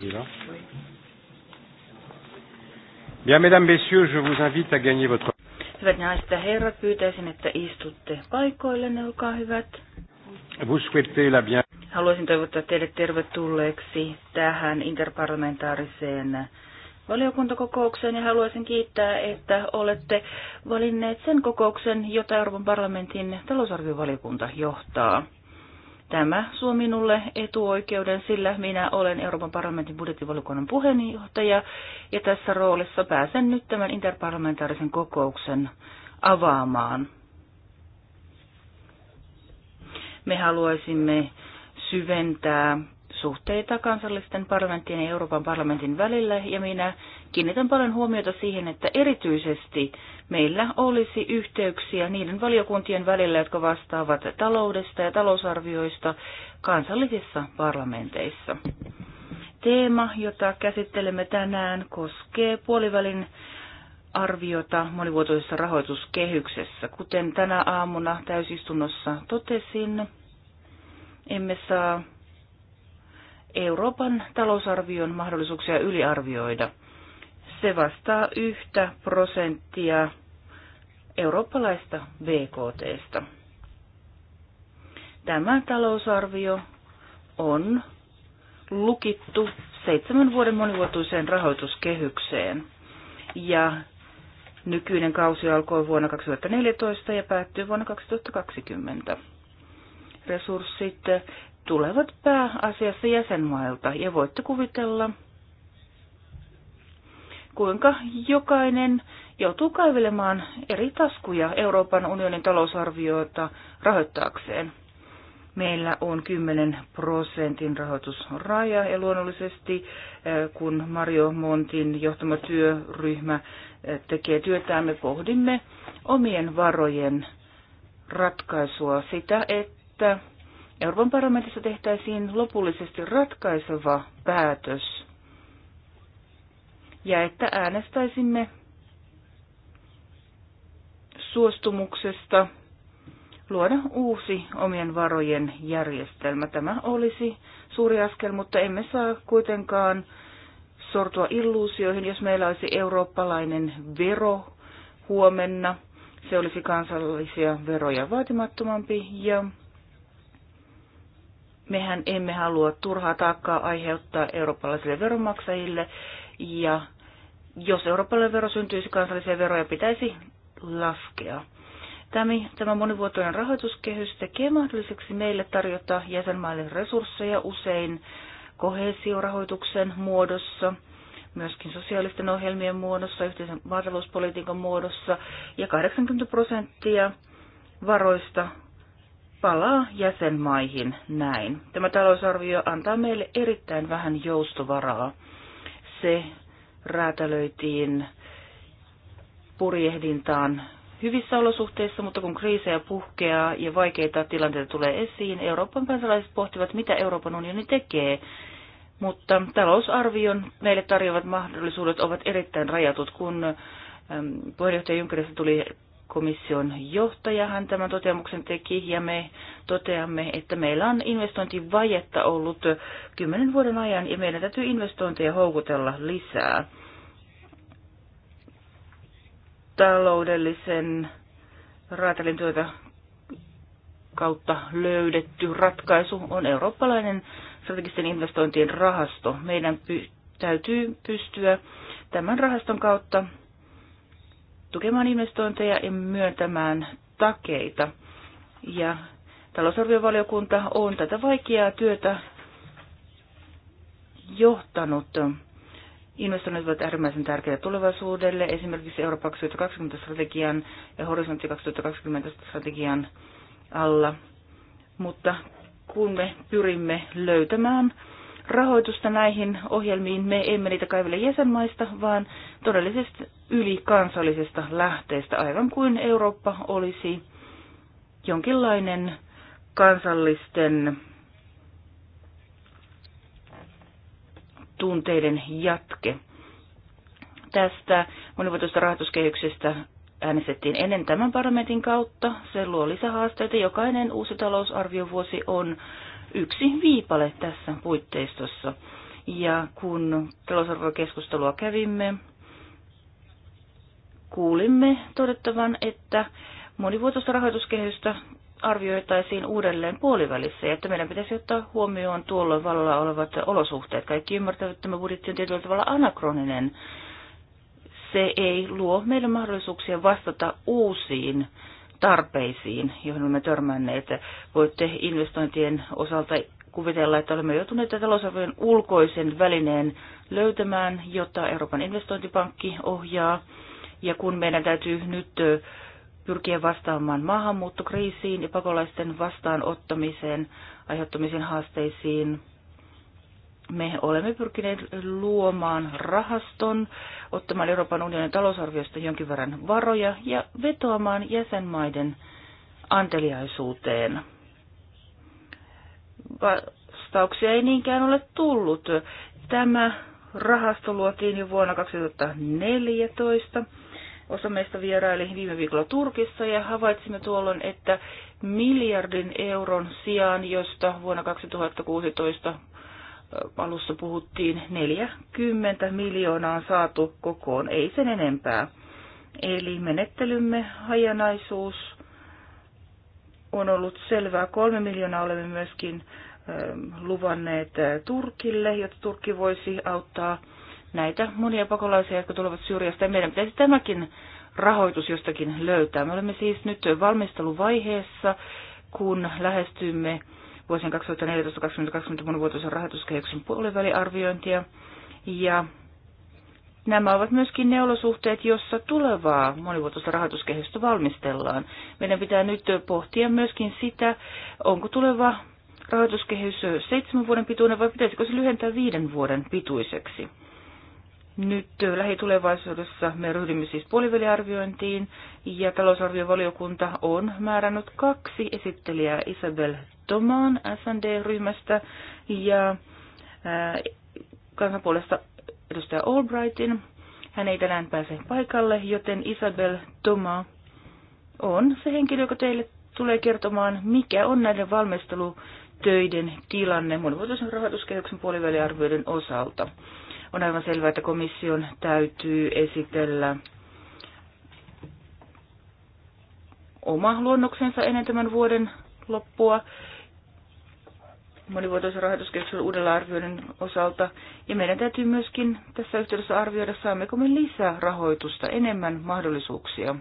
Là. Bien, mesdames, messieurs, je vous invite à gagner votre... Hyvät naiset ja herrat, pyytäisin, että istutte paikoille, ne olkaa hyvät. Vous souhaitez la bien... Haluaisin toivottaa teille tervetulleeksi tähän interparlamentaariseen valiokuntakokoukseen ja haluaisin kiittää, että olette valinneet sen kokouksen, jota Euroopan parlamentin talousarviovaliokunta johtaa. Tämä suo minulle etuoikeuden, sillä minä olen Euroopan parlamentin budjettivaliokunnan puheenjohtaja ja tässä roolissa pääsen nyt tämän interparlamentaarisen kokouksen avaamaan. Me haluaisimme syventää suhteita kansallisten parlamenttien ja Euroopan parlamentin välillä, ja minä kiinnitän paljon huomiota siihen, että erityisesti meillä olisi yhteyksiä niiden valiokuntien välillä, jotka vastaavat taloudesta ja talousarvioista kansallisissa parlamenteissa. Teema, jota käsittelemme tänään, koskee puolivälin arviota monivuotoisessa rahoituskehyksessä. Kuten tänä aamuna täysistunnossa totesin, emme saa Euroopan talousarvion mahdollisuuksia yliarvioida. Se vastaa yhtä prosenttia eurooppalaista BKTstä. Tämä talousarvio on lukittu seitsemän vuoden monivuotuiseen rahoituskehykseen. Ja nykyinen kausi alkoi vuonna 2014 ja päättyy vuonna 2020. Resurssit tulevat pääasiassa jäsenmailta. Ja voitte kuvitella, kuinka jokainen joutuu kaivelemaan eri taskuja Euroopan unionin talousarvioita rahoittaakseen. Meillä on 10 prosentin rahoitusraja ja luonnollisesti, eh, kun Mario Montin johtama työryhmä eh, tekee työtään, me pohdimme omien varojen ratkaisua sitä, että Euroopan parlamentissa tehtäisiin lopullisesti ratkaiseva päätös ja että äänestäisimme suostumuksesta luoda uusi omien varojen järjestelmä. Tämä olisi suuri askel, mutta emme saa kuitenkaan sortua illuusioihin, jos meillä olisi eurooppalainen vero huomenna. Se olisi kansallisia veroja vaatimattomampi ja mehän emme halua turhaa taakkaa aiheuttaa eurooppalaisille veronmaksajille ja jos eurooppalainen vero syntyisi, kansallisia veroja pitäisi laskea. Tämä monivuotoinen rahoituskehys tekee mahdolliseksi meille tarjota jäsenmaille resursseja usein kohesiorahoituksen muodossa, myöskin sosiaalisten ohjelmien muodossa, yhteisen maatalouspolitiikan muodossa ja 80 prosenttia varoista palaa jäsenmaihin näin. Tämä talousarvio antaa meille erittäin vähän joustovaraa. Se räätälöitiin purjehdintaan hyvissä olosuhteissa, mutta kun kriisejä puhkeaa ja vaikeita tilanteita tulee esiin, Euroopan kansalaiset pohtivat, mitä Euroopan unioni tekee. Mutta talousarvion meille tarjoavat mahdollisuudet ovat erittäin rajatut, kun puheenjohtaja Junckerista tuli komission johtajahan tämän toteamuksen teki ja me toteamme, että meillä on investointivajetta ollut kymmenen vuoden ajan ja meidän täytyy investointeja houkutella lisää. Taloudellisen raatelin työtä kautta löydetty ratkaisu on eurooppalainen strategisten investointien rahasto. Meidän py- täytyy pystyä tämän rahaston kautta tukemaan investointeja ja myöntämään takeita. Ja talousarviovaliokunta on tätä vaikeaa työtä johtanut. Investoinnit ovat äärimmäisen tärkeitä tulevaisuudelle. Esimerkiksi Euroopan 2020-strategian ja Horisontti 2020-strategian alla. Mutta kun me pyrimme löytämään rahoitusta näihin ohjelmiin. Me emme niitä kaivele jäsenmaista, vaan todellisesta ylikansallisesta lähteestä, aivan kuin Eurooppa olisi jonkinlainen kansallisten tunteiden jatke. Tästä monivuotoista rahoituskehyksestä äänestettiin ennen tämän parlamentin kautta. Se luo lisähaasteita. Jokainen uusi talousarviovuosi on yksi viipale tässä puitteistossa. Ja kun talousarvokeskustelua kävimme, kuulimme todettavan, että monivuotoista rahoituskehystä arvioitaisiin uudelleen puolivälissä ja että meidän pitäisi ottaa huomioon tuolloin vallalla olevat olosuhteet. Kaikki ymmärtävät, että tämä budjetti on tietyllä tavalla anakroninen. Se ei luo meille mahdollisuuksia vastata uusiin tarpeisiin, joihin olemme törmänneet. Voitte investointien osalta kuvitella, että olemme joutuneet talousarvion ulkoisen välineen löytämään, jota Euroopan investointipankki ohjaa. Ja kun meidän täytyy nyt pyrkiä vastaamaan maahanmuuttokriisiin ja pakolaisten vastaanottamiseen aiheuttamisen haasteisiin, me olemme pyrkineet luomaan rahaston, ottamaan Euroopan unionin talousarviosta jonkin verran varoja ja vetoamaan jäsenmaiden anteliaisuuteen. Vastauksia ei niinkään ole tullut. Tämä rahasto luotiin jo vuonna 2014. Osa meistä vieraili viime viikolla Turkissa ja havaitsimme tuolloin, että miljardin euron sijaan, josta vuonna 2016 alussa puhuttiin, 40 miljoonaa on saatu kokoon, ei sen enempää. Eli menettelymme hajanaisuus on ollut selvää. Kolme miljoonaa olemme myöskin ähm, luvanneet äh, Turkille, jotta Turkki voisi auttaa näitä monia pakolaisia, jotka tulevat Syyriasta. Ja meidän pitäisi tämäkin rahoitus jostakin löytää. Me olemme siis nyt valmisteluvaiheessa, kun lähestymme vuosien 2014-2020 vuotuisen rahoituskehyksen puoliväliarviointia. Ja Nämä ovat myöskin ne olosuhteet, joissa tulevaa monivuotista rahoituskehystä valmistellaan. Meidän pitää nyt pohtia myöskin sitä, onko tuleva rahoituskehys seitsemän vuoden pituinen vai pitäisikö se lyhentää viiden vuoden pituiseksi. Nyt lähitulevaisuudessa me ryhdymme siis puoliväliarviointiin ja talousarviovaliokunta on määrännyt kaksi esittelijää Isabel Tomaan SND-ryhmästä ja äh, kansanpuolesta edustaja Albrightin. Hän ei tänään pääse paikalle, joten Isabel Toma on se henkilö, joka teille tulee kertomaan, mikä on näiden valmistelutöiden tilanne monivuotoisen rahoituskehyksen puoliväliarvioiden osalta. On aivan selvää, että komission täytyy esitellä oma luonnoksensa ennen tämän vuoden loppua monivuotoisen rahoituskeskuksen uudella arvioiden osalta. Ja meidän täytyy myöskin tässä yhteydessä arvioida, saammeko me lisää rahoitusta, enemmän mahdollisuuksia.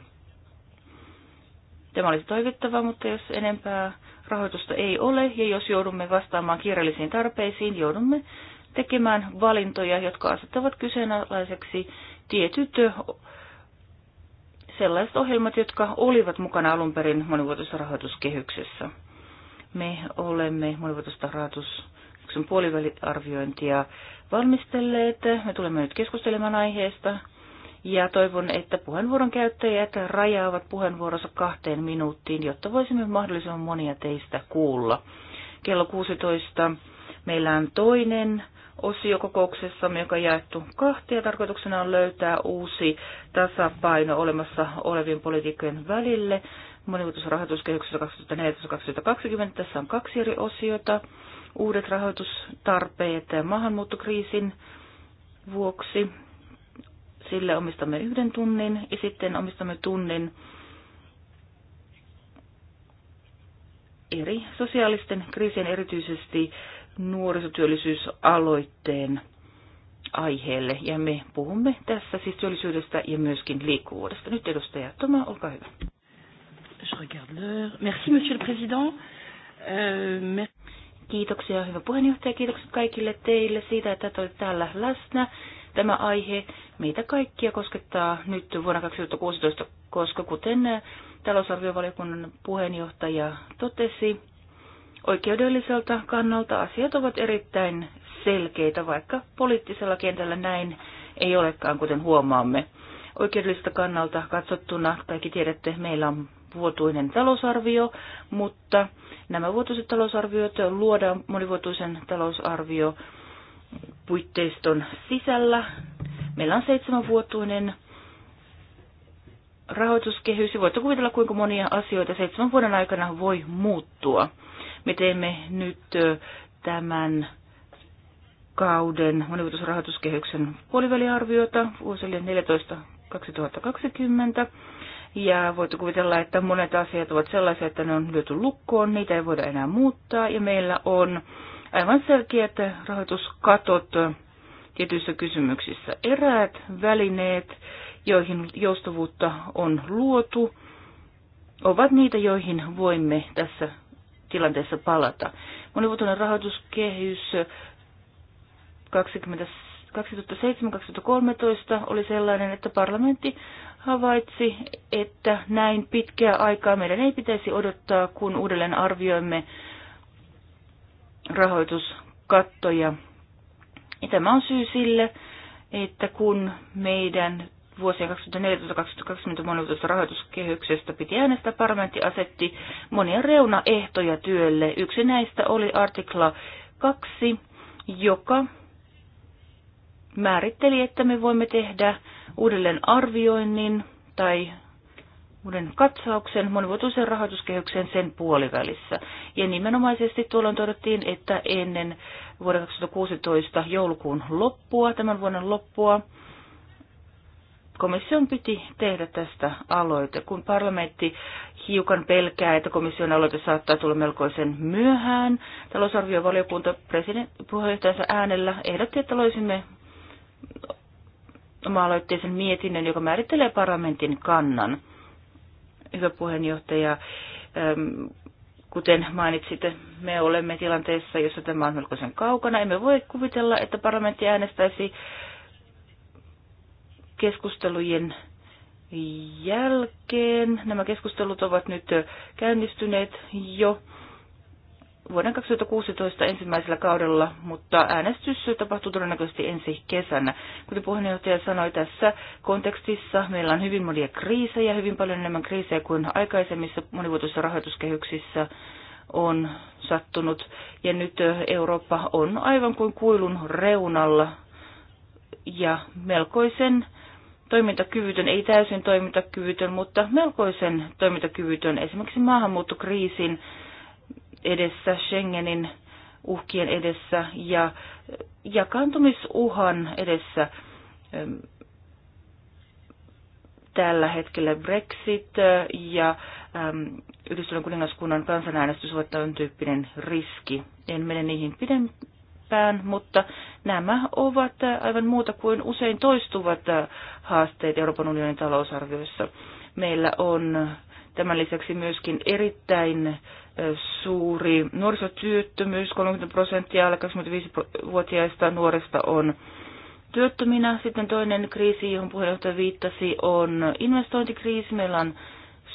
Tämä olisi toivottavaa, mutta jos enempää rahoitusta ei ole ja jos joudumme vastaamaan kirjallisiin tarpeisiin, joudumme tekemään valintoja, jotka asettavat kyseenalaiseksi tietyt sellaiset ohjelmat, jotka olivat mukana alun perin monivuotisessa rahoituskehyksessä. Me olemme monivuotista rahoituskehyksen puoliväliarviointia valmistelleet. Me tulemme nyt keskustelemaan aiheesta ja toivon, että puheenvuoron käyttäjät rajaavat puheenvuoronsa kahteen minuuttiin, jotta voisimme mahdollisimman monia teistä kuulla. Kello 16 meillä on toinen osio joka on jaettu kahtia. Tarkoituksena on löytää uusi tasapaino olemassa olevien politiikkojen välille. Monivuotisrahoituskehyksessä 2014-2020 tässä on kaksi eri osiota. Uudet rahoitustarpeet maahanmuuttokriisin vuoksi. Sille omistamme yhden tunnin ja sitten omistamme tunnin eri sosiaalisten kriisien erityisesti nuorisotyöllisyysaloitteen aiheelle. Ja me puhumme tässä siis työllisyydestä ja myöskin liikkuvuudesta. Nyt edustaja Toma, olkaa hyvä. Merci, monsieur le président. Euh, Kiitoksia, hyvä puheenjohtaja. Kiitokset kaikille teille siitä, että olette täällä läsnä. Tämä aihe meitä kaikkia koskettaa nyt vuonna 2016, koska kuten talousarviovaliokunnan puheenjohtaja totesi, Oikeudelliselta kannalta asiat ovat erittäin selkeitä, vaikka poliittisella kentällä näin ei olekaan, kuten huomaamme. Oikeudellista kannalta katsottuna, kaikki tiedätte, meillä on vuotuinen talousarvio, mutta nämä vuotuiset talousarviot luodaan monivuotuisen talousarvio puitteiston sisällä. Meillä on seitsemänvuotuinen rahoituskehys ja voitte kuvitella, kuinka monia asioita seitsemän vuoden aikana voi muuttua. Me teemme nyt tämän kauden monivuotisrahoituskehyksen puoliväliarviota vuosille 14-2020. Ja voitte kuvitella, että monet asiat ovat sellaisia, että ne on lyöty lukkoon, niitä ei voida enää muuttaa. Ja meillä on aivan selkeät rahoituskatot tietyissä kysymyksissä. Eräät välineet, joihin joustavuutta on luotu, ovat niitä, joihin voimme tässä tilanteessa palata. Monivuotinen rahoituskehys 2007-2013 oli sellainen, että parlamentti havaitsi, että näin pitkää aikaa meidän ei pitäisi odottaa, kun uudelleen arvioimme rahoituskattoja. Ja tämä on syy sille, että kun meidän vuosien 2014-2020 monivuotisesta rahoituskehyksestä piti äänestää, parlamentti asetti monia reunaehtoja työlle. Yksi näistä oli artikla 2, joka määritteli, että me voimme tehdä uudelleen arvioinnin tai uuden katsauksen monivuotoisen rahoituskehyksen sen puolivälissä. Ja nimenomaisesti tuolloin todettiin, että ennen vuoden 2016 joulukuun loppua, tämän vuoden loppua, komission piti tehdä tästä aloite. Kun parlamentti hiukan pelkää, että komission aloite saattaa tulla melkoisen myöhään, talousarviovaliokunta puheenjohtajansa äänellä ehdotti, että loisimme oma-aloitteisen mietinnön, joka määrittelee parlamentin kannan. Hyvä puheenjohtaja, ähm, kuten mainitsitte, me olemme tilanteessa, jossa tämä on melkoisen kaukana. Emme voi kuvitella, että parlamentti äänestäisi keskustelujen jälkeen. Nämä keskustelut ovat nyt käynnistyneet jo vuoden 2016 ensimmäisellä kaudella, mutta äänestys tapahtuu todennäköisesti ensi kesänä. Kuten puheenjohtaja sanoi, tässä kontekstissa meillä on hyvin monia kriisejä, hyvin paljon enemmän kriisejä kuin aikaisemmissa monivuotoisissa rahoituskehyksissä on sattunut. Ja nyt Eurooppa on aivan kuin kuilun reunalla ja melkoisen äh, toimintakyvytön, ei täysin toimintakyvytön, mutta melkoisen toimintakyvytön esimerkiksi maahanmuuttokriisin edessä, Schengenin uhkien edessä ja jakaantumisuhan edessä ähm, tällä hetkellä Brexit äh, ja äm, Yhdistyneen kuningaskunnan kansanäänestys ovat tämän tyyppinen riski. En mene niihin pidemmälle pään, mutta nämä ovat aivan muuta kuin usein toistuvat haasteet Euroopan unionin talousarvioissa. Meillä on tämän lisäksi myöskin erittäin suuri nuorisotyöttömyys, 30 prosenttia alle 25-vuotiaista nuorista on työttöminä. Sitten toinen kriisi, johon puheenjohtaja viittasi, on investointikriisi. Meillä on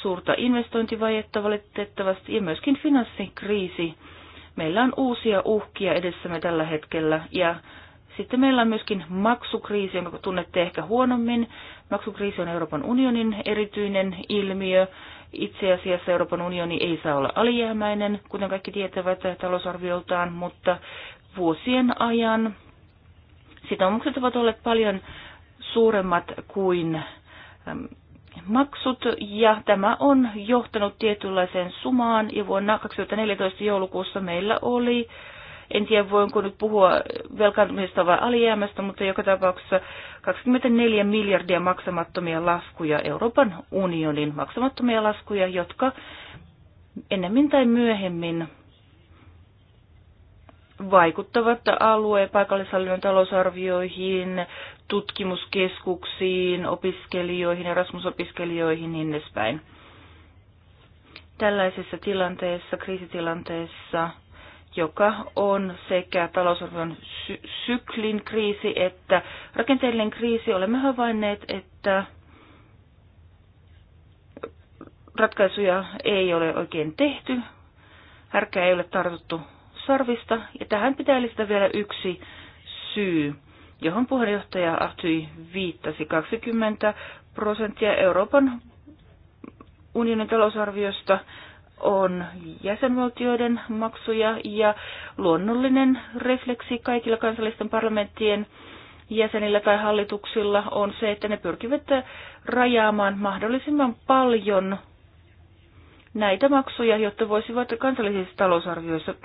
suurta investointivajetta valitettavasti ja myöskin finanssikriisi meillä on uusia uhkia edessämme tällä hetkellä ja sitten meillä on myöskin maksukriisi, jonka tunnette ehkä huonommin. Maksukriisi on Euroopan unionin erityinen ilmiö. Itse asiassa Euroopan unioni ei saa olla alijäämäinen, kuten kaikki tietävät talousarvioltaan, mutta vuosien ajan sitoumukset ovat olleet paljon suuremmat kuin maksut ja tämä on johtanut tietynlaiseen sumaan ja vuonna 2014 joulukuussa meillä oli en tiedä voinko nyt puhua velkaantumisesta vai alijäämästä, mutta joka tapauksessa 24 miljardia maksamattomia laskuja, Euroopan unionin maksamattomia laskuja, jotka ennemmin tai myöhemmin vaikuttavat alue- ja paikallishallinnon talousarvioihin, tutkimuskeskuksiin, opiskelijoihin, erasmusopiskelijoihin niin edespäin. Tällaisessa tilanteessa, kriisitilanteessa, joka on sekä talousarvion sy- syklin kriisi että rakenteellinen kriisi, olemme havainneet, että ratkaisuja ei ole oikein tehty, härkää ei ole tartuttu sarvista, ja tähän pitää lisätä vielä yksi syy johon puheenjohtaja Ahtui viittasi 20 prosenttia Euroopan unionin talousarviosta on jäsenvaltioiden maksuja ja luonnollinen refleksi kaikilla kansallisten parlamenttien jäsenillä tai hallituksilla on se, että ne pyrkivät rajaamaan mahdollisimman paljon näitä maksuja, jotta voisivat kansallisissa talousarvioissa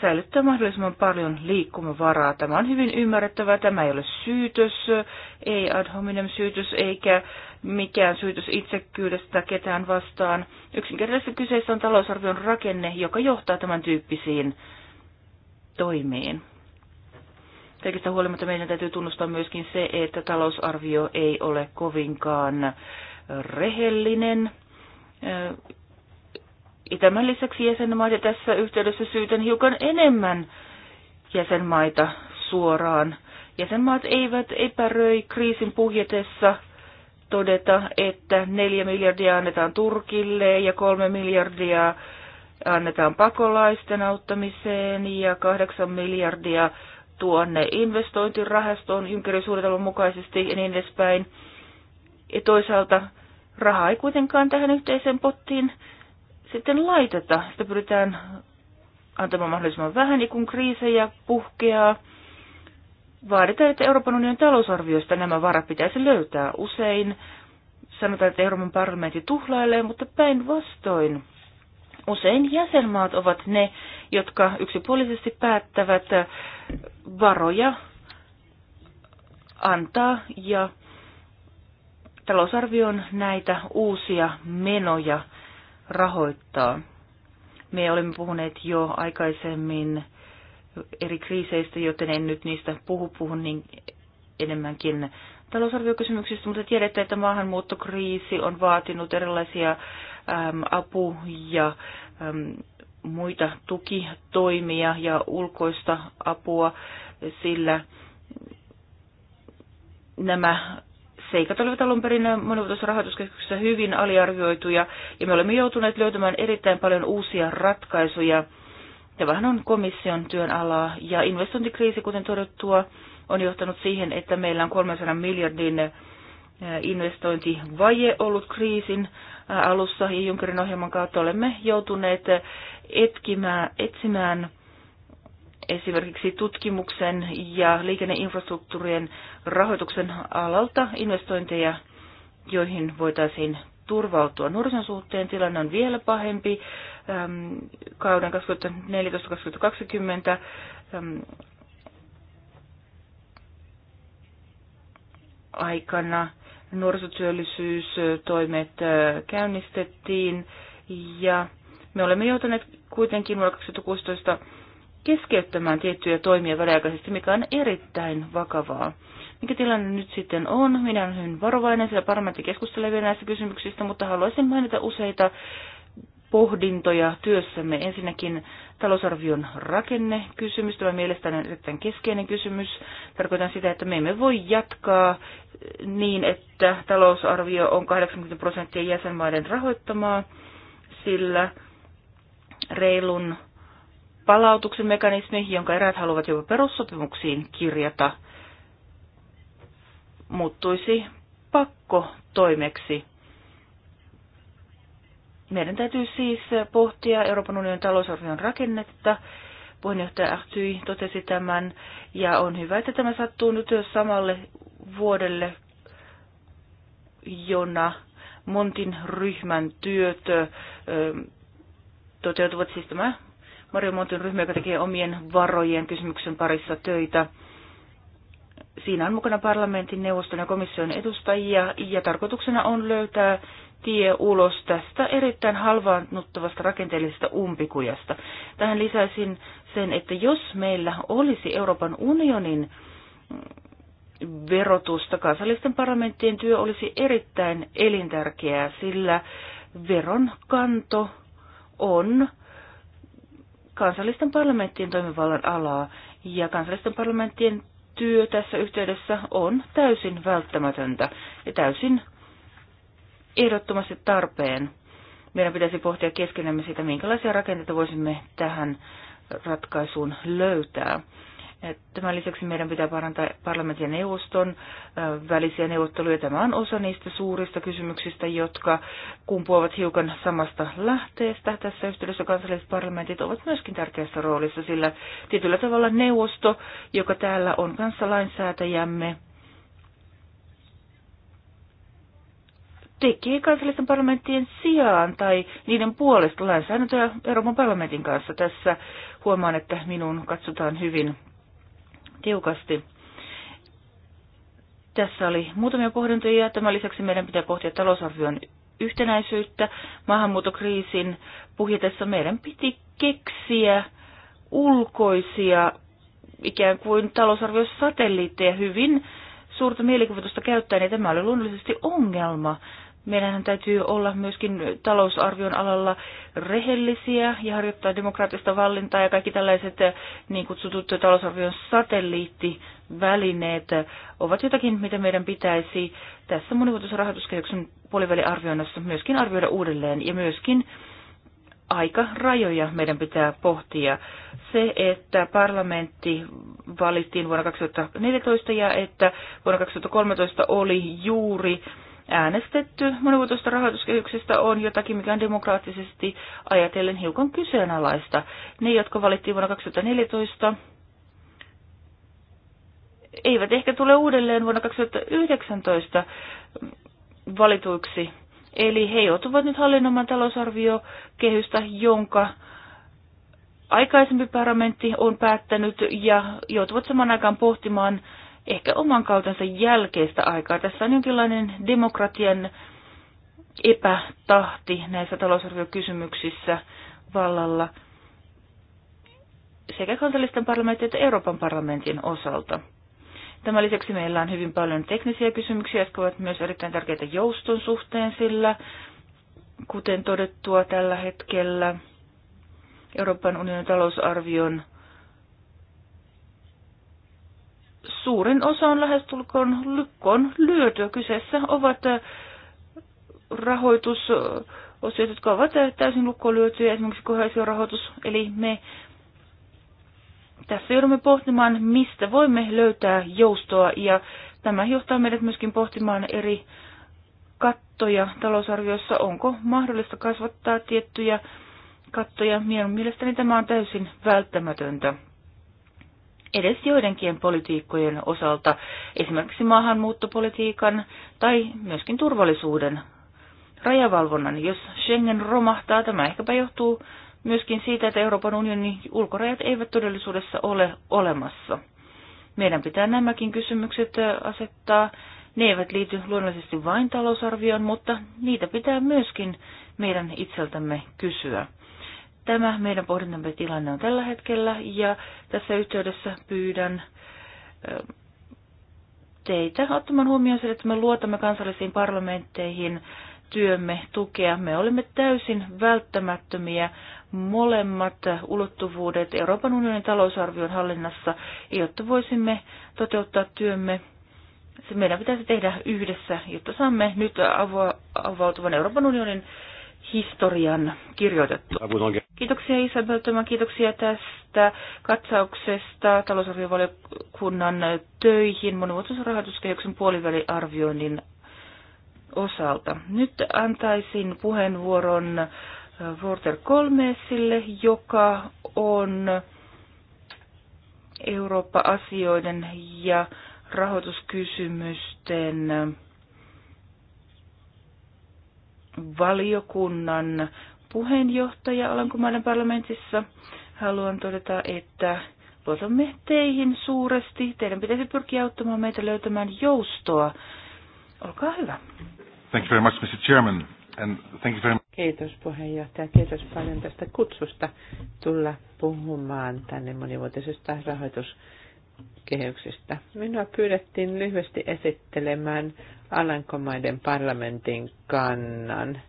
säilyttää mahdollisimman paljon liikkumavaraa. Tämä on hyvin ymmärrettävää. Tämä ei ole syytös, ei ad hominem syytös eikä mikään syytös itsekkyydestä ketään vastaan. Yksinkertaisesti kyseessä on talousarvion rakenne, joka johtaa tämän tyyppisiin toimiin. Kaikista huolimatta meidän täytyy tunnustaa myöskin se, että talousarvio ei ole kovinkaan rehellinen ja tämän lisäksi jäsenmaita tässä yhteydessä syytän hiukan enemmän jäsenmaita suoraan. Jäsenmaat eivät epäröi kriisin puhjetessa todeta, että neljä miljardia annetaan Turkille ja kolme miljardia annetaan pakolaisten auttamiseen ja kahdeksan miljardia tuonne investointirahastoon Junckerin suunnitelman mukaisesti ja niin edespäin. Ja toisaalta rahaa ei kuitenkaan tähän yhteiseen pottiin sitten laiteta. Sitä pyritään antamaan mahdollisimman vähän, niin kun kriisejä puhkeaa, vaaditaan, että Euroopan unionin talousarvioista nämä varat pitäisi löytää usein. Sanotaan, että Euroopan parlamentti tuhlailee, mutta päinvastoin. Usein jäsenmaat ovat ne, jotka yksipuolisesti päättävät varoja antaa ja talousarvioon näitä uusia menoja rahoittaa. Me olemme puhuneet jo aikaisemmin eri kriiseistä, joten en nyt niistä puhu, puhun niin enemmänkin talousarviokysymyksistä, mutta tiedätte, että maahanmuuttokriisi on vaatinut erilaisia äm, apu- ja äm, muita tukitoimia ja ulkoista apua, sillä nämä seikat olivat alun perin monivuotisrahoituskeskuksessa hyvin aliarvioituja, ja me olemme joutuneet löytämään erittäin paljon uusia ratkaisuja. Tämähän on komission työn alaa, ja investointikriisi, kuten todettua, on johtanut siihen, että meillä on 300 miljardin investointivaje ollut kriisin alussa, ja Junckerin ohjelman kautta olemme joutuneet etkimään, etsimään esimerkiksi tutkimuksen ja liikenneinfrastruktuurien rahoituksen alalta investointeja, joihin voitaisiin turvautua. Nuorison suhteen tilanne on vielä pahempi. Kauden 2014-2020 aikana nuorisotyöllisyystoimet käynnistettiin ja me olemme joutuneet kuitenkin vuonna 2016 keskeyttämään tiettyjä toimia väliaikaisesti, mikä on erittäin vakavaa. Mikä tilanne nyt sitten on? Minä olen hyvin varovainen, sillä parlamentti keskustelee vielä näistä kysymyksistä, mutta haluaisin mainita useita pohdintoja työssämme. Ensinnäkin talousarvion rakenne Tämä mielestäni on erittäin keskeinen kysymys. Tarkoitan sitä, että me emme voi jatkaa niin, että talousarvio on 80 prosenttia jäsenmaiden rahoittamaa, sillä reilun palautuksen mekanismi, jonka eräät haluavat jopa perussopimuksiin kirjata, muuttuisi pakko toimeksi. Meidän täytyy siis pohtia Euroopan unionin talousarvion rakennetta. Puheenjohtaja Ahtyi totesi tämän, ja on hyvä, että tämä sattuu nyt samalle vuodelle, jona Montin ryhmän työt toteutuvat siis tämä Mario Montin ryhmä, joka tekee omien varojen kysymyksen parissa töitä. Siinä on mukana parlamentin, neuvoston ja komission edustajia ja tarkoituksena on löytää tie ulos tästä erittäin halvaannuttavasta rakenteellisesta umpikujasta. Tähän lisäisin sen, että jos meillä olisi Euroopan unionin verotusta, kansallisten parlamenttien työ olisi erittäin elintärkeää, sillä veronkanto on kansallisten parlamenttien toimivallan alaa, ja kansallisten parlamenttien työ tässä yhteydessä on täysin välttämätöntä ja täysin ehdottomasti tarpeen. Meidän pitäisi pohtia keskenämme sitä, minkälaisia rakenteita voisimme tähän ratkaisuun löytää. Tämän lisäksi meidän pitää parantaa parlamentin ja neuvoston välisiä neuvotteluja. Tämä on osa niistä suurista kysymyksistä, jotka kumpuavat hiukan samasta lähteestä. Tässä yhteydessä kansalliset parlamentit ovat myöskin tärkeässä roolissa, sillä tietyllä tavalla neuvosto, joka täällä on kanssa lainsäätäjämme, tekee kansallisten parlamenttien sijaan tai niiden puolesta lainsäädäntöä Euroopan parlamentin kanssa. Tässä huomaan, että minun katsotaan hyvin tiukasti. Tässä oli muutamia pohdintoja. Tämän lisäksi meidän pitää pohtia talousarvion yhtenäisyyttä. Maahanmuutokriisin puhjetessa meidän piti keksiä ulkoisia ikään kuin talousarviosatelliitteja hyvin suurta mielikuvitusta käyttäen, ja tämä oli luonnollisesti ongelma. Meidän täytyy olla myöskin talousarvion alalla rehellisiä ja harjoittaa demokraattista vallintaa ja kaikki tällaiset eh, niin kutsutut talousarvion satelliittivälineet eh, ovat jotakin, mitä meidän pitäisi tässä monivuotoisen rahoituskehyksen puoliväliarvioinnassa myöskin arvioida uudelleen ja myöskin aika rajoja meidän pitää pohtia. Se, että parlamentti valittiin vuonna 2014 ja että vuonna 2013 oli juuri äänestetty monivuotoista rahoituskehyksestä on jotakin, mikä on demokraattisesti ajatellen hiukan kyseenalaista. Ne, jotka valittiin vuonna 2014, eivät ehkä tule uudelleen vuonna 2019 valituiksi. Eli he joutuvat nyt hallinnoimaan talousarviokehystä, jonka aikaisempi parlamentti on päättänyt ja joutuvat saman aikaan pohtimaan ehkä oman kautensa jälkeistä aikaa. Tässä on jonkinlainen demokratian epätahti näissä talousarviokysymyksissä vallalla sekä kansallisten parlamenttien että Euroopan parlamentin osalta. Tämän lisäksi meillä on hyvin paljon teknisiä kysymyksiä, jotka ovat myös erittäin tärkeitä jouston suhteen, sillä kuten todettua tällä hetkellä Euroopan unionin talousarvion suurin osa on lähestulkoon lykkoon lyöty. Kyseessä ovat rahoitusosiot, jotka ovat täysin lukkoon lyötyjä, esimerkiksi kohesiorahoitus, eli me tässä joudumme pohtimaan, mistä voimme löytää joustoa ja tämä johtaa meidät myöskin pohtimaan eri kattoja talousarviossa, onko mahdollista kasvattaa tiettyjä kattoja. Minun mielestäni tämä on täysin välttämätöntä edes joidenkin politiikkojen osalta, esimerkiksi maahanmuuttopolitiikan tai myöskin turvallisuuden rajavalvonnan. Jos Schengen romahtaa, tämä ehkäpä johtuu myöskin siitä, että Euroopan unionin ulkorajat eivät todellisuudessa ole olemassa. Meidän pitää nämäkin kysymykset asettaa. Ne eivät liity luonnollisesti vain talousarvioon, mutta niitä pitää myöskin meidän itseltämme kysyä. Tämä meidän pohdintamme tilanne on tällä hetkellä ja tässä yhteydessä pyydän teitä ottamaan huomioon sen, että me luotamme kansallisiin parlamentteihin työmme tukea. Me olemme täysin välttämättömiä molemmat ulottuvuudet Euroopan unionin talousarvion hallinnassa, jotta voisimme toteuttaa työmme. Se meidän pitäisi tehdä yhdessä, jotta saamme nyt avautuvan Euroopan unionin historian kirjoitettu. Kiitoksia Isabel Tömä, kiitoksia tästä katsauksesta talousarviovaliokunnan töihin monimuotoisen rahoituskehyksen puoliväliarvioinnin osalta. Nyt antaisin puheenvuoron äh, Walter Kolmeesille, joka on Eurooppa-asioiden ja rahoituskysymysten valiokunnan puheenjohtaja Alankomaiden parlamentissa. Haluan todeta, että luotamme teihin suuresti. Teidän pitäisi pyrkiä auttamaan meitä löytämään joustoa. Olkaa hyvä. Thank you very much, Mr. Chairman. And thank you very much. Kiitos puheenjohtaja. Kiitos paljon tästä kutsusta tulla puhumaan tänne monivuotisesta rahoitus- kehyksistä. Minua pyydettiin lyhyesti esittelemään Alankomaiden parlamentin kannan.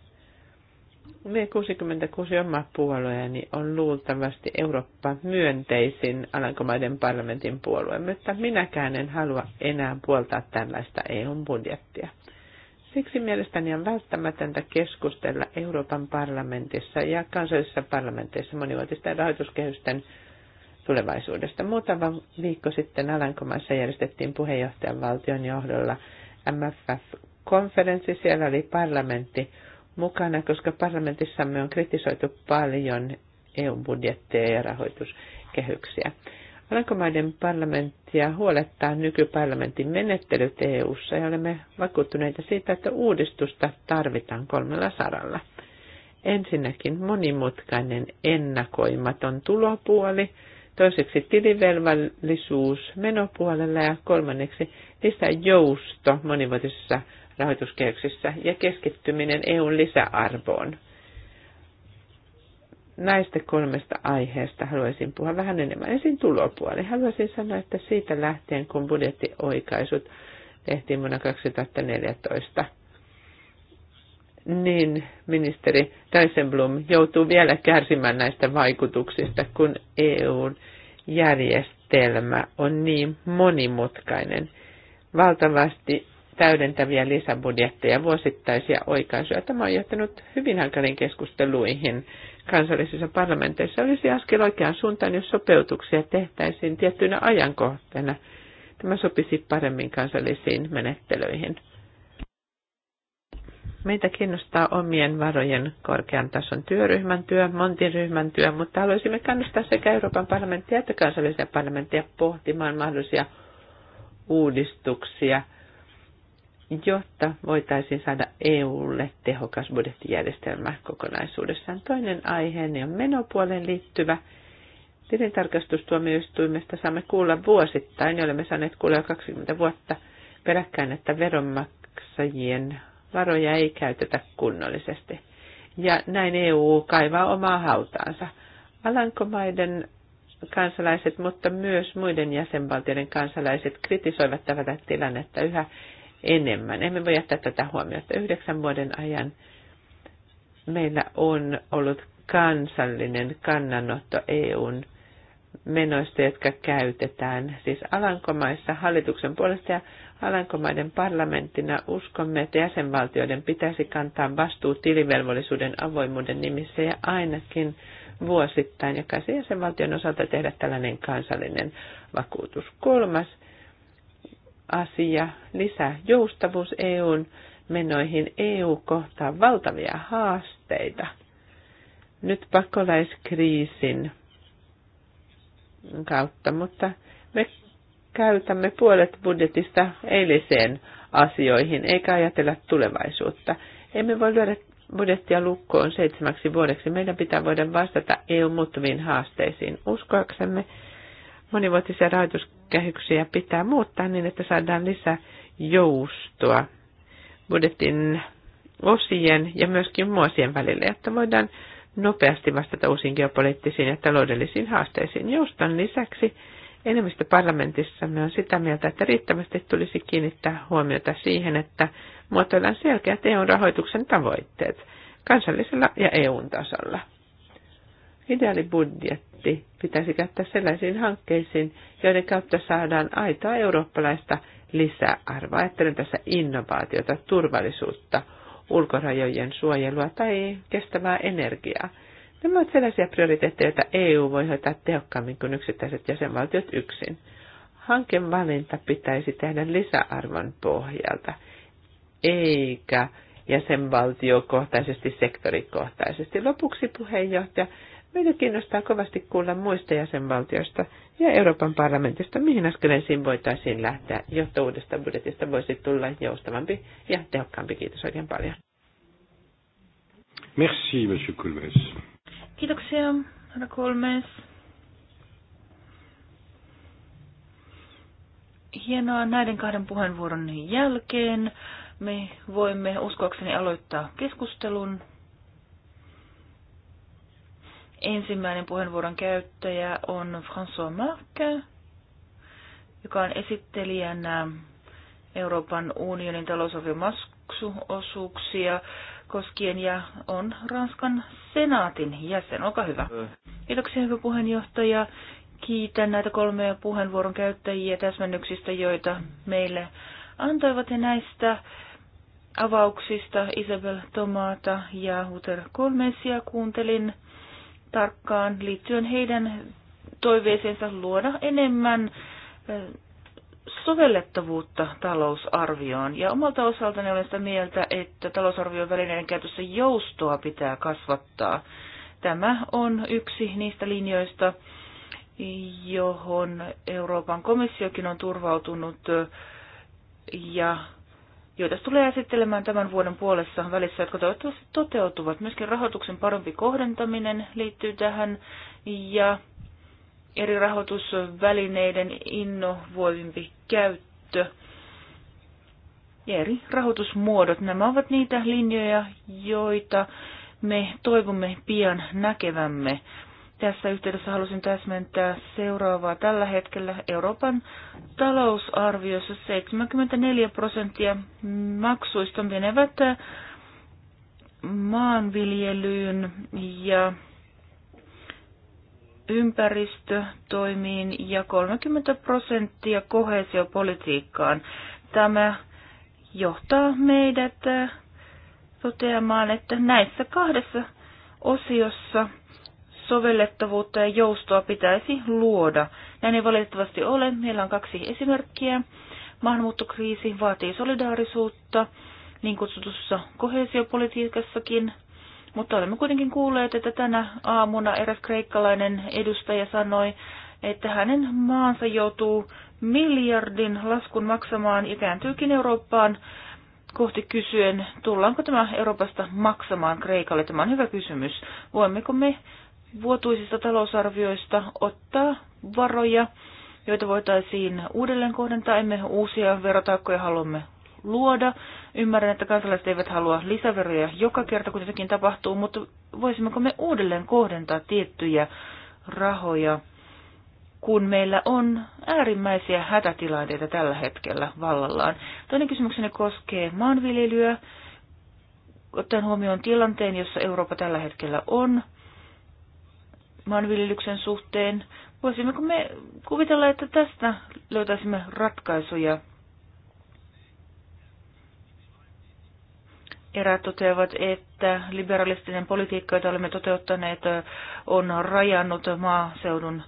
Me 66 oma puolueeni on luultavasti Eurooppa myönteisin Alankomaiden parlamentin puolue, mutta minäkään en halua enää puoltaa tällaista eu budjettia. Siksi mielestäni on välttämätöntä keskustella Euroopan parlamentissa ja kansallisissa parlamenteissa monivuotisten rahoituskehysten tulevaisuudesta. Muutama viikko sitten Alankomaissa järjestettiin puheenjohtajan valtion johdolla MFF-konferenssi. Siellä oli parlamentti mukana, koska parlamentissamme on kritisoitu paljon EU-budjetteja ja rahoituskehyksiä. Alankomaiden parlamenttia huolettaa nykyparlamentin menettelyt EU-ssa ja olemme vakuuttuneita siitä, että uudistusta tarvitaan kolmella saralla. Ensinnäkin monimutkainen ennakoimaton tulopuoli, toiseksi tilivelvallisuus menopuolella ja kolmanneksi lisää jousto monivuotisissa rahoituskehyksessä ja keskittyminen EUn lisäarvoon. Näistä kolmesta aiheesta haluaisin puhua vähän enemmän. Ensin tulopuoli. Haluaisin sanoa, että siitä lähtien kun budjettioikaisut tehtiin vuonna 2014, niin ministeri Dijsselbloem joutuu vielä kärsimään näistä vaikutuksista, kun EUn järjestelmä on niin monimutkainen. Valtavasti täydentäviä lisäbudjetteja, vuosittaisia oikaisuja. Tämä on johtanut hyvin hankaliin keskusteluihin kansallisissa parlamenteissa. Olisi askel oikeaan suuntaan, jos sopeutuksia tehtäisiin tiettynä ajankohtana. Tämä sopisi paremmin kansallisiin menettelyihin. Meitä kiinnostaa omien varojen korkean tason työryhmän työ, Montin ryhmän työ, mutta haluaisimme kannustaa sekä Euroopan parlamenttia että kansallisia parlamentteja pohtimaan mahdollisia uudistuksia, jotta voitaisiin saada EUlle tehokas budjettijärjestelmä kokonaisuudessaan. Toinen aihe, on menopuolen liittyvä. Tilintarkastustuomioistuimesta saamme kuulla vuosittain, olemme saaneet kuulla jo 20 vuotta peräkkäin, että veronmaksajien varoja ei käytetä kunnollisesti. Ja näin EU kaivaa omaa hautaansa. Alankomaiden kansalaiset, mutta myös muiden jäsenvaltioiden kansalaiset kritisoivat tätä tilannetta yhä enemmän. Emme voi jättää tätä huomiota. Yhdeksän vuoden ajan meillä on ollut kansallinen kannanotto EUn menoista, jotka käytetään siis Alankomaissa hallituksen puolesta ja Alankomaiden parlamenttina uskomme, että jäsenvaltioiden pitäisi kantaa vastuu tilivelvollisuuden avoimuuden nimissä ja ainakin vuosittain jokaisen jäsenvaltion osalta tehdä tällainen kansallinen vakuutus. Kolmas asia, lisää joustavuus EUn menoihin. EU kohtaa valtavia haasteita. Nyt pakolaiskriisin kautta, mutta me käytämme puolet budjetista eiliseen asioihin, eikä ajatella tulevaisuutta. Emme voi lyödä budjettia lukkoon seitsemäksi vuodeksi. Meidän pitää voida vastata eu muuttuviin haasteisiin. Uskoaksemme monivuotisia rahoituskehyksiä pitää muuttaa niin, että saadaan lisää joustoa budjetin osien ja myöskin muosien välillä, että voidaan nopeasti vastata uusiin geopoliittisiin ja taloudellisiin haasteisiin. Joustan lisäksi Enemmistö parlamentissa on sitä mieltä, että riittävästi tulisi kiinnittää huomiota siihen, että muotoillaan selkeät EU-rahoituksen tavoitteet kansallisella ja EU-tasolla. Ideaalibudjetti pitäisi käyttää sellaisiin hankkeisiin, joiden kautta saadaan aitoa eurooppalaista lisäarvoa. Ajattelen tässä innovaatiota, turvallisuutta, ulkorajojen suojelua tai kestävää energiaa. Nämä ovat sellaisia prioriteetteja, joita EU voi hoitaa tehokkaammin kuin yksittäiset jäsenvaltiot yksin. Hankevalinta pitäisi tehdä lisäarvon pohjalta, eikä jäsenvaltiokohtaisesti, sektorikohtaisesti. Lopuksi puheenjohtaja, meitä kiinnostaa kovasti kuulla muista jäsenvaltioista ja Euroopan parlamentista, mihin askeleisiin voitaisiin lähteä, jotta uudesta budjetista voisi tulla joustavampi ja tehokkaampi. Kiitos oikein paljon. Merci, Monsieur Kiitoksia, herra Kolmes. Hienoa näiden kahden puheenvuoron jälkeen. Me voimme uskoakseni aloittaa keskustelun. Ensimmäinen puheenvuoron käyttäjä on François Marc, joka on esittelijänä Euroopan unionin talousarviomaksuosuuksia koskien ja on Ranskan senaatin jäsen. Olkaa hyvä. Kiitoksia hyvä puheenjohtaja. Kiitän näitä kolmea puheenvuoron käyttäjiä täsmennyksistä, joita meille antoivat ja näistä avauksista Isabel Tomata ja Huter Kolmesia kuuntelin tarkkaan liittyen heidän toiveeseensa luoda enemmän sovellettavuutta talousarvioon. Ja omalta osaltani olen sitä mieltä, että talousarvion välineiden käytössä joustoa pitää kasvattaa. Tämä on yksi niistä linjoista, johon Euroopan komissiokin on turvautunut ja joita tulee esittelemään tämän vuoden puolessa välissä, jotka toivottavasti toteutuvat. Myöskin rahoituksen parempi kohdentaminen liittyy tähän ja eri rahoitusvälineiden innovoivimpi käyttö ja eri rahoitusmuodot. Nämä ovat niitä linjoja, joita me toivomme pian näkevämme. Tässä yhteydessä halusin täsmentää seuraavaa. Tällä hetkellä Euroopan talousarviossa 74 prosenttia maksuista menevät maanviljelyyn ja ympäristötoimiin ja 30 prosenttia kohesiopolitiikkaan. Tämä johtaa meidät äh, toteamaan, että näissä kahdessa osiossa sovellettavuutta ja joustoa pitäisi luoda. Näin ei valitettavasti ole. Meillä on kaksi esimerkkiä. Maahanmuuttokriisi vaatii solidaarisuutta, niin kutsutussa kohesiopolitiikassakin – mutta olemme kuitenkin kuulleet, että tänä aamuna eräs kreikkalainen edustaja sanoi, että hänen maansa joutuu miljardin laskun maksamaan ja kääntyykin Eurooppaan kohti kysyen, tullaanko tämä Euroopasta maksamaan Kreikalle. Tämä on hyvä kysymys. Voimmeko me vuotuisista talousarvioista ottaa varoja, joita voitaisiin uudelleen kohdentaa, emme uusia verotaakkoja haluamme luoda. Ymmärrän, että kansalaiset eivät halua lisäveroja joka kerta, kun jotakin tapahtuu, mutta voisimmeko me uudelleen kohdentaa tiettyjä rahoja, kun meillä on äärimmäisiä hätätilanteita tällä hetkellä vallallaan. Toinen kysymykseni koskee maanviljelyä. Ottaen huomioon tilanteen, jossa Eurooppa tällä hetkellä on maanviljelyksen suhteen, voisimmeko me kuvitella, että tästä löytäisimme ratkaisuja Eräät toteavat, että liberalistinen politiikka, jota olemme toteuttaneet, on rajannut maaseudun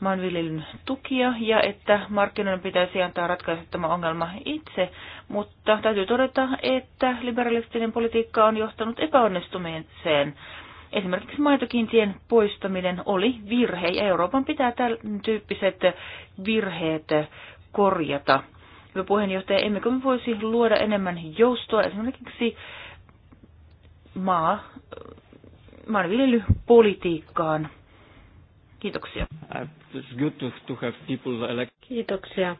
maanviljelyn tukia ja että markkinoiden pitäisi antaa ratkaista tämä ongelma itse, mutta täytyy todeta, että liberalistinen politiikka on johtanut epäonnistumiseen. Esimerkiksi maitokiintien poistaminen oli virhe ja Euroopan pitää tämän tyyppiset virheet korjata hyvä puheenjohtaja, emmekö me voisi luoda enemmän joustoa esimerkiksi maa, maanviljelypolitiikkaan? Kiitoksia. Kiitoksia.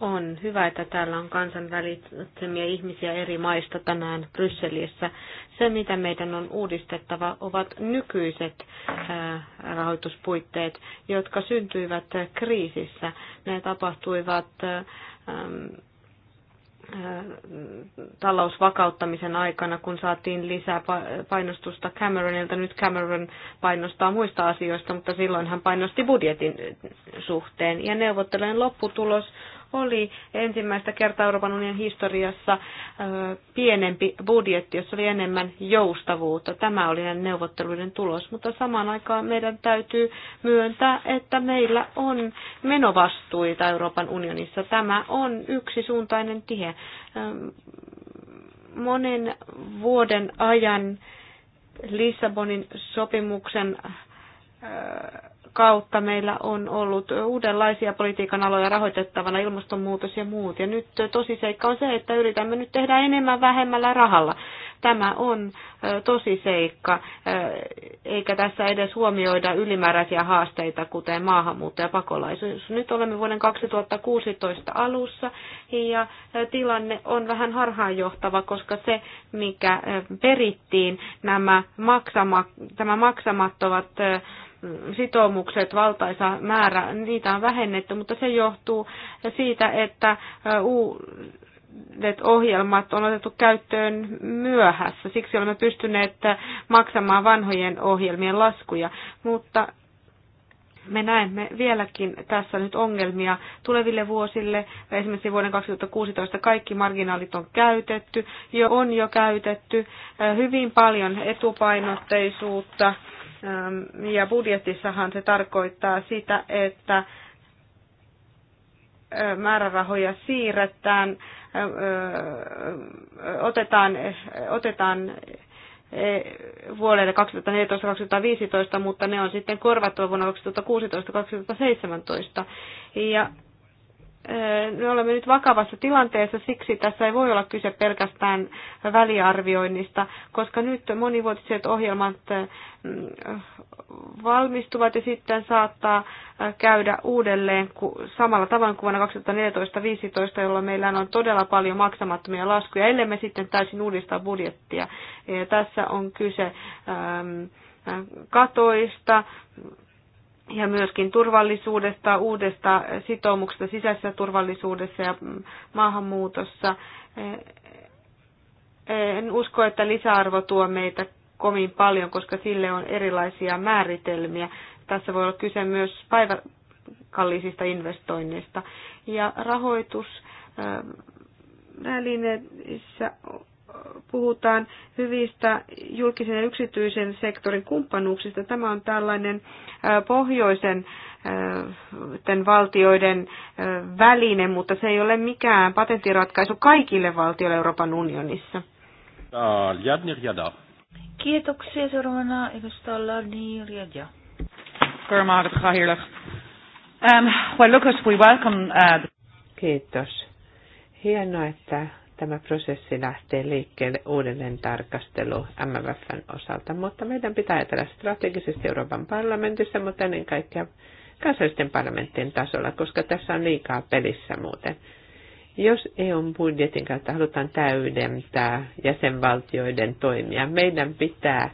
On hyvä, että täällä on kansanvälisemmiä ihmisiä eri maista tänään Brysselissä. Se, mitä meidän on uudistettava, ovat nykyiset äh, rahoituspuitteet, jotka syntyivät kriisissä. Ne tapahtuivat äh, Ähm, äh, talousvakauttamisen aikana, kun saatiin lisää painostusta Cameronilta. Nyt Cameron painostaa muista asioista, mutta silloin hän painosti budjetin äh, suhteen. Ja neuvottelujen lopputulos oli ensimmäistä kertaa Euroopan unionin historiassa pienempi budjetti, jossa oli enemmän joustavuutta. Tämä oli näiden neuvotteluiden tulos, mutta samaan aikaan meidän täytyy myöntää, että meillä on menovastuita Euroopan unionissa. Tämä on yksisuuntainen tie. Monen vuoden ajan Lissabonin sopimuksen kautta meillä on ollut uudenlaisia politiikan aloja rahoitettavana, ilmastonmuutos ja muut. Ja nyt tosiseikka on se, että yritämme nyt tehdä enemmän vähemmällä rahalla. Tämä on tosiseikka, eikä tässä edes huomioida ylimääräisiä haasteita, kuten maahanmuutto ja pakolaisuus. Nyt olemme vuoden 2016 alussa ja tilanne on vähän harhaanjohtava, koska se, mikä perittiin, nämä maksama, tämä maksamattomat sitoumukset, valtaisa määrä, niitä on vähennetty, mutta se johtuu siitä, että uudet ohjelmat on otettu käyttöön myöhässä. Siksi olemme pystyneet maksamaan vanhojen ohjelmien laskuja, mutta me näemme vieläkin tässä nyt ongelmia tuleville vuosille. Esimerkiksi vuoden 2016 kaikki marginaalit on käytetty, jo on jo käytetty hyvin paljon etupainotteisuutta Ähm, ja budjetissahan se tarkoittaa sitä, että määrärahoja siirretään, otetaan, otetaan e, vuodelle 2014-2015, mutta ne on sitten korvattu vuonna 2016-2017. Ja me olemme nyt vakavassa tilanteessa, siksi tässä ei voi olla kyse pelkästään väliarvioinnista, koska nyt monivuotiset ohjelmat valmistuvat ja sitten saattaa käydä uudelleen samalla tavoin kuin vuonna 2014-2015, jolloin meillä on todella paljon maksamattomia laskuja, ellei me sitten täysin uudistaa budjettia. Ja tässä on kyse katoista, ja myöskin turvallisuudesta, uudesta sitoumuksesta sisäisessä turvallisuudessa ja maahanmuutossa. En usko, että lisäarvo tuo meitä kovin paljon, koska sille on erilaisia määritelmiä. Tässä voi olla kyse myös päiväkallisista investoinneista. Ja rahoitusvälineissä puhutaan hyvistä julkisen ja yksityisen sektorin kumppanuuksista. Tämä on tällainen pohjoisen valtioiden väline, mutta se ei ole mikään patenttiratkaisu kaikille valtioille Euroopan unionissa. Kiitoksia. Seuraavana edustaa Ladnir Jadja. Kiitos. Hienoa, että tämä prosessi lähtee liikkeelle uudelleen tarkastelu MFFn osalta, mutta meidän pitää ajatella strategisesti Euroopan parlamentissa, mutta ennen kaikkea kansallisten parlamenttien tasolla, koska tässä on liikaa pelissä muuten. Jos EUn budjetin kautta halutaan täydentää jäsenvaltioiden toimia, meidän pitää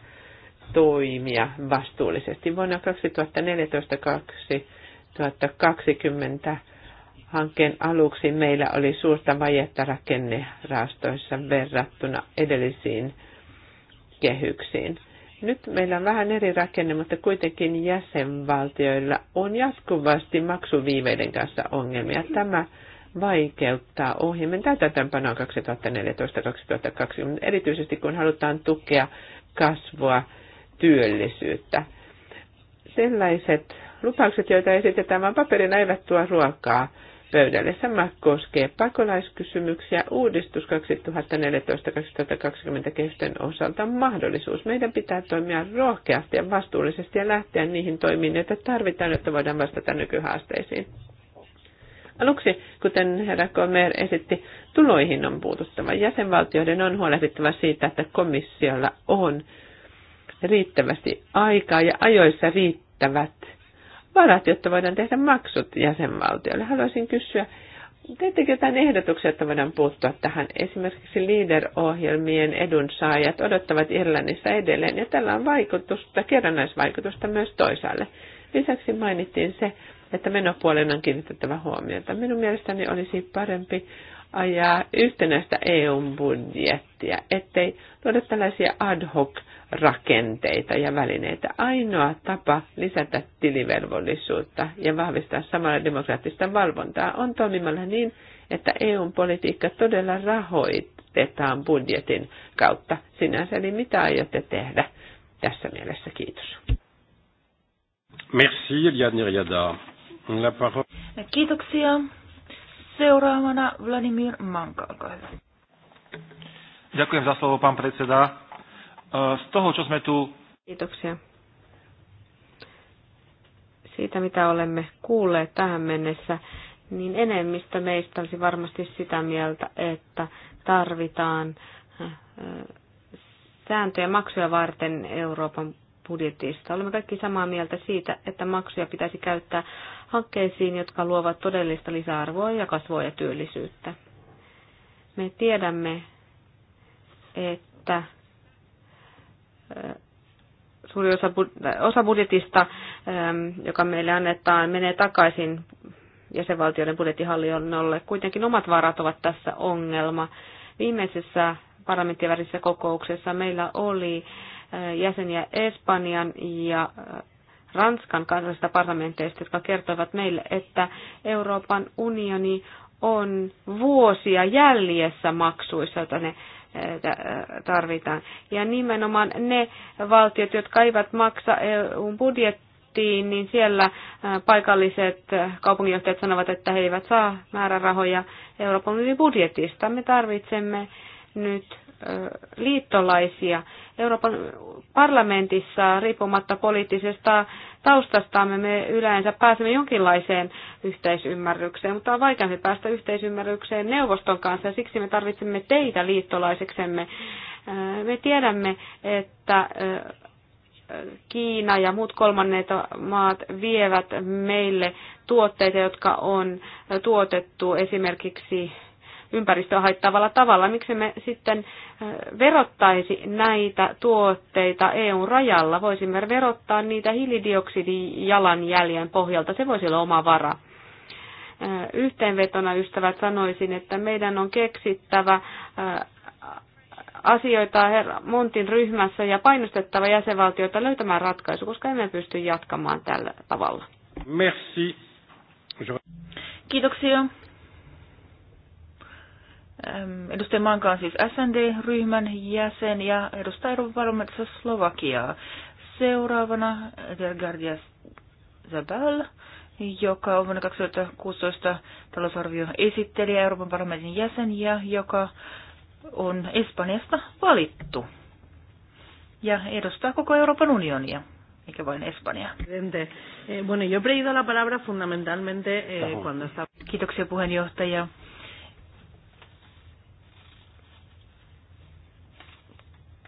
toimia vastuullisesti. Vuonna 2014 2020 hankkeen aluksi meillä oli suurta vajetta rakennerahastoissa verrattuna edellisiin kehyksiin. Nyt meillä on vähän eri rakenne, mutta kuitenkin jäsenvaltioilla on jatkuvasti maksuviiveiden kanssa ongelmia. Tämä vaikeuttaa ohjelmien täytäntöönpanoa 2014-2020, erityisesti kun halutaan tukea kasvua, työllisyyttä. Sellaiset lupaukset, joita esitetään vain paperina, eivät tuo ruokaa pöydälle. Sama koskee pakolaiskysymyksiä. Uudistus 2014-2020 kehysten osalta on mahdollisuus. Meidän pitää toimia rohkeasti ja vastuullisesti ja lähteä niihin toimiin, joita tarvitaan, jotta voidaan vastata nykyhaasteisiin. Aluksi, kuten herra Komer esitti, tuloihin on puututtava. Jäsenvaltioiden on huolehdittava siitä, että komissiolla on riittävästi aikaa ja ajoissa riittävät varat, jotta voidaan tehdä maksut jäsenvaltioille. Haluaisin kysyä, teettekö jotain ehdotuksia, että voidaan puuttua tähän? Esimerkiksi leader-ohjelmien edunsaajat odottavat Irlannissa edelleen, ja tällä on vaikutusta, kerrannaisvaikutusta myös toisaalle. Lisäksi mainittiin se, että menopuolen on kiinnitettävä huomiota. Minun mielestäni olisi parempi ajaa yhtenäistä EU-budjettia, ettei luoda tällaisia ad hoc rakenteita ja välineitä. Ainoa tapa lisätä tilivelvollisuutta ja vahvistaa samalla demokraattista valvontaa on toimimalla niin, että EUn politiikka todella rahoitetaan budjetin kautta sinänsä. Eli mitä aiotte tehdä tässä mielessä? Kiitos. Merci, La parole... Kiitoksia. Seuraavana Vladimir Manka, olkaa hyvä. Dziękuję za slovo, pan predseda z toho, čo sme tu... Kiitoksia. Siitä, mitä olemme kuulleet tähän mennessä, niin enemmistö meistä olisi varmasti sitä mieltä, että tarvitaan sääntöjä maksuja varten Euroopan budjetista. Olemme kaikki samaa mieltä siitä, että maksuja pitäisi käyttää hankkeisiin, jotka luovat todellista lisäarvoa ja kasvua ja työllisyyttä. Me tiedämme, että suuri osa, osa budjetista, joka meille annetaan, menee takaisin jäsenvaltioiden budjettihallinnolle. Kuitenkin omat varat ovat tässä ongelma. Viimeisessä parlamenttivärisessä kokouksessa meillä oli jäseniä Espanjan ja Ranskan kansallisista parlamenteista, jotka kertoivat meille, että Euroopan unioni on vuosia jäljessä maksuissa, joita ne tarvitaan. Ja nimenomaan ne valtiot, jotka eivät maksa eu budjettiin, niin siellä paikalliset kaupunginjohtajat sanovat, että he eivät saa määrärahoja Euroopan unionin budjetista. Me tarvitsemme nyt liittolaisia. Euroopan parlamentissa, riippumatta poliittisesta taustastamme, me yleensä pääsemme jonkinlaiseen yhteisymmärrykseen, mutta on vaikeampi päästä yhteisymmärrykseen neuvoston kanssa, ja siksi me tarvitsemme teitä liittolaiseksemme. Me tiedämme, että Kiina ja muut kolmannet maat vievät meille tuotteita, jotka on tuotettu esimerkiksi ympäristöä haittaavalla tavalla. Miksi me sitten verottaisi näitä tuotteita EUn rajalla? Voisimme verottaa niitä hiilidioksidijalanjäljen pohjalta. Se voisi olla oma vara. Yhteenvetona ystävät sanoisin, että meidän on keksittävä asioita herra Montin ryhmässä ja painostettava jäsenvaltioita löytämään ratkaisu, koska emme pysty jatkamaan tällä tavalla. Merci. Kiitoksia. Ähm, edustaja Manka on siis SND-ryhmän jäsen ja edustaa edunvalvonnassa Slovakiaa. Seuraavana Delgardia Zabal, joka on vuonna 2016 talousarvioesittelijä Euroopan parlamentin jäsen ja joka on Espanjasta valittu ja edustaa koko Euroopan unionia eikä vain Espanjaa. Eh, eh, Kiitoksia puheenjohtaja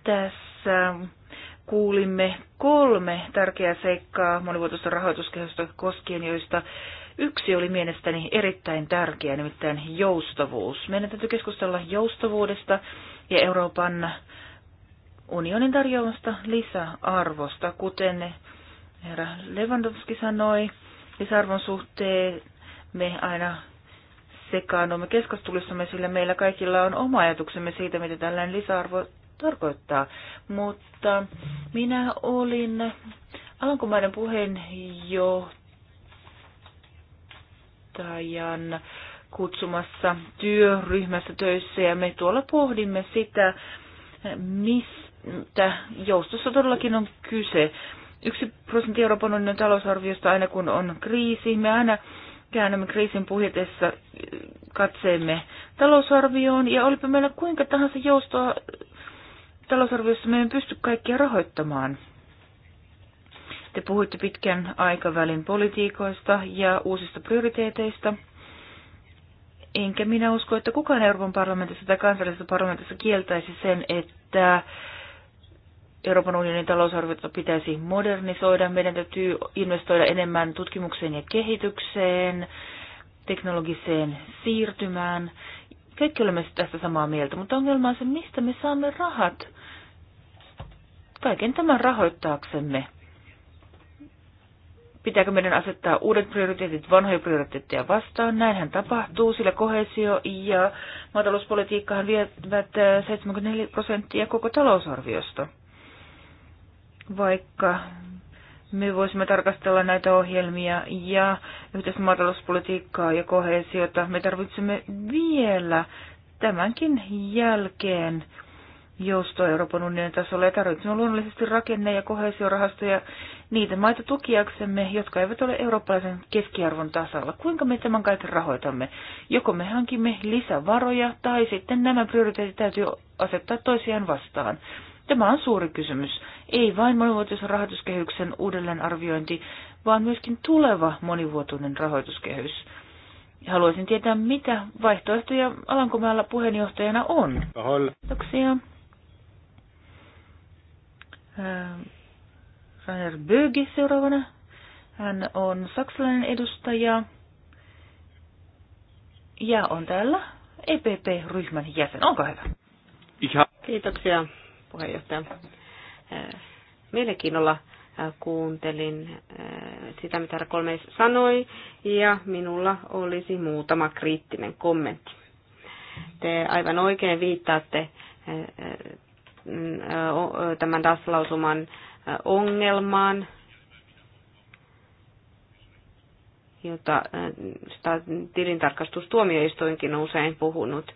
Tässä kuulimme kolme tärkeää seikkaa monivuotoista rahoituskehosta koskien, joista yksi oli mielestäni erittäin tärkeä, nimittäin joustavuus. Meidän täytyy keskustella joustavuudesta ja Euroopan unionin tarjoamasta lisäarvosta, kuten herra Lewandowski sanoi, lisäarvon suhteen me aina sekaannumme keskustelussamme, sillä meillä kaikilla on oma ajatuksemme siitä, mitä tällainen lisäarvo tarkoittaa, mutta minä olin Alankomaiden puheenjohtajan kutsumassa työryhmässä töissä ja me tuolla pohdimme sitä, mistä joustossa todellakin on kyse. Yksi prosentti Euroopan unionin talousarviosta aina kun on kriisi, me aina käännämme kriisin puhjetessa katseemme talousarvioon ja olipa meillä kuinka tahansa joustoa talousarviossa me ei pysty kaikkia rahoittamaan. Te puhuitte pitkän aikavälin politiikoista ja uusista prioriteeteista. Enkä minä usko, että kukaan Euroopan parlamentissa tai kansallisessa parlamentissa kieltäisi sen, että Euroopan unionin talousarviota pitäisi modernisoida. Meidän täytyy investoida enemmän tutkimukseen ja kehitykseen, teknologiseen siirtymään. Kaikki olemme tästä samaa mieltä, mutta ongelma on se, mistä me saamme rahat kaiken tämän rahoittaaksemme. Pitääkö meidän asettaa uudet prioriteetit vanhoja prioriteetteja vastaan? Näinhän tapahtuu, sillä kohesio ja maatalouspolitiikkahan vievät 74 äh, prosenttia koko talousarviosta. Vaikka me voisimme tarkastella näitä ohjelmia ja yhteistä maatalouspolitiikkaa ja kohesiota. Me tarvitsemme vielä tämänkin jälkeen joustoa Euroopan unionin tasolla ja tarvitsemme luonnollisesti rakenne- ja kohesiorahastoja niitä maita tukiaksemme, jotka eivät ole eurooppalaisen keskiarvon tasalla. Kuinka me tämän kaiken rahoitamme? Joko me hankimme lisävaroja tai sitten nämä prioriteetit täytyy asettaa toisiaan vastaan. Tämä on suuri kysymys ei vain monivuotisen rahoituskehyksen uudelleenarviointi, vaan myöskin tuleva monivuotinen rahoituskehys. Haluaisin tietää, mitä vaihtoehtoja Alankomaalla puheenjohtajana on. Kiitoksia. Ähm, Rainer Böge seuraavana. Hän on saksalainen edustaja ja on täällä EPP-ryhmän jäsen. Onko hyvä? Kiitoksia puheenjohtaja. Äh, mielenkiinnolla äh, kuuntelin äh, sitä, mitä Herra Kolmeis sanoi, ja minulla olisi muutama kriittinen kommentti. Te aivan oikein viittaatte tämän DAS-lausuman ongelmaan, jota tilintarkastustuomioistuinkin on usein puhunut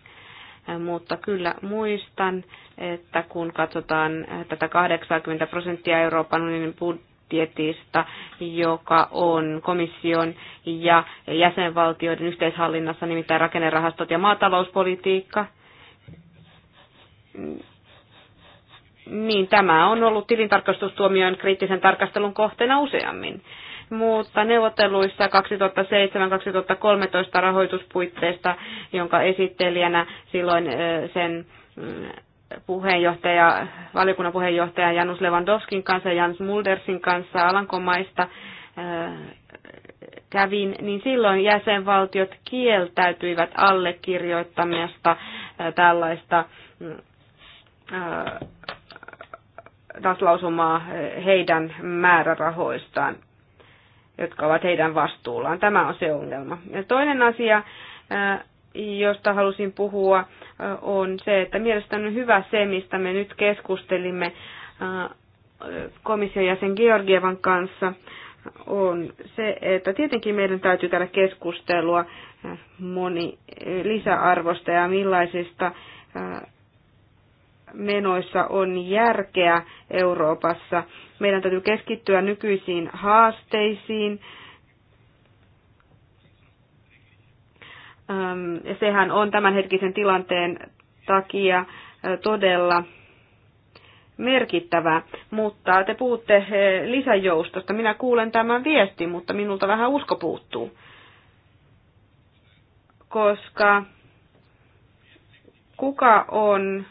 mutta kyllä muistan, että kun katsotaan tätä 80 prosenttia Euroopan unionin budjetista, joka on komission ja jäsenvaltioiden yhteishallinnassa, nimittäin rakennerahastot ja maatalouspolitiikka, niin tämä on ollut tilintarkastustuomion kriittisen tarkastelun kohteena useammin mutta neuvotteluissa 2007-2013 rahoituspuitteista, jonka esittelijänä silloin sen mm, puheenjohtaja, valiokunnan puheenjohtaja Janus Lewandowskin kanssa ja Jans Muldersin kanssa Alankomaista kävin, niin silloin jäsenvaltiot kieltäytyivät allekirjoittamasta tällaista mm, taslausumaa heidän määrärahoistaan jotka ovat heidän vastuullaan. Tämä on se ongelma. Ja toinen asia, josta halusin puhua, on se, että mielestäni on hyvä se, mistä me nyt keskustelimme komission jäsen Georgievan kanssa, on se, että tietenkin meidän täytyy käydä keskustelua moni lisäarvosta ja millaisista menoissa on järkeä Euroopassa. Meidän täytyy keskittyä nykyisiin haasteisiin. Ja sehän on tämänhetkisen tilanteen takia todella merkittävä, mutta te puhutte lisäjoustosta. Minä kuulen tämän viestin, mutta minulta vähän usko puuttuu, koska kuka on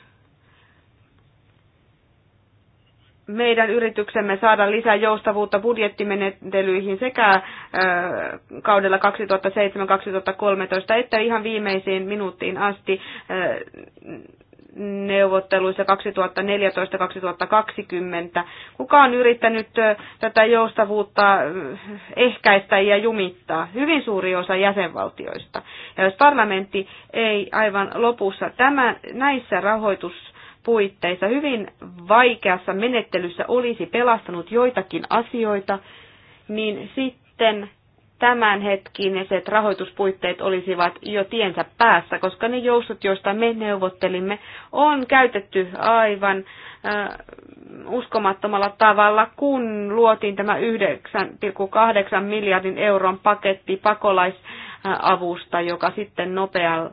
meidän yrityksemme saada lisää joustavuutta budjettimenettelyihin sekä kaudella 2007-2013 että ihan viimeisiin minuuttiin asti neuvotteluissa 2014-2020. Kuka on yrittänyt tätä joustavuutta ehkäistä ja jumittaa? Hyvin suuri osa jäsenvaltioista. Ja jos parlamentti ei aivan lopussa tämä, näissä rahoitus puitteissa hyvin vaikeassa menettelyssä olisi pelastanut joitakin asioita, niin sitten tämänhetkiset rahoituspuitteet olisivat jo tiensä päässä, koska ne joustot, joista me neuvottelimme, on käytetty aivan äh, uskomattomalla tavalla, kun luotiin tämä 9,8 miljardin euron paketti pakolaisavusta, joka sitten nopealla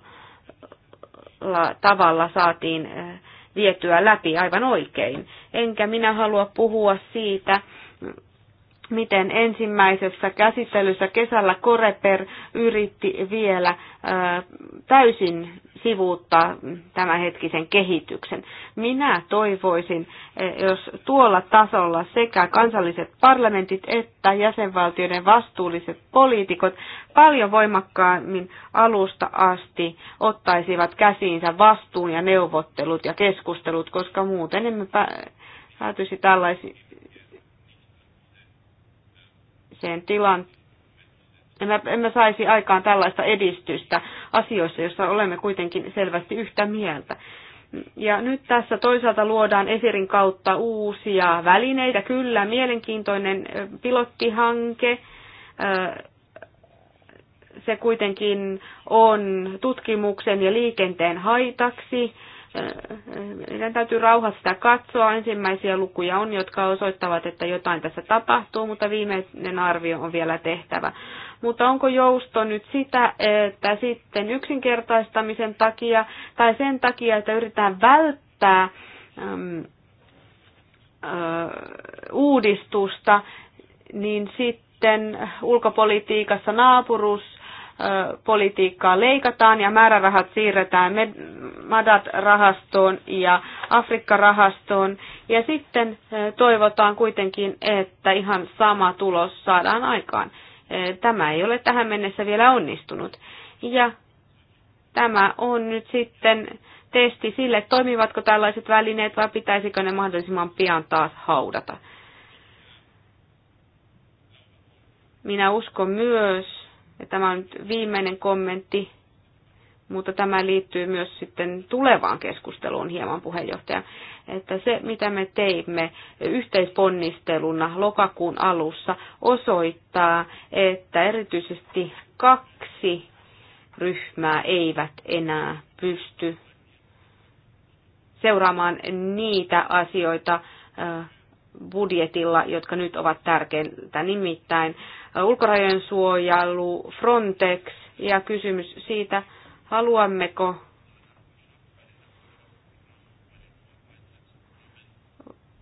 tavalla saatiin äh, vietyä läpi aivan oikein. Enkä minä halua puhua siitä, miten ensimmäisessä käsittelyssä kesällä Koreper yritti vielä täysin sivuuttaa tämänhetkisen kehityksen. Minä toivoisin, jos tuolla tasolla sekä kansalliset parlamentit että jäsenvaltioiden vastuulliset poliitikot paljon voimakkaammin alusta asti ottaisivat käsiinsä vastuun ja neuvottelut ja keskustelut, koska muuten emme päätyisi tällaisiin sen tilan, emme, emme saisi aikaan tällaista edistystä asioissa, joissa olemme kuitenkin selvästi yhtä mieltä. Ja nyt tässä toisaalta luodaan Esirin kautta uusia välineitä. Kyllä, mielenkiintoinen pilottihanke. Se kuitenkin on tutkimuksen ja liikenteen haitaksi meidän täytyy rauhassa katsoa. Ensimmäisiä lukuja on, jotka osoittavat, että jotain tässä tapahtuu, mutta viimeinen arvio on vielä tehtävä. Mutta onko jousto nyt sitä, että sitten yksinkertaistamisen takia tai sen takia, että yritetään välttää äm, uudistusta, niin sitten ulkopolitiikassa naapuruus politiikkaa leikataan ja määrärahat siirretään Madat-rahastoon ja Afrikka-rahastoon. Ja sitten toivotaan kuitenkin, että ihan sama tulos saadaan aikaan. Tämä ei ole tähän mennessä vielä onnistunut. Ja tämä on nyt sitten testi sille, toimivatko tällaiset välineet vai pitäisikö ne mahdollisimman pian taas haudata. Minä uskon myös, ja tämä on nyt viimeinen kommentti, mutta tämä liittyy myös sitten tulevaan keskusteluun hieman puheenjohtaja, että se mitä me teimme yhteisponnisteluna lokakuun alussa osoittaa, että erityisesti kaksi ryhmää eivät enää pysty seuraamaan niitä asioita budjetilla, jotka nyt ovat tärkeintä, nimittäin ulkorajojen suojelu, Frontex ja kysymys siitä, haluammeko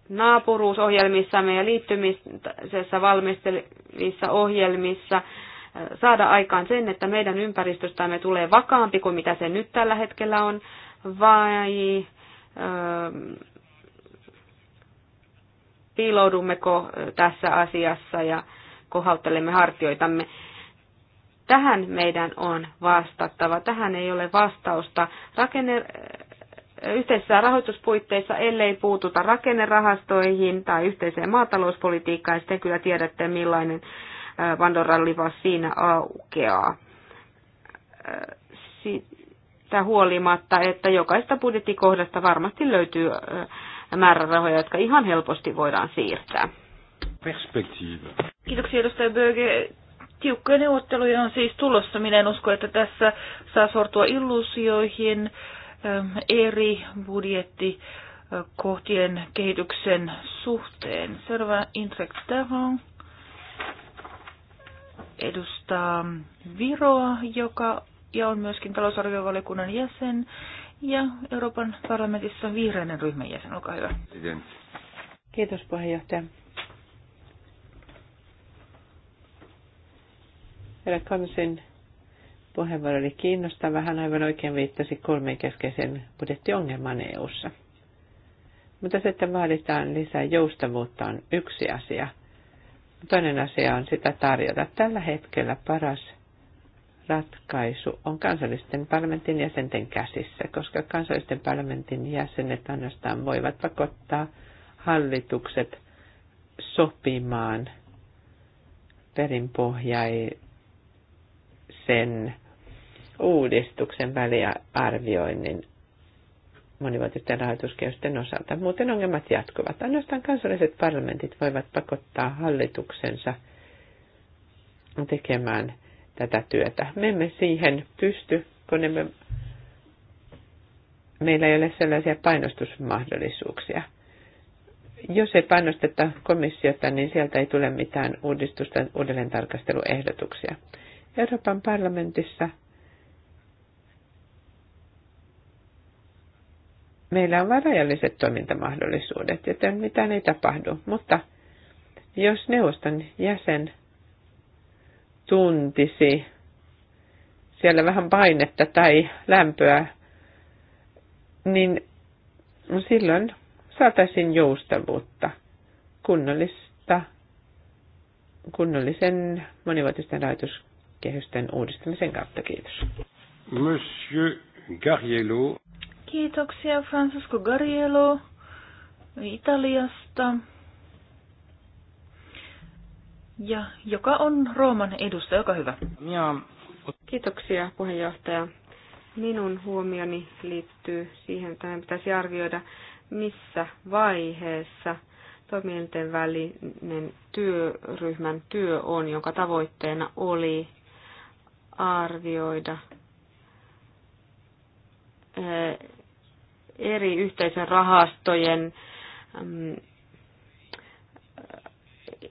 naapuruusohjelmissamme ja liittymisessä valmistelevissa ohjelmissa äh, saada aikaan sen, että meidän ympäristöstämme tulee vakaampi kuin mitä se nyt tällä hetkellä on, vai ö, ähm, piiloudummeko äh, tässä asiassa ja kohauttelemme hartioitamme. Tähän meidän on vastattava. Tähän ei ole vastausta rakenne, eh, yhteisissä rahoituspuitteissa, ellei puututa rakennerahastoihin tai yhteiseen maatalouspolitiikkaan, sitten kyllä tiedätte, millainen eh, Pandoran siinä aukeaa. Eh, Sitä huolimatta, että jokaista budjettikohdasta varmasti löytyy määrärahoja, jotka ihan helposti voidaan siirtää. Perspektiivi. Kiitoksia edustaja Böge. Tiukkoja neuvotteluja on siis tulossa. Minä en usko, että tässä saa sortua illuusioihin ähm, eri budjetti äh, kohtien kehityksen suhteen. Seuraava Intrek Tavon edustaa Viroa, joka ja on myöskin talousarviovaliokunnan jäsen ja Euroopan parlamentissa vihreinen ryhmän jäsen. Olkaa hyvä. Kiitos puheenjohtaja. Herra kansin puheenvuoro oli kiinnostava. Hän aivan oikein viittasi kolmen keskeisen budjettiongelman EU-ssa. Mutta se, että vaaditaan lisää joustavuutta, on yksi asia. Toinen asia on sitä tarjota. Tällä hetkellä paras ratkaisu on kansallisten parlamentin jäsenten käsissä, koska kansallisten parlamentin jäsenet ainoastaan voivat pakottaa hallitukset sopimaan perinpohjai sen uudistuksen väliarvioinnin monivuotisten rahoituskehysten osalta. Muuten ongelmat jatkuvat. Ainoastaan kansalliset parlamentit voivat pakottaa hallituksensa tekemään tätä työtä. Me emme siihen pysty, kun emme, meillä ei ole sellaisia painostusmahdollisuuksia. Jos ei painosteta komissiota, niin sieltä ei tule mitään uudistusten uudelleen tarkasteluehdotuksia. Euroopan parlamentissa meillä on varajalliset toimintamahdollisuudet, joten mitään ei tapahdu. Mutta jos neuvoston jäsen tuntisi siellä vähän painetta tai lämpöä, niin silloin saataisiin joustavuutta kunnollista, kunnollisen monivuotisten rahoitus kehysten uudistamisen kautta. Kiitos. Monsieur Garriello. Kiitoksia Francisco Garriello Italiasta, ja joka on Rooman edustaja. Joka hyvä. Ja. Kiitoksia puheenjohtaja. Minun huomioni liittyy siihen, että meidän pitäisi arvioida, missä vaiheessa toimielinten välinen työryhmän työ on, jonka tavoitteena oli arvioida eh, eri yhteisön rahastojen mm,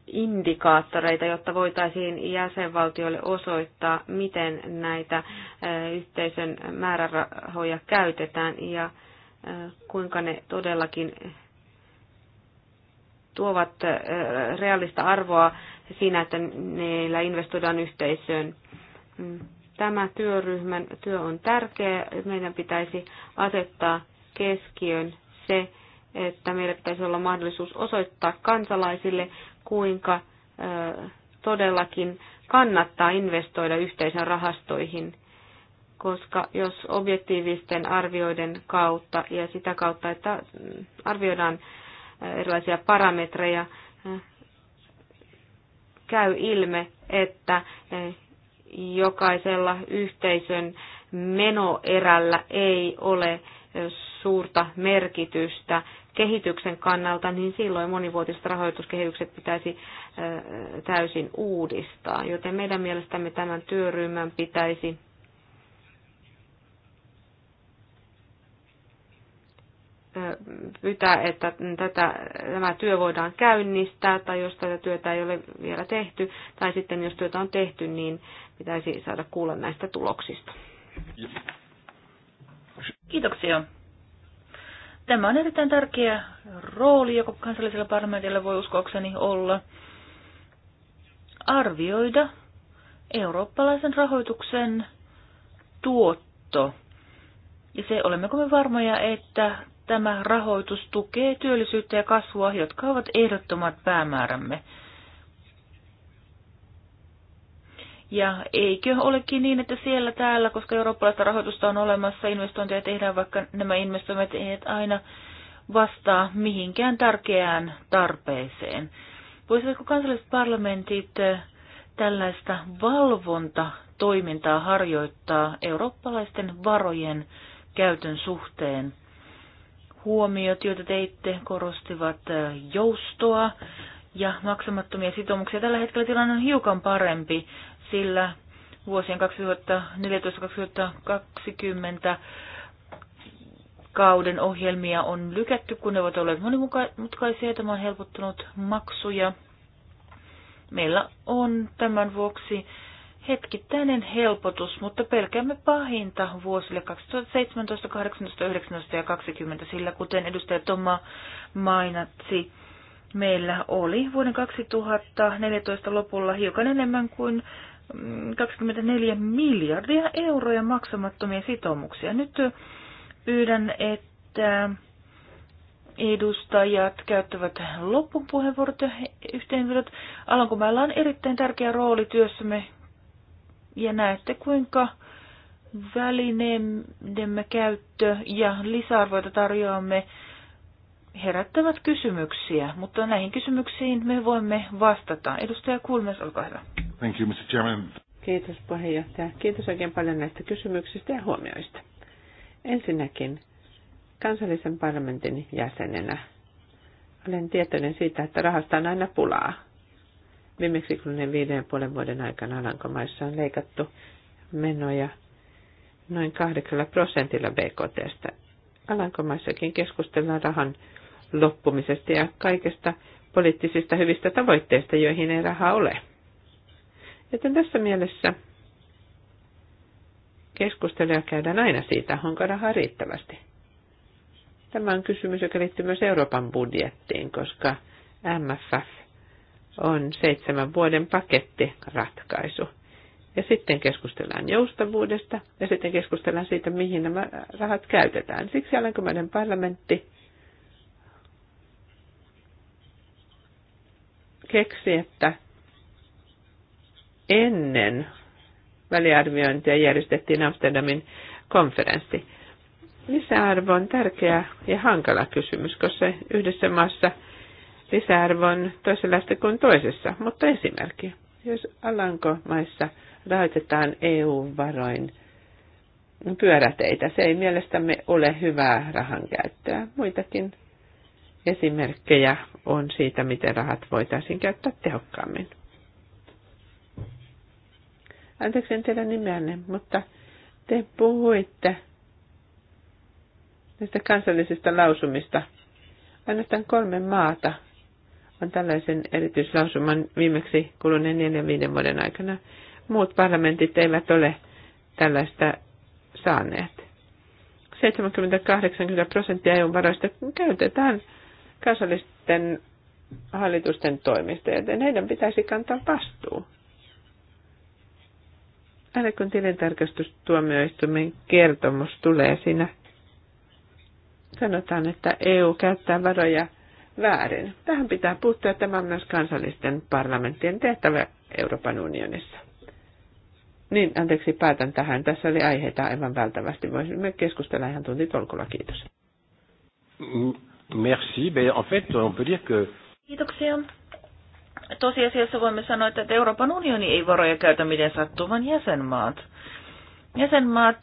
indikaattoreita, jotta voitaisiin jäsenvaltioille osoittaa, miten näitä eh, yhteisön määrärahoja käytetään ja eh, kuinka ne todellakin tuovat realista arvoa siinä, että niillä investoidaan yhteisöön. Tämä työryhmän työ on tärkeä. Meidän pitäisi asettaa keskiön se, että meillä pitäisi olla mahdollisuus osoittaa kansalaisille, kuinka todellakin kannattaa investoida yhteisön rahastoihin, koska jos objektiivisten arvioiden kautta ja sitä kautta, että mm, arvioidaan erilaisia parametreja, käy ilme, että jokaisella yhteisön menoerällä ei ole suurta merkitystä kehityksen kannalta, niin silloin monivuotiset rahoituskehitykset pitäisi täysin uudistaa. Joten meidän mielestämme tämän työryhmän pitäisi pyytää, että tätä, tämä työ voidaan käynnistää, tai jos tätä työtä ei ole vielä tehty, tai sitten jos työtä on tehty, niin pitäisi saada kuulla näistä tuloksista. Kiitoksia. Tämä on erittäin tärkeä rooli, joka kansallisella parlamentilla voi uskoakseni olla arvioida eurooppalaisen rahoituksen tuotto. Ja se, olemmeko me varmoja, että tämä rahoitus tukee työllisyyttä ja kasvua, jotka ovat ehdottomat päämäärämme. Ja eikö olekin niin, että siellä täällä, koska eurooppalaista rahoitusta on olemassa, investointeja tehdään, vaikka nämä investoinnit eivät aina vastaa mihinkään tärkeään tarpeeseen. Voisivatko kansalliset parlamentit eh, tällaista valvontatoimintaa harjoittaa eurooppalaisten varojen käytön suhteen? huomiot, joita teitte, korostivat joustoa ja maksamattomia sitoumuksia. Tällä hetkellä tilanne on hiukan parempi, sillä vuosien 2014-2020 kauden ohjelmia on lykätty, kun ne ovat olleet monimutkaisia. Tämä on helpottanut maksuja. Meillä on tämän vuoksi hetkittäinen helpotus, mutta pelkäämme pahinta vuosille 2017, 18, 19 ja 20, sillä kuten edustaja Toma mainitsi, meillä oli vuoden 2014 lopulla hiukan enemmän kuin 24 mm, miljardia euroja maksamattomia sitoumuksia. Nyt pyydän, että edustajat käyttävät loppupuheenvuorot ja yhteenvedot. Alankomailla on erittäin tärkeä rooli työssämme ja näette, kuinka välineidemme käyttö ja lisäarvoita tarjoamme herättävät kysymyksiä, mutta näihin kysymyksiin me voimme vastata. Edustaja Kulmes, olkaa hyvä. Thank you, Mr. Chairman. Kiitos puheenjohtaja. Kiitos oikein paljon näistä kysymyksistä ja huomioista. Ensinnäkin kansallisen parlamentin jäsenenä olen tietoinen siitä, että rahasta on aina pulaa. Viimeksi kuluneen viiden ja puolen vuoden aikana Alankomaissa on leikattu menoja noin kahdeksalla prosentilla BKTstä. Alankomaissakin keskustellaan rahan loppumisesta ja kaikesta poliittisista hyvistä tavoitteista, joihin ei rahaa ole. Joten tässä mielessä keskustelua käydään aina siitä, onko rahaa riittävästi. Tämä on kysymys, joka liittyy myös Euroopan budjettiin, koska MFF on seitsemän vuoden pakettiratkaisu. Ja sitten keskustellaan joustavuudesta ja sitten keskustellaan siitä, mihin nämä rahat käytetään. Siksi Alankomaiden parlamentti keksi, että ennen väliarviointia järjestettiin Amsterdamin konferenssi. Lisäarvo on tärkeä ja hankala kysymys, koska yhdessä maassa – lisäarvon toisenlaista kuin toisessa, mutta esimerkki. Jos Alankomaissa rahoitetaan EU-varoin pyöräteitä, se ei mielestämme ole hyvää rahankäyttöä. Muitakin esimerkkejä on siitä, miten rahat voitaisiin käyttää tehokkaammin. Anteeksi, en tiedä nimeänne, mutta te puhuitte näistä kansallisista lausumista. Ainoastaan kolme maata on tällaisen erityislausuman viimeksi kuluneen neljän viiden vuoden aikana. Muut parlamentit eivät ole tällaista saaneet. 70-80 prosenttia EUn varoista käytetään kansallisten hallitusten toimista, joten heidän pitäisi kantaa vastuu. Aina kun tilintarkastustuomioistuimen kertomus tulee siinä, sanotaan, että EU käyttää varoja väärin. Tähän pitää puuttua tämä on myös kansallisten parlamenttien tehtävä Euroopan unionissa. Niin, anteeksi, päätän tähän. Tässä oli aiheita aivan välttävästi. Voisimme keskustella ihan tunti tolkulla. Kiitos. Merci. en fait, on peut dire que... Kiitoksia. Tosiasiassa voimme sanoa, että Euroopan unioni ei varoja käytä miten sattuvan jäsenmaat jäsenmaat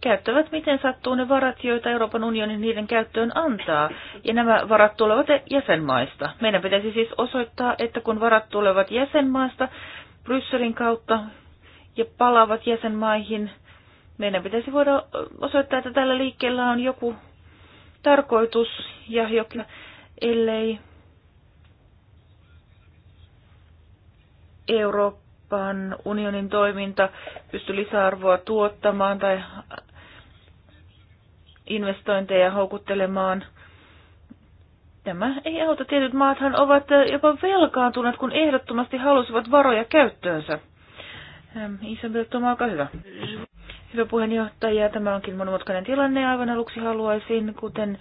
käyttävät miten sattuu ne varat, joita Euroopan unioni niiden käyttöön antaa, ja nämä varat tulevat jäsenmaista. Meidän pitäisi siis osoittaa, että kun varat tulevat jäsenmaista Brysselin kautta ja palaavat jäsenmaihin, meidän pitäisi voida osoittaa, että tällä liikkeellä on joku tarkoitus ja jokin, ellei Eurooppa Euroopan unionin toiminta pysty lisäarvoa tuottamaan tai investointeja houkuttelemaan. Tämä ei auta. Tietyt maathan ovat jopa velkaantuneet, kun ehdottomasti halusivat varoja käyttöönsä. Isabel Toma, olkaa hyvä. Hyvä puheenjohtaja, tämä onkin monimutkainen tilanne. Aivan aluksi haluaisin, kuten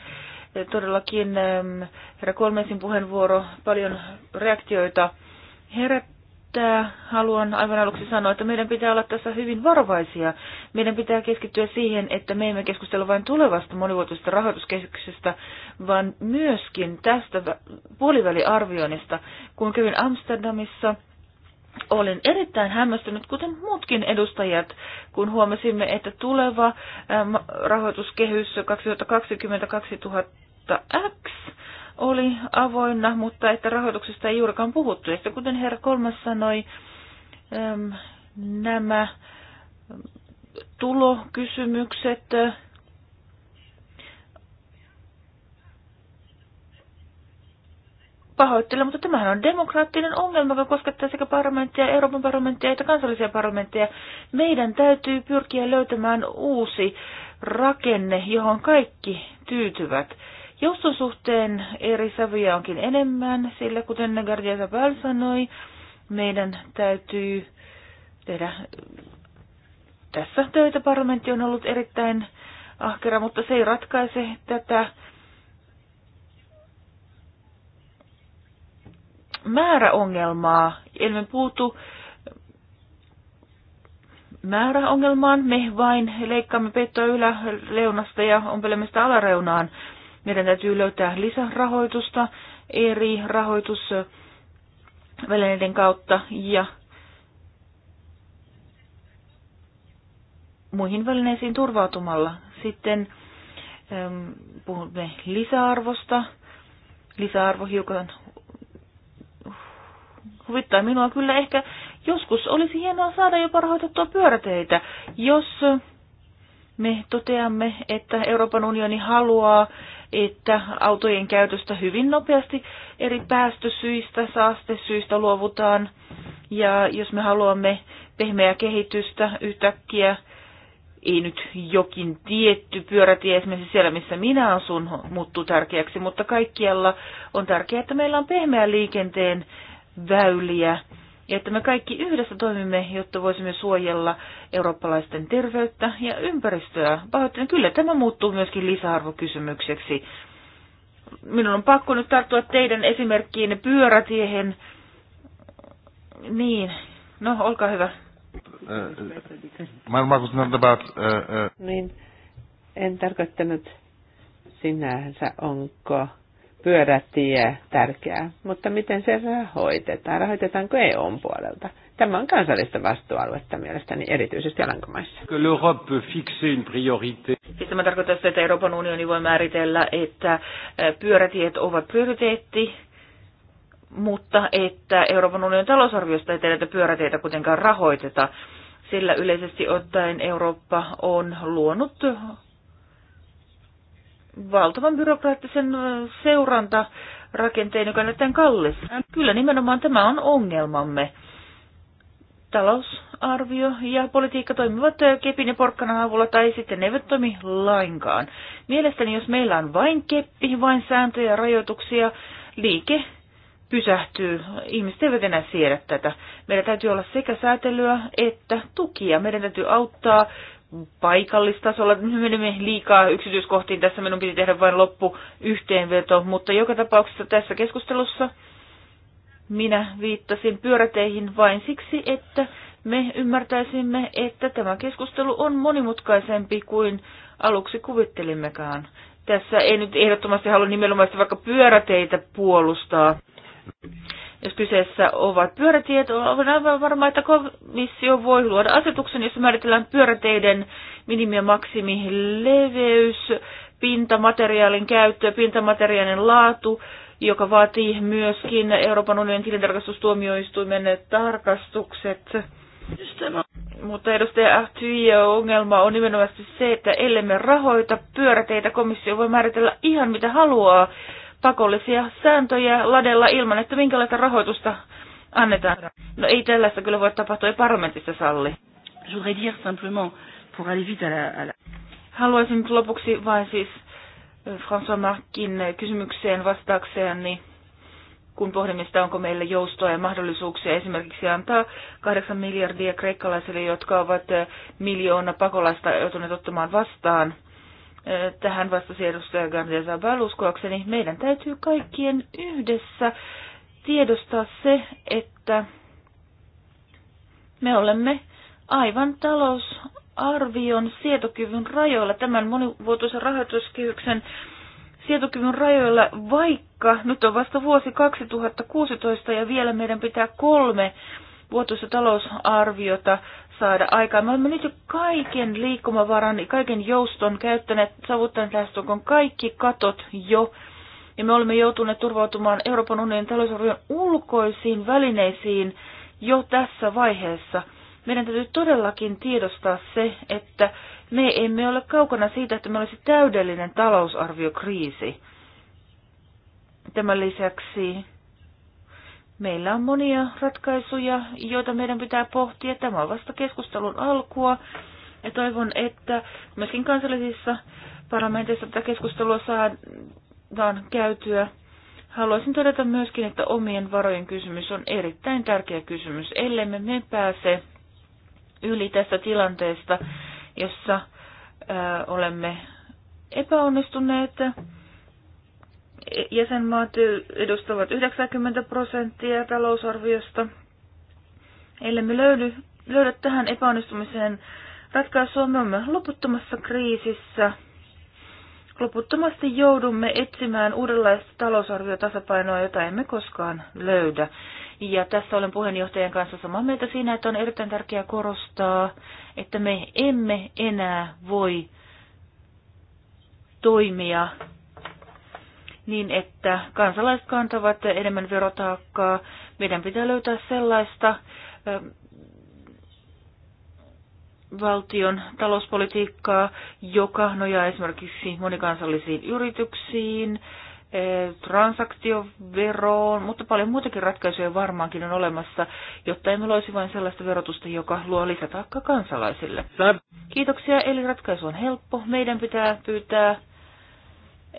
todellakin herra Kolmesin puheenvuoro paljon reaktioita herättää että haluan aivan aluksi sanoa, että meidän pitää olla tässä hyvin varovaisia. Meidän pitää keskittyä siihen, että me emme keskustella vain tulevasta monivuotisesta rahoituskeskyksestä, vaan myöskin tästä puoliväliarvioinnista, kun kävin Amsterdamissa. Olin erittäin hämmästynyt, kuten muutkin edustajat, kun huomasimme, että tuleva rahoituskehys 2020-2000 X oli avoinna, mutta että rahoituksesta ei juurikaan puhuttu. Ja kuten herra Kolmas sanoi, nämä tulokysymykset äh, pahoittelen, mutta tämähän on demokraattinen ongelma, joka koskettaa sekä parlamenttia, Euroopan parlamenttia että kansallisia parlamentteja. Meidän täytyy pyrkiä löytämään uusi rakenne, johon kaikki tyytyvät. Jouston suhteen eri sävyjä onkin enemmän, sillä kuten Nagardia Zabal sanoi, meidän täytyy tehdä tässä töitä. Parlamentti on ollut erittäin ahkera, mutta se ei ratkaise tätä määräongelmaa. Emme puutu määräongelmaan, me vain leikkaamme peittoa yläleunasta ja ompelemme sitä alareunaan. Meidän täytyy löytää lisärahoitusta eri rahoitusvälineiden kautta ja muihin välineisiin turvautumalla. Sitten ähm, puhumme lisäarvosta. Lisäarvo hiukan huvittaa minua kyllä ehkä. Joskus olisi hienoa saada jopa rahoitettua pyöräteitä, jos me toteamme, että Euroopan unioni haluaa että autojen käytöstä hyvin nopeasti eri päästösyistä, saastesyistä luovutaan. Ja jos me haluamme pehmeää kehitystä yhtäkkiä, ei nyt jokin tietty pyörätie esimerkiksi siellä, missä minä asun, muuttuu tärkeäksi, mutta kaikkialla on tärkeää, että meillä on pehmeä liikenteen väyliä ja että me kaikki yhdessä toimimme, jotta voisimme suojella eurooppalaisten terveyttä ja ympäristöä. Pahoittelen, kyllä tämä muuttuu myöskin lisäarvokysymykseksi. Minun on pakko nyt tarttua teidän esimerkkiin pyörätiehen. Niin, no olkaa hyvä. Mä uh, uh. Niin, en tarkoittanut sinänsä, onko pyörätie tärkeää, mutta miten se rahoitetaan? Rahoitetaanko EUn puolelta? Tämä on kansallista vastuualuetta mielestäni erityisesti Alankomaissa. Siis tämä tarkoittaa sitä, että Euroopan unioni voi määritellä, että eh, pyörätiet ovat prioriteetti, mutta että Euroopan unionin talousarviosta ei näitä pyöräteitä kuitenkaan rahoiteta, sillä yleisesti ottaen Eurooppa on luonut valtavan byrokraattisen seurantarakenteen, joka on kallis. Kyllä nimenomaan tämä on ongelmamme. Talousarvio ja politiikka toimivat kepin ja porkkanan avulla tai sitten ne eivät toimi lainkaan. Mielestäni jos meillä on vain keppi, vain sääntöjä ja rajoituksia, liike pysähtyy. Ihmiset eivät enää siedä tätä. Meillä täytyy olla sekä säätelyä että tukia. Meidän täytyy auttaa paikallistasolla. Me menemme liikaa yksityiskohtiin. Tässä minun piti tehdä vain loppu yhteenveto, mutta joka tapauksessa tässä keskustelussa minä viittasin pyöräteihin vain siksi, että me ymmärtäisimme, että tämä keskustelu on monimutkaisempi kuin aluksi kuvittelimmekaan. Tässä ei nyt ehdottomasti halua nimenomaan vaikka pyöräteitä puolustaa jos kyseessä ovat pyörätiet, on aivan varma, että komissio voi luoda asetuksen, jossa määritellään pyöräteiden minimi- ja maksimileveys, pintamateriaalin käyttö, pintamateriaalin laatu, joka vaatii myöskin Euroopan unionin tilintarkastustuomioistuimen tarkastukset. Mutta edustaja Ahtyjä ongelma on nimenomaan se, että ellei me rahoita pyöräteitä, komissio voi määritellä ihan mitä haluaa pakollisia sääntöjä ladella ilman, että minkälaista rahoitusta annetaan. No ei tällaista kyllä voi tapahtua, ei parlamentissa salli. Haluaisin lopuksi vain siis François Markin kysymykseen vastaakseen, niin kun pohdimme sitä, onko meillä joustoa ja mahdollisuuksia esimerkiksi antaa kahdeksan miljardia kreikkalaisille, jotka ovat miljoona pakolaista joutuneet ottamaan vastaan – Tähän vastasi edustaja Gardia Zabal uskoakseni. Meidän täytyy kaikkien yhdessä tiedostaa se, että me olemme aivan talousarvion sietokyvyn rajoilla, tämän monivuotoisen rahoituskehyksen sietokyvyn rajoilla, vaikka nyt on vasta vuosi 2016 ja vielä meidän pitää kolme vuotuista talousarviota saada aikaan. Me olemme nyt jo kaiken liikkumavaran, kaiken jouston käyttäneet, saavuttaneet lähestulkoon kaikki katot jo. Ja me olemme joutuneet turvautumaan Euroopan unionin talousarvion ulkoisiin välineisiin jo tässä vaiheessa. Meidän täytyy todellakin tiedostaa se, että me emme ole kaukana siitä, että meillä olisi täydellinen talousarviokriisi. Tämän lisäksi Meillä on monia ratkaisuja, joita meidän pitää pohtia. Tämä on vasta keskustelun alkua. Ja toivon, että myöskin kansallisissa parlamenteissa tätä keskustelua saadaan käytyä. Haluaisin todeta myöskin, että omien varojen kysymys on erittäin tärkeä kysymys, ellei me pääse yli tästä tilanteesta, jossa ää, olemme epäonnistuneet jäsenmaat edustavat 90 prosenttia talousarviosta. Eli me löydy, löydä tähän epäonnistumiseen ratkaisua, me olemme loputtomassa kriisissä. Loputtomasti joudumme etsimään uudenlaista talousarviotasapainoa, jota emme koskaan löydä. Ja tässä olen puheenjohtajan kanssa samaa mieltä siinä, että on erittäin tärkeää korostaa, että me emme enää voi toimia niin, että kansalaiset kantavat enemmän verotaakkaa. Meidän pitää löytää sellaista ähm, valtion talouspolitiikkaa, joka nojaa esimerkiksi monikansallisiin yrityksiin, äh, transaktioveroon, mutta paljon muitakin ratkaisuja varmaankin on olemassa, jotta emme loisi vain sellaista verotusta, joka luo lisätaakkaa kansalaisille. Kiitoksia, eli ratkaisu on helppo. Meidän pitää pyytää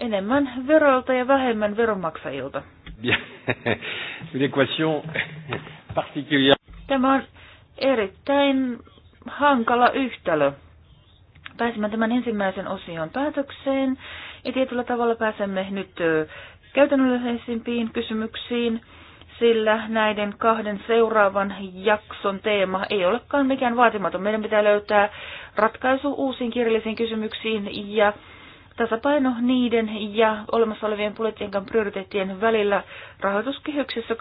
enemmän verolta ja vähemmän veronmaksajilta. Tämä on erittäin hankala yhtälö. Pääsimme tämän ensimmäisen osion päätökseen ja tietyllä tavalla pääsemme nyt käytännöllisempiin kysymyksiin, sillä näiden kahden seuraavan jakson teema ei olekaan mikään vaatimaton. Meidän pitää löytää ratkaisu uusiin kirjallisiin kysymyksiin ja tasapaino niiden ja olemassa olevien politiikan prioriteettien välillä rahoituskehyksessä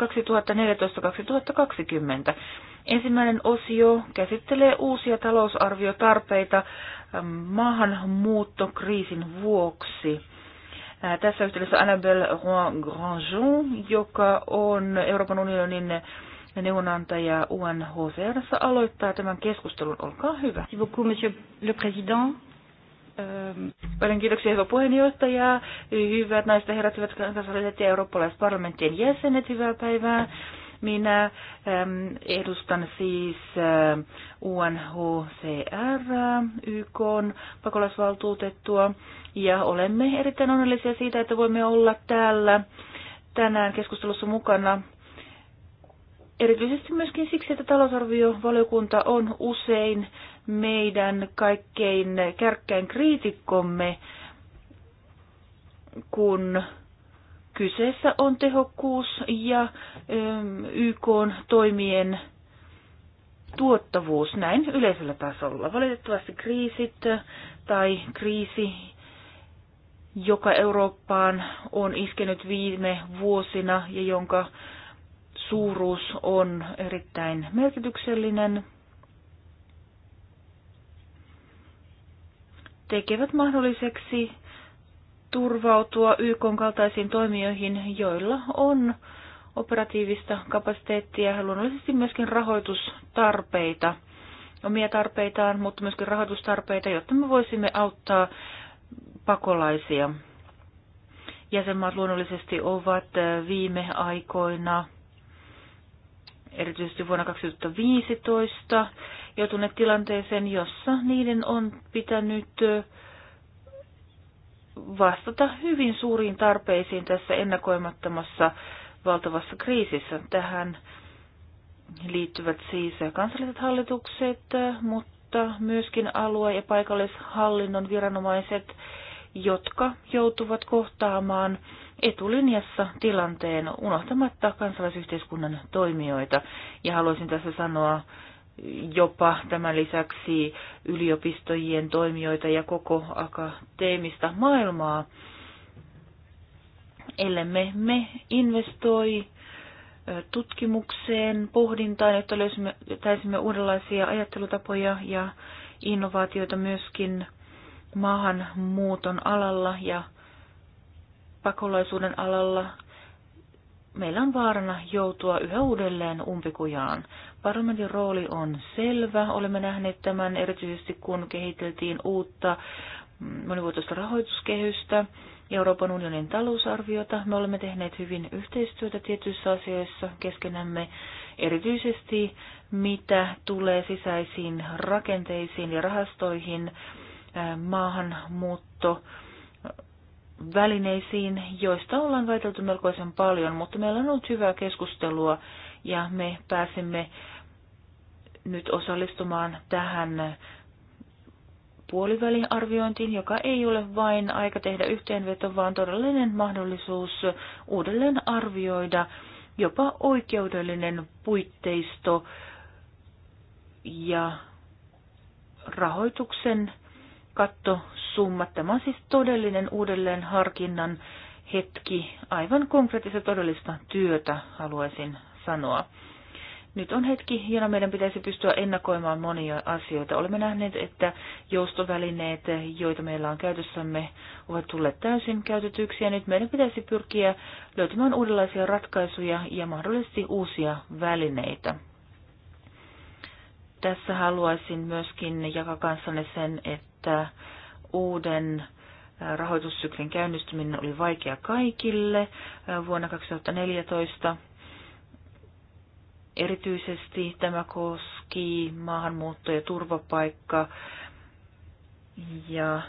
2014-2020. Ensimmäinen osio käsittelee uusia talousarviotarpeita ähm, maahanmuuttokriisin vuoksi. Äh, tässä yhteydessä Annabelle Rouen Grandjean, joka on Euroopan unionin neuvonantaja UNHCR, aloittaa tämän keskustelun. Olkaa hyvä. Merci beaucoup, monsieur le président. Paljon kiitoksia, hyvä puheenjohtaja. Hyvät naiset ja herrat, hyvät kansalliset ja eurooppalaiset parlamenttien jäsenet, hyvää päivää. Minä äm, edustan siis ä, UNHCR, YK pakolaisvaltuutettua, ja olemme erittäin onnellisia siitä, että voimme olla täällä tänään keskustelussa mukana. Erityisesti myöskin siksi, että talousarviovaliokunta on usein meidän kaikkein kärkkäin kriitikkomme, kun kyseessä on tehokkuus ja ähm, YK toimien tuottavuus näin yleisellä tasolla. Valitettavasti kriisit äh, tai kriisi, joka Eurooppaan on iskenyt viime vuosina ja jonka suuruus on erittäin merkityksellinen – tekevät mahdolliseksi turvautua YK kaltaisiin toimijoihin, joilla on operatiivista kapasiteettia ja luonnollisesti myöskin rahoitustarpeita, omia tarpeitaan, mutta myöskin rahoitustarpeita, jotta me voisimme auttaa pakolaisia. Jäsenmaat luonnollisesti ovat viime aikoina erityisesti vuonna 2015 joutuneet tilanteeseen, jossa niiden on pitänyt vastata hyvin suuriin tarpeisiin tässä ennakoimattomassa valtavassa kriisissä. Tähän liittyvät siis kansalliset hallitukset, mutta myöskin alue- ja paikallishallinnon viranomaiset, jotka joutuvat kohtaamaan etulinjassa tilanteen unohtamatta kansalaisyhteiskunnan toimijoita. Ja haluaisin tässä sanoa jopa tämän lisäksi yliopistojen toimijoita ja koko akateemista maailmaa. Ellemme me investoi tutkimukseen, pohdintaan, jotta löysimme, uudenlaisia ajattelutapoja ja innovaatioita myöskin maahanmuuton alalla ja pakolaisuuden alalla meillä on vaarana joutua yhä uudelleen umpikujaan. Parlamentin rooli on selvä. Olemme nähneet tämän erityisesti kun kehiteltiin uutta monivuotoista rahoituskehystä ja Euroopan unionin talousarviota. Me olemme tehneet hyvin yhteistyötä tietyissä asioissa keskenämme, erityisesti mitä tulee sisäisiin rakenteisiin ja rahastoihin, maahanmuutto, välineisiin, joista ollaan väitelty melkoisen paljon, mutta meillä on ollut hyvää keskustelua ja me pääsimme nyt osallistumaan tähän puoliväliarviointiin, joka ei ole vain aika tehdä yhteenveto, vaan todellinen mahdollisuus uudelleen arvioida jopa oikeudellinen puitteisto ja rahoituksen summa. Tämä on siis todellinen harkinnan hetki, aivan konkreettista todellista työtä haluaisin sanoa. Nyt on hetki, jona meidän pitäisi pystyä ennakoimaan monia asioita. Olemme nähneet, että joustovälineet, joita meillä on käytössämme, ovat tulleet täysin käytetyksi ja nyt meidän pitäisi pyrkiä löytämään uudenlaisia ratkaisuja ja mahdollisesti uusia välineitä. Tässä haluaisin myöskin jakaa kanssanne sen, että että uuden äh, rahoitussyklin käynnistyminen oli vaikea kaikille äh, vuonna 2014. Erityisesti tämä koski maahanmuutto- ja turvapaikka- ja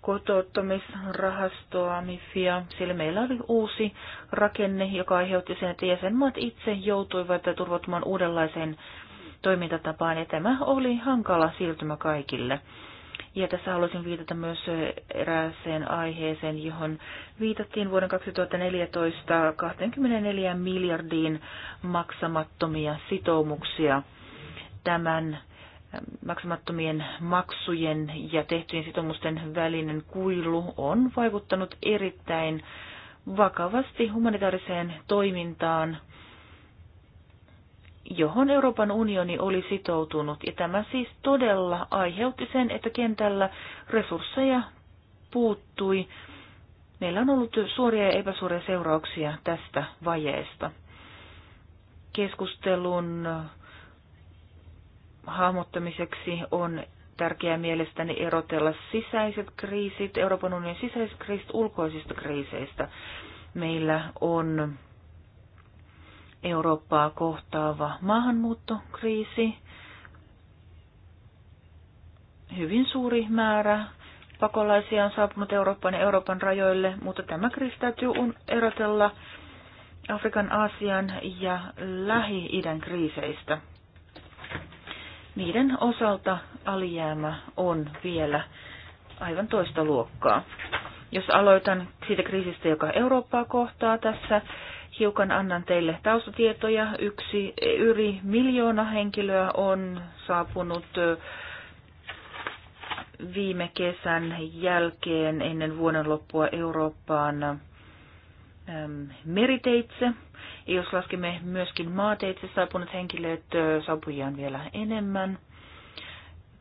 kotouttamisrahastoa, MIFIA. Siellä meillä oli uusi rakenne, joka aiheutti sen, että jäsenmaat itse joutuivat turvautumaan uudenlaiseen toimintatapaan, ja tämä oli hankala siirtymä kaikille. Ja tässä haluaisin viitata myös erääseen aiheeseen, johon viitattiin vuoden 2014 24 miljardiin maksamattomia sitoumuksia. Tämän ähm, maksamattomien maksujen ja tehtyjen sitoumusten välinen kuilu on vaikuttanut erittäin vakavasti humanitaariseen toimintaan – johon Euroopan unioni oli sitoutunut. Ja tämä siis todella aiheutti sen, että kentällä resursseja puuttui. Meillä on ollut suoria ja epäsuoria seurauksia tästä vajeesta. Keskustelun hahmottamiseksi on tärkeää mielestäni erotella sisäiset kriisit, Euroopan unionin sisäiset kriisit ulkoisista kriiseistä. Meillä on Eurooppaa kohtaava maahanmuuttokriisi, hyvin suuri määrä pakolaisia on saapunut Euroopan ja Euroopan rajoille, mutta tämä kriisi täytyy erotella Afrikan, Aasian ja Lähi-idän kriiseistä. Niiden osalta alijäämä on vielä aivan toista luokkaa. Jos aloitan siitä kriisistä, joka Eurooppaa kohtaa tässä, hiukan annan teille taustatietoja. Yksi, yli miljoona henkilöä on saapunut viime kesän jälkeen ennen vuoden loppua Eurooppaan meriteitse. jos laskemme myöskin maateitse saapuneet henkilöt, saapujia on vielä enemmän.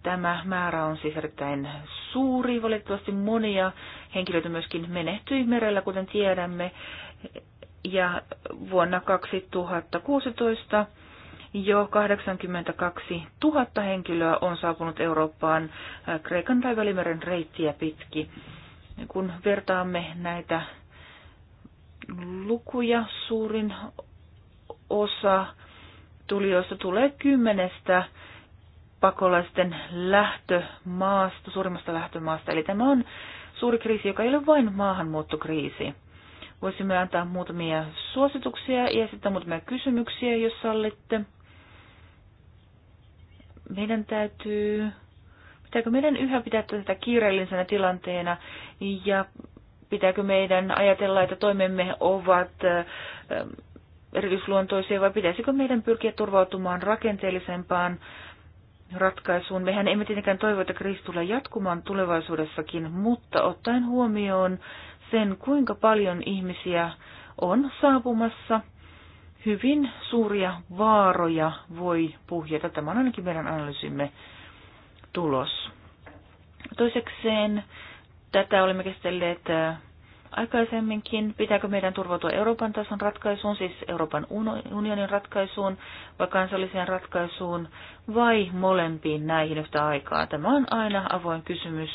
Tämä määrä on siis erittäin suuri. Valitettavasti monia henkilöitä myöskin menehtyi merellä, kuten tiedämme ja vuonna 2016 jo 82 000 henkilöä on saapunut Eurooppaan äh, Kreikan tai Välimeren reittiä pitki. Kun vertaamme näitä lukuja, suurin osa tulijoista tulee kymmenestä pakolaisten lähtömaasta, suurimmasta lähtömaasta. Eli tämä on suuri kriisi, joka ei ole vain maahanmuuttokriisi voisimme antaa muutamia suosituksia ja sitten muutamia kysymyksiä, jos sallitte. Meidän täytyy, pitääkö meidän yhä pitää tätä kiireellisenä tilanteena ja pitääkö meidän ajatella, että toimemme ovat ähm, erityisluontoisia vai pitäisikö meidän pyrkiä turvautumaan rakenteellisempaan ratkaisuun. Mehän emme tietenkään toivo, että kriisi tulee jatkumaan tulevaisuudessakin, mutta ottaen huomioon sen, kuinka paljon ihmisiä on saapumassa. Hyvin suuria vaaroja voi puhjeta. Tämä on ainakin meidän analyysimme tulos. Toisekseen tätä olemme käsitelleet äh, aikaisemminkin. Pitääkö meidän turvautua Euroopan tason ratkaisuun, siis Euroopan unionin ratkaisuun vai kansalliseen ratkaisuun vai molempiin näihin yhtä aikaa? Tämä on aina avoin kysymys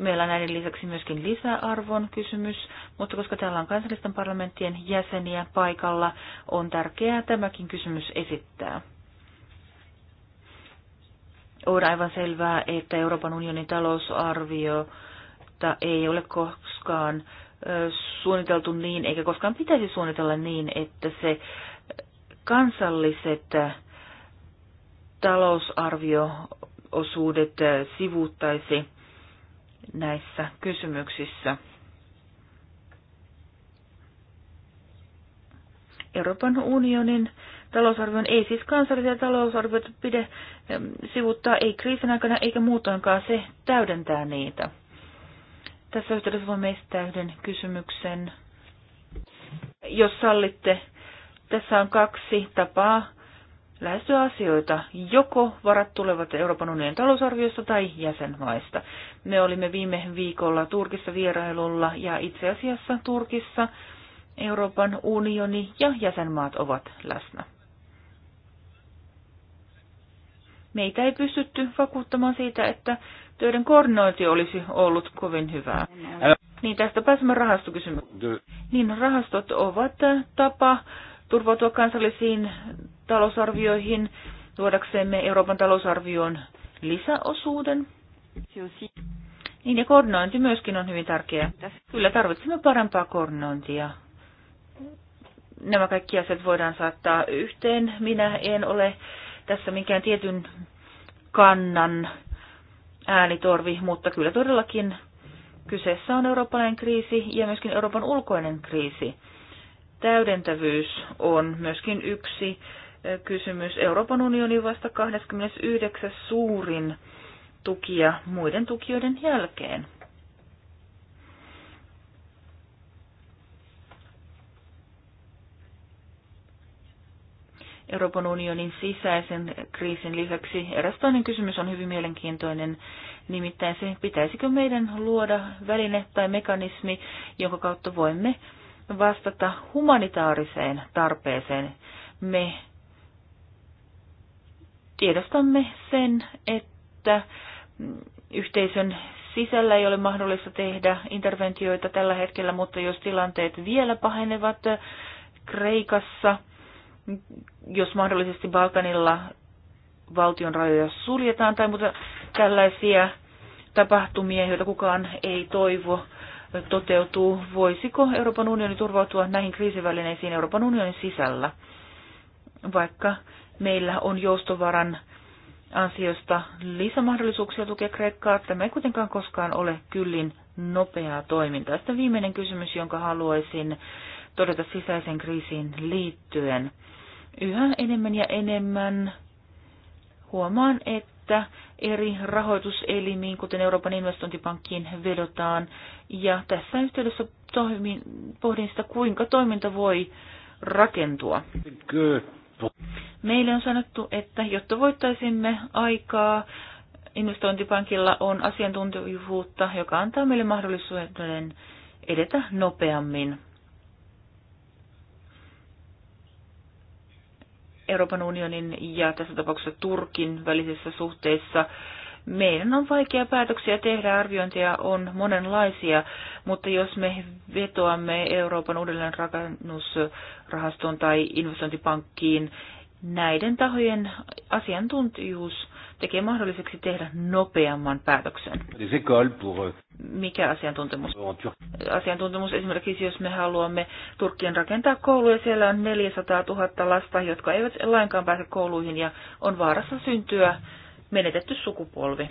Meillä on näiden lisäksi myöskin lisäarvon kysymys, mutta koska täällä on kansallisten parlamenttien jäseniä paikalla, on tärkeää tämäkin kysymys esittää. On aivan selvää, että Euroopan unionin talousarvio ei ole koskaan suunniteltu niin, eikä koskaan pitäisi suunnitella niin, että se kansalliset talousarvioosuudet sivuuttaisi näissä kysymyksissä. Euroopan unionin talousarvion ei siis kansallisia talousarvioita pidä sivuttaa, ei kriisin aikana eikä muutoinkaan se täydentää niitä. Tässä yhteydessä voimme estää yhden kysymyksen. Jos sallitte, tässä on kaksi tapaa lähestyä asioita. Joko varat tulevat Euroopan unionin talousarviosta tai jäsenmaista. Me olimme viime viikolla Turkissa vierailulla ja itse asiassa Turkissa Euroopan unioni ja jäsenmaat ovat läsnä. Meitä ei pystytty vakuuttamaan siitä, että töiden koordinointi olisi ollut kovin hyvää. Niin tästä pääsemme rahastokysymykseen. Niin rahastot ovat tapa turvautua kansallisiin talousarvioihin luodaksemme Euroopan talousarvioon lisäosuuden. Niin ja koordinointi myöskin on hyvin tärkeää. Kyllä tarvitsemme parempaa koordinointia. Nämä kaikki asiat voidaan saattaa yhteen. Minä en ole tässä mikään tietyn kannan äänitorvi, mutta kyllä todellakin kyseessä on eurooppalainen kriisi ja myöskin Euroopan ulkoinen kriisi. Täydentävyys on myöskin yksi kysymys. Euroopan unioni vasta 29. suurin tukija muiden tukijoiden jälkeen. Euroopan unionin sisäisen kriisin lisäksi eräs toinen kysymys on hyvin mielenkiintoinen, nimittäin se, pitäisikö meidän luoda väline tai mekanismi, jonka kautta voimme vastata humanitaariseen tarpeeseen. Me tiedostamme sen, että yhteisön sisällä ei ole mahdollista tehdä interventioita tällä hetkellä, mutta jos tilanteet vielä pahenevat Kreikassa, jos mahdollisesti Balkanilla valtion rajoja suljetaan tai muuta tällaisia tapahtumia, joita kukaan ei toivo, toteutuu. Voisiko Euroopan unioni turvautua näihin kriisivälineisiin Euroopan unionin sisällä, vaikka meillä on joustovaran ansiosta lisämahdollisuuksia tukea Kreikkaa. Tämä ei kuitenkaan koskaan ole kyllin nopeaa toimintaa. Sitten viimeinen kysymys, jonka haluaisin todeta sisäisen kriisiin liittyen. Yhä enemmän ja enemmän huomaan, että eri rahoituselimiin, kuten Euroopan investointipankkiin, vedotaan. Ja tässä yhteydessä pohdin sitä, kuinka toiminta voi rakentua. Good. Meille on sanottu, että jotta voittaisimme aikaa, investointipankilla on asiantuntijuutta, joka antaa meille mahdollisuuden edetä nopeammin. Euroopan unionin ja tässä tapauksessa Turkin välisissä suhteissa meidän on vaikea päätöksiä tehdä, arviointia on monenlaisia, mutta jos me vetoamme Euroopan uudelleenrakennusrahastoon tai investointipankkiin, näiden tahojen asiantuntijuus tekee mahdolliseksi tehdä nopeamman päätöksen. Euh, Mikä asiantuntemus? Asiantuntemus esimerkiksi, jos me haluamme Turkkiin rakentaa kouluja, siellä on 400 000 lasta, jotka eivät lainkaan pääse kouluihin ja on vaarassa syntyä menetetty sukupolvi.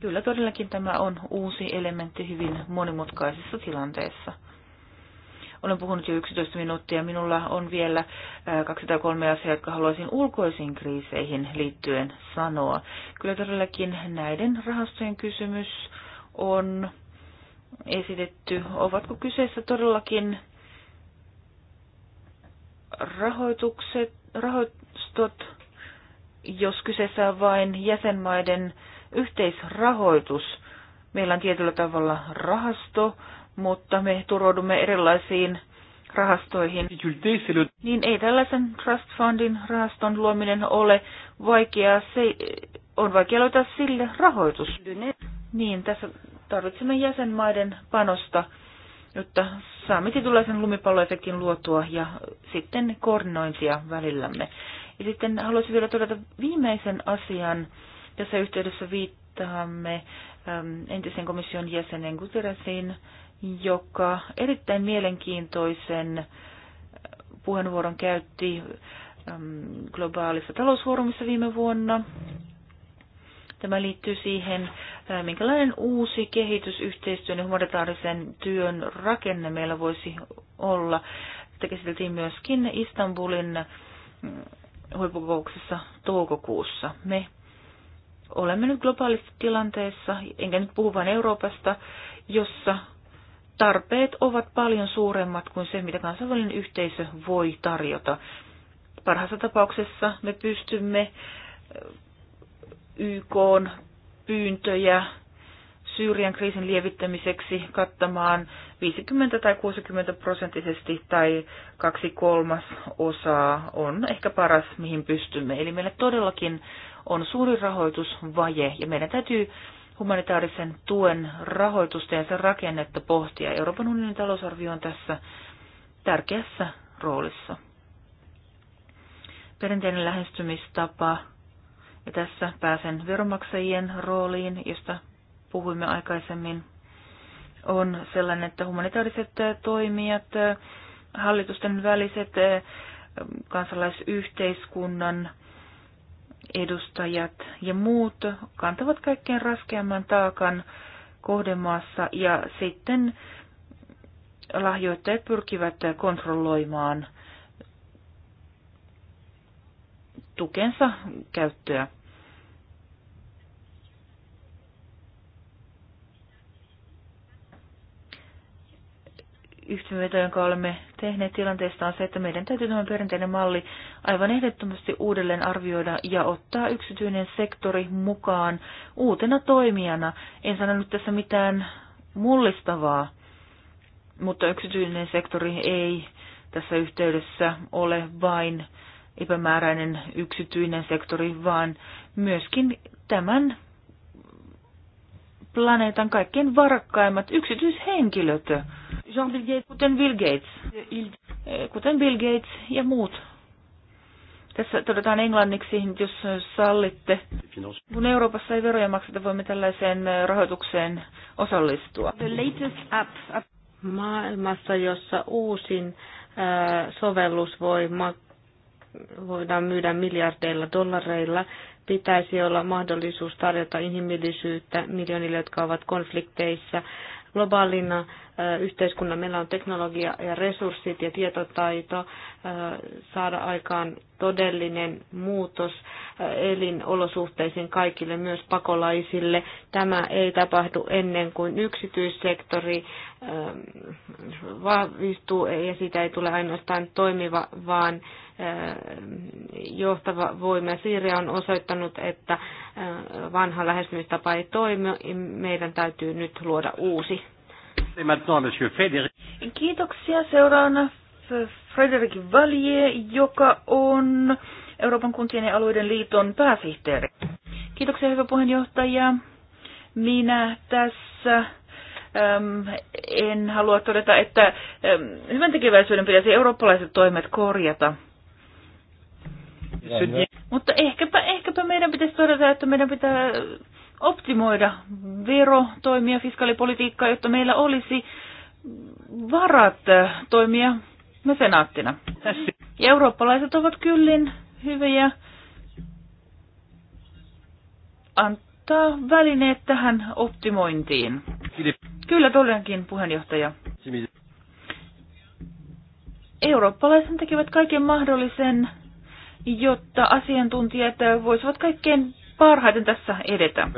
Kyllä todellakin tämä on uusi elementti hyvin monimutkaisessa tilanteessa. Olen puhunut jo 11 minuuttia. Minulla on vielä kaksi tai kolme asiaa, jotka haluaisin ulkoisiin kriiseihin liittyen sanoa. Kyllä todellakin näiden rahastojen kysymys on esitetty. Ovatko kyseessä todellakin rahoitukset, rahoitustot, jos kyseessä on vain jäsenmaiden yhteisrahoitus. Meillä on tietyllä tavalla rahasto, mutta me turvaudumme erilaisiin rahastoihin. Niin ei tällaisen trust fundin rahaston luominen ole vaikeaa. Se on vaikea löytää sille rahoitus. Niin, tässä tarvitsemme jäsenmaiden panosta, jotta saamme tietynlaisen lumipalloefektin luotua ja sitten koordinointia välillämme. Ja sitten haluaisin vielä todeta viimeisen asian. Tässä yhteydessä viittaamme entisen komission jäsenen Guterresin, joka erittäin mielenkiintoisen äh, puheenvuoron käytti globaalissa talousfoorumissa viime vuonna. Tämä liittyy siihen, äh, minkälainen uusi kehitysyhteistyön ja humanitaarisen työn rakenne meillä voisi olla. Sitä käsiteltiin myöskin Istanbulin huippukokouksessa toukokuussa. Me olemme nyt globaalissa tilanteessa, enkä nyt puhu vain Euroopasta, jossa tarpeet ovat paljon suuremmat kuin se, mitä kansainvälinen yhteisö voi tarjota. Parhaassa tapauksessa me pystymme YK pyyntöjä Syyrian kriisin lievittämiseksi kattamaan 50 tai 60 prosenttisesti tai kaksi kolmas osaa on ehkä paras, mihin pystymme. Eli meillä todellakin on suuri rahoitusvaje ja meidän täytyy humanitaarisen tuen rahoitusta ja sen rakennetta pohtia. Euroopan unionin talousarvio on tässä tärkeässä roolissa. Perinteinen lähestymistapa, ja tässä pääsen veronmaksajien rooliin, josta puhuimme aikaisemmin, on sellainen, että humanitaariset äh, toimijat, äh, hallitusten väliset äh, kansalaisyhteiskunnan edustajat ja muut kantavat kaikkein raskeamman taakan kohdemaassa ja sitten lahjoittajat pyrkivät kontrolloimaan tukensa käyttöä. yhtymyötä, jonka olemme tehneet tilanteesta, on se, että meidän täytyy tämä perinteinen malli aivan ehdottomasti uudelleen arvioida ja ottaa yksityinen sektori mukaan uutena toimijana. En sano nyt tässä mitään mullistavaa, mutta yksityinen sektori ei tässä yhteydessä ole vain epämääräinen yksityinen sektori, vaan myöskin tämän planeetan kaikkein varakkaimmat yksityishenkilöt, Jean Bill Gates. kuten Bill Gates, eh, kuten Bill Gates ja muut. Tässä todetaan englanniksi, jos sallitte. Kun Euroopassa ei veroja makseta, voimme tällaiseen eh, rahoitukseen osallistua. The latest app. Maailmassa, jossa uusin eh, sovellus voi voidaan myydä miljardeilla dollareilla pitäisi olla mahdollisuus tarjota inhimillisyyttä miljoonille, jotka ovat konflikteissa. Globaalina yhteiskunnan meillä on teknologia ja resurssit ja tietotaito saada aikaan todellinen muutos elinolosuhteisiin kaikille, myös pakolaisille. Tämä ei tapahdu ennen kuin yksityissektori vahvistuu ja siitä ei tule ainoastaan toimiva, vaan johtava voima. Siria on osoittanut, että äh, vanha lähestymistapa ei toimi. Meidän täytyy nyt luoda uusi. Kiitoksia. Seuraavana Frederik Valje, joka on Euroopan kuntien ja alueiden liiton pääsihteeri. Kiitoksia, hyvä puheenjohtaja. Minä tässä äm, en halua todeta, että äm, hyvän tekeväisyyden pitäisi eurooppalaiset toimet korjata. Mutta ehkäpä, ehkäpä meidän pitäisi todeta, että meidän pitää optimoida verotoimia, fiskaalipolitiikkaa, jotta meillä olisi varat toimia mesenaattina. Ja eurooppalaiset ovat kyllin hyviä antaa välineet tähän optimointiin. Kyllä todellakin puheenjohtaja. Eurooppalaiset tekevät kaiken mahdollisen jotta asiantuntijat voisivat kaikkein parhaiten tässä edetä.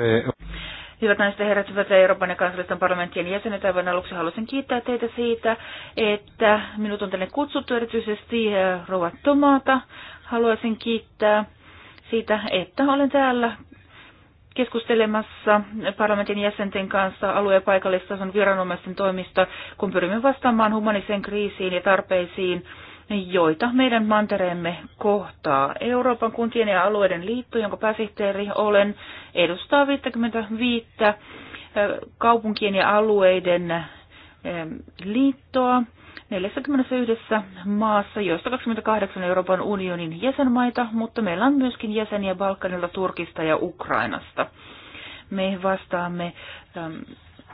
Hyvät naiset ja herrat, hyvät Euroopan ja kansallisten parlamenttien jäsenet, aivan aluksi haluaisin kiittää teitä siitä, että minut on tänne kutsuttu erityisesti eh, Rova Tomata. Haluaisin kiittää siitä, että olen täällä keskustelemassa parlamentin jäsenten kanssa alue- ja paikallistason viranomaisten toimista, kun pyrimme vastaamaan humaniseen kriisiin ja tarpeisiin, joita meidän mantereemme kohtaa. Euroopan kuntien ja alueiden liitto, jonka pääsihteeri olen, edustaa 55 kaupunkien ja alueiden liittoa 41 maassa, joista 28 Euroopan unionin jäsenmaita, mutta meillä on myöskin jäseniä Balkanilla, Turkista ja Ukrainasta. Me vastaamme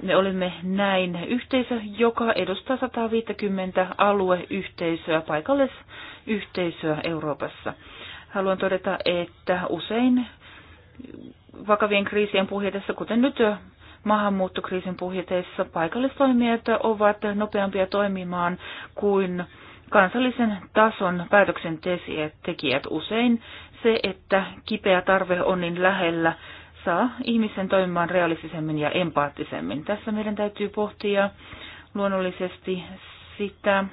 me olimme näin yhteisö, joka edustaa 150 alueyhteisöä, paikallisyhteisöä Euroopassa. Haluan todeta, että usein vakavien kriisien puhjetessa, kuten nyt maahanmuuttokriisin puhjeteissa, paikallistoimijat ovat nopeampia toimimaan kuin kansallisen tason päätöksentekijät usein. Se, että kipeä tarve on niin lähellä, saa ihmisen toimimaan realistisemmin ja empaattisemmin. Tässä meidän täytyy pohtia luonnollisesti sitä,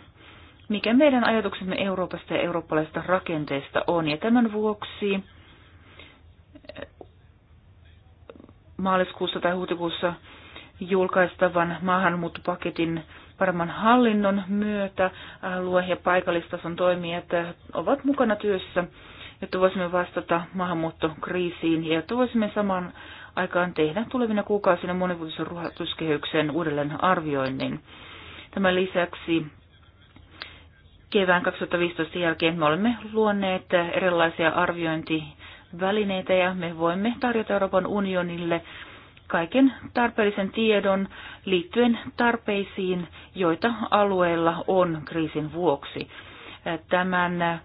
mikä meidän ajatuksemme Euroopasta ja eurooppalaisesta rakenteista on. Ja tämän vuoksi maaliskuussa tai huhtikuussa julkaistavan maahanmuuttopaketin paremman hallinnon myötä alue- ja paikallistason toimijat ovat mukana työssä jotta voisimme vastata maahanmuuttokriisiin ja jotta voisimme saman aikaan tehdä tulevina kuukausina monivuotisen ruhatuskehyksen uudelleen arvioinnin. Tämän lisäksi kevään 2015 jälkeen me olemme luonneet erilaisia arviointivälineitä ja me voimme tarjota Euroopan unionille kaiken tarpeellisen tiedon liittyen tarpeisiin, joita alueella on kriisin vuoksi. Tämän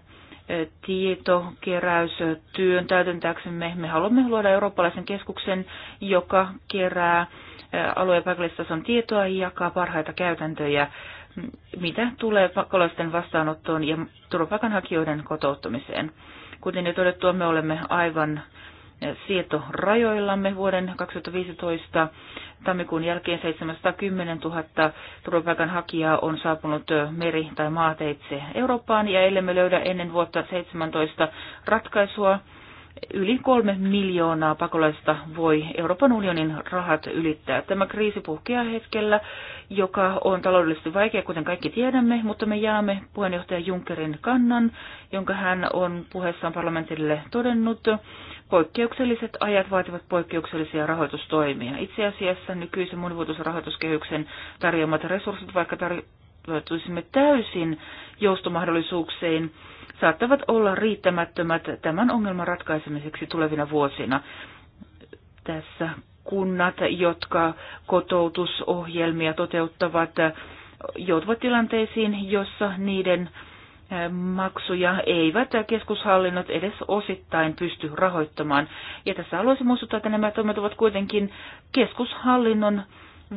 tietokeräystyön täytäntääksemme. Me haluamme luoda eurooppalaisen keskuksen, joka kerää alue- ja paikallistason tietoa ja jakaa parhaita käytäntöjä, mitä tulee pakolaisten vastaanottoon ja turvapaikanhakijoiden kotouttamiseen. Kuten jo todettua, me olemme aivan sietorajoillamme vuoden 2015 tammikuun jälkeen 710 000 turvapaikanhakijaa on saapunut meri- tai maateitse Eurooppaan ja ellemme löydä ennen vuotta 2017 ratkaisua, yli kolme miljoonaa pakolaista voi Euroopan unionin rahat ylittää. Tämä kriisi puhkeaa hetkellä, joka on taloudellisesti vaikea, kuten kaikki tiedämme, mutta me jaamme puheenjohtaja Junckerin kannan, jonka hän on puheessaan parlamentille todennut. Poikkeukselliset ajat vaativat poikkeuksellisia rahoitustoimia. Itse asiassa nykyisen monivuotisrahoituskehyksen tarjoamat resurssit, vaikka tarjoaisimme täysin joustomahdollisuuksiin, saattavat olla riittämättömät tämän ongelman ratkaisemiseksi tulevina vuosina. Tässä kunnat, jotka kotoutusohjelmia toteuttavat, joutuvat tilanteisiin, jossa niiden maksuja eivät keskushallinnot edes osittain pysty rahoittamaan. Ja tässä haluaisin muistuttaa, että nämä toimet ovat kuitenkin keskushallinnon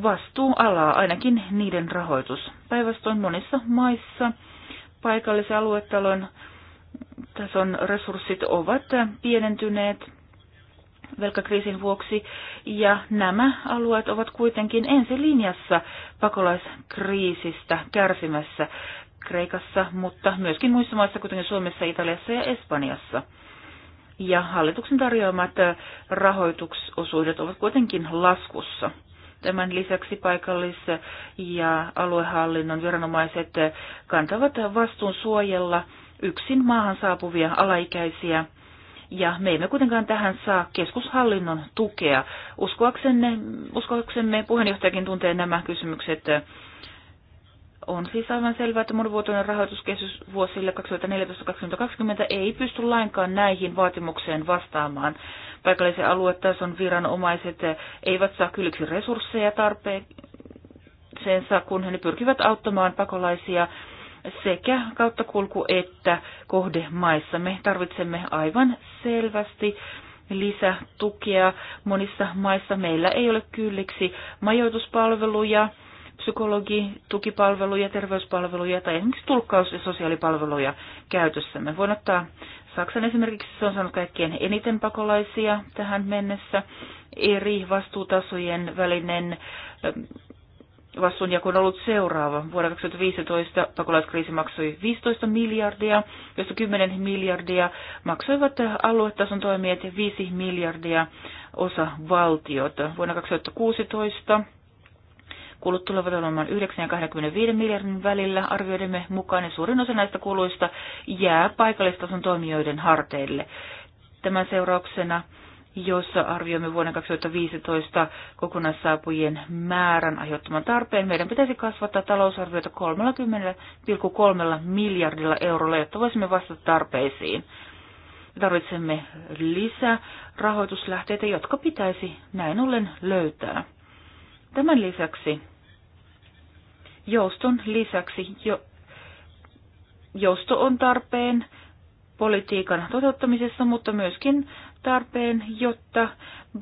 vastuualaa, ainakin niiden rahoitus. Päinvastoin monissa maissa paikallisen aluetalon tason resurssit ovat pienentyneet velkakriisin vuoksi, ja nämä alueet ovat kuitenkin ensilinjassa pakolaiskriisistä kärsimässä. Kreikassa, mutta myöskin muissa maissa, kuten Suomessa, Italiassa ja Espanjassa. Ja hallituksen tarjoamat rahoitusosuudet ovat kuitenkin laskussa. Tämän lisäksi paikallis- ja aluehallinnon viranomaiset kantavat vastuun suojella yksin maahan saapuvia alaikäisiä ja me emme kuitenkaan tähän saa keskushallinnon tukea. Uskoaksenne, uskoaksemme puheenjohtajakin tuntee nämä kysymykset on siis aivan selvää, että monivuotoinen rahoituskehys vuosille 2014-2020 ei pysty lainkaan näihin vaatimukseen vastaamaan. Paikallisen aluetason viranomaiset eivät saa kylliksi resursseja tarpeeseensa, kun he pyrkivät auttamaan pakolaisia sekä kauttakulku- että kohdemaissa. Me tarvitsemme aivan selvästi lisätukea. Monissa maissa meillä ei ole kylliksi majoituspalveluja, psykologi, tukipalveluja, terveyspalveluja tai esimerkiksi tulkkaus- ja sosiaalipalveluja käytössämme. Voin ottaa Saksan esimerkiksi, se on saanut kaikkien eniten pakolaisia tähän mennessä. Eri vastuutasojen välinen ähm, vastuunjako on ollut seuraava. Vuonna 2015 pakolaiskriisi maksoi 15 miljardia, josta 10 miljardia maksoivat aluetason toimijat ja 5 miljardia osa valtiota. Vuonna 2016 Kulut tulevat olemaan 9 ja 25 miljardin välillä arvioidemme mukaan ja suurin osa näistä kuluista jää paikallistason toimijoiden harteille. Tämän seurauksena jossa arvioimme vuonna 2015 kokonaissaapujien määrän aiheuttaman tarpeen. Meidän pitäisi kasvattaa talousarviota 30,3 miljardilla eurolla, jotta voisimme vastata tarpeisiin. Me tarvitsemme lisää rahoituslähteitä, jotka pitäisi näin ollen löytää. Tämän lisäksi, jouston lisäksi, jo, jousto on tarpeen politiikan toteuttamisessa, mutta myöskin tarpeen, jotta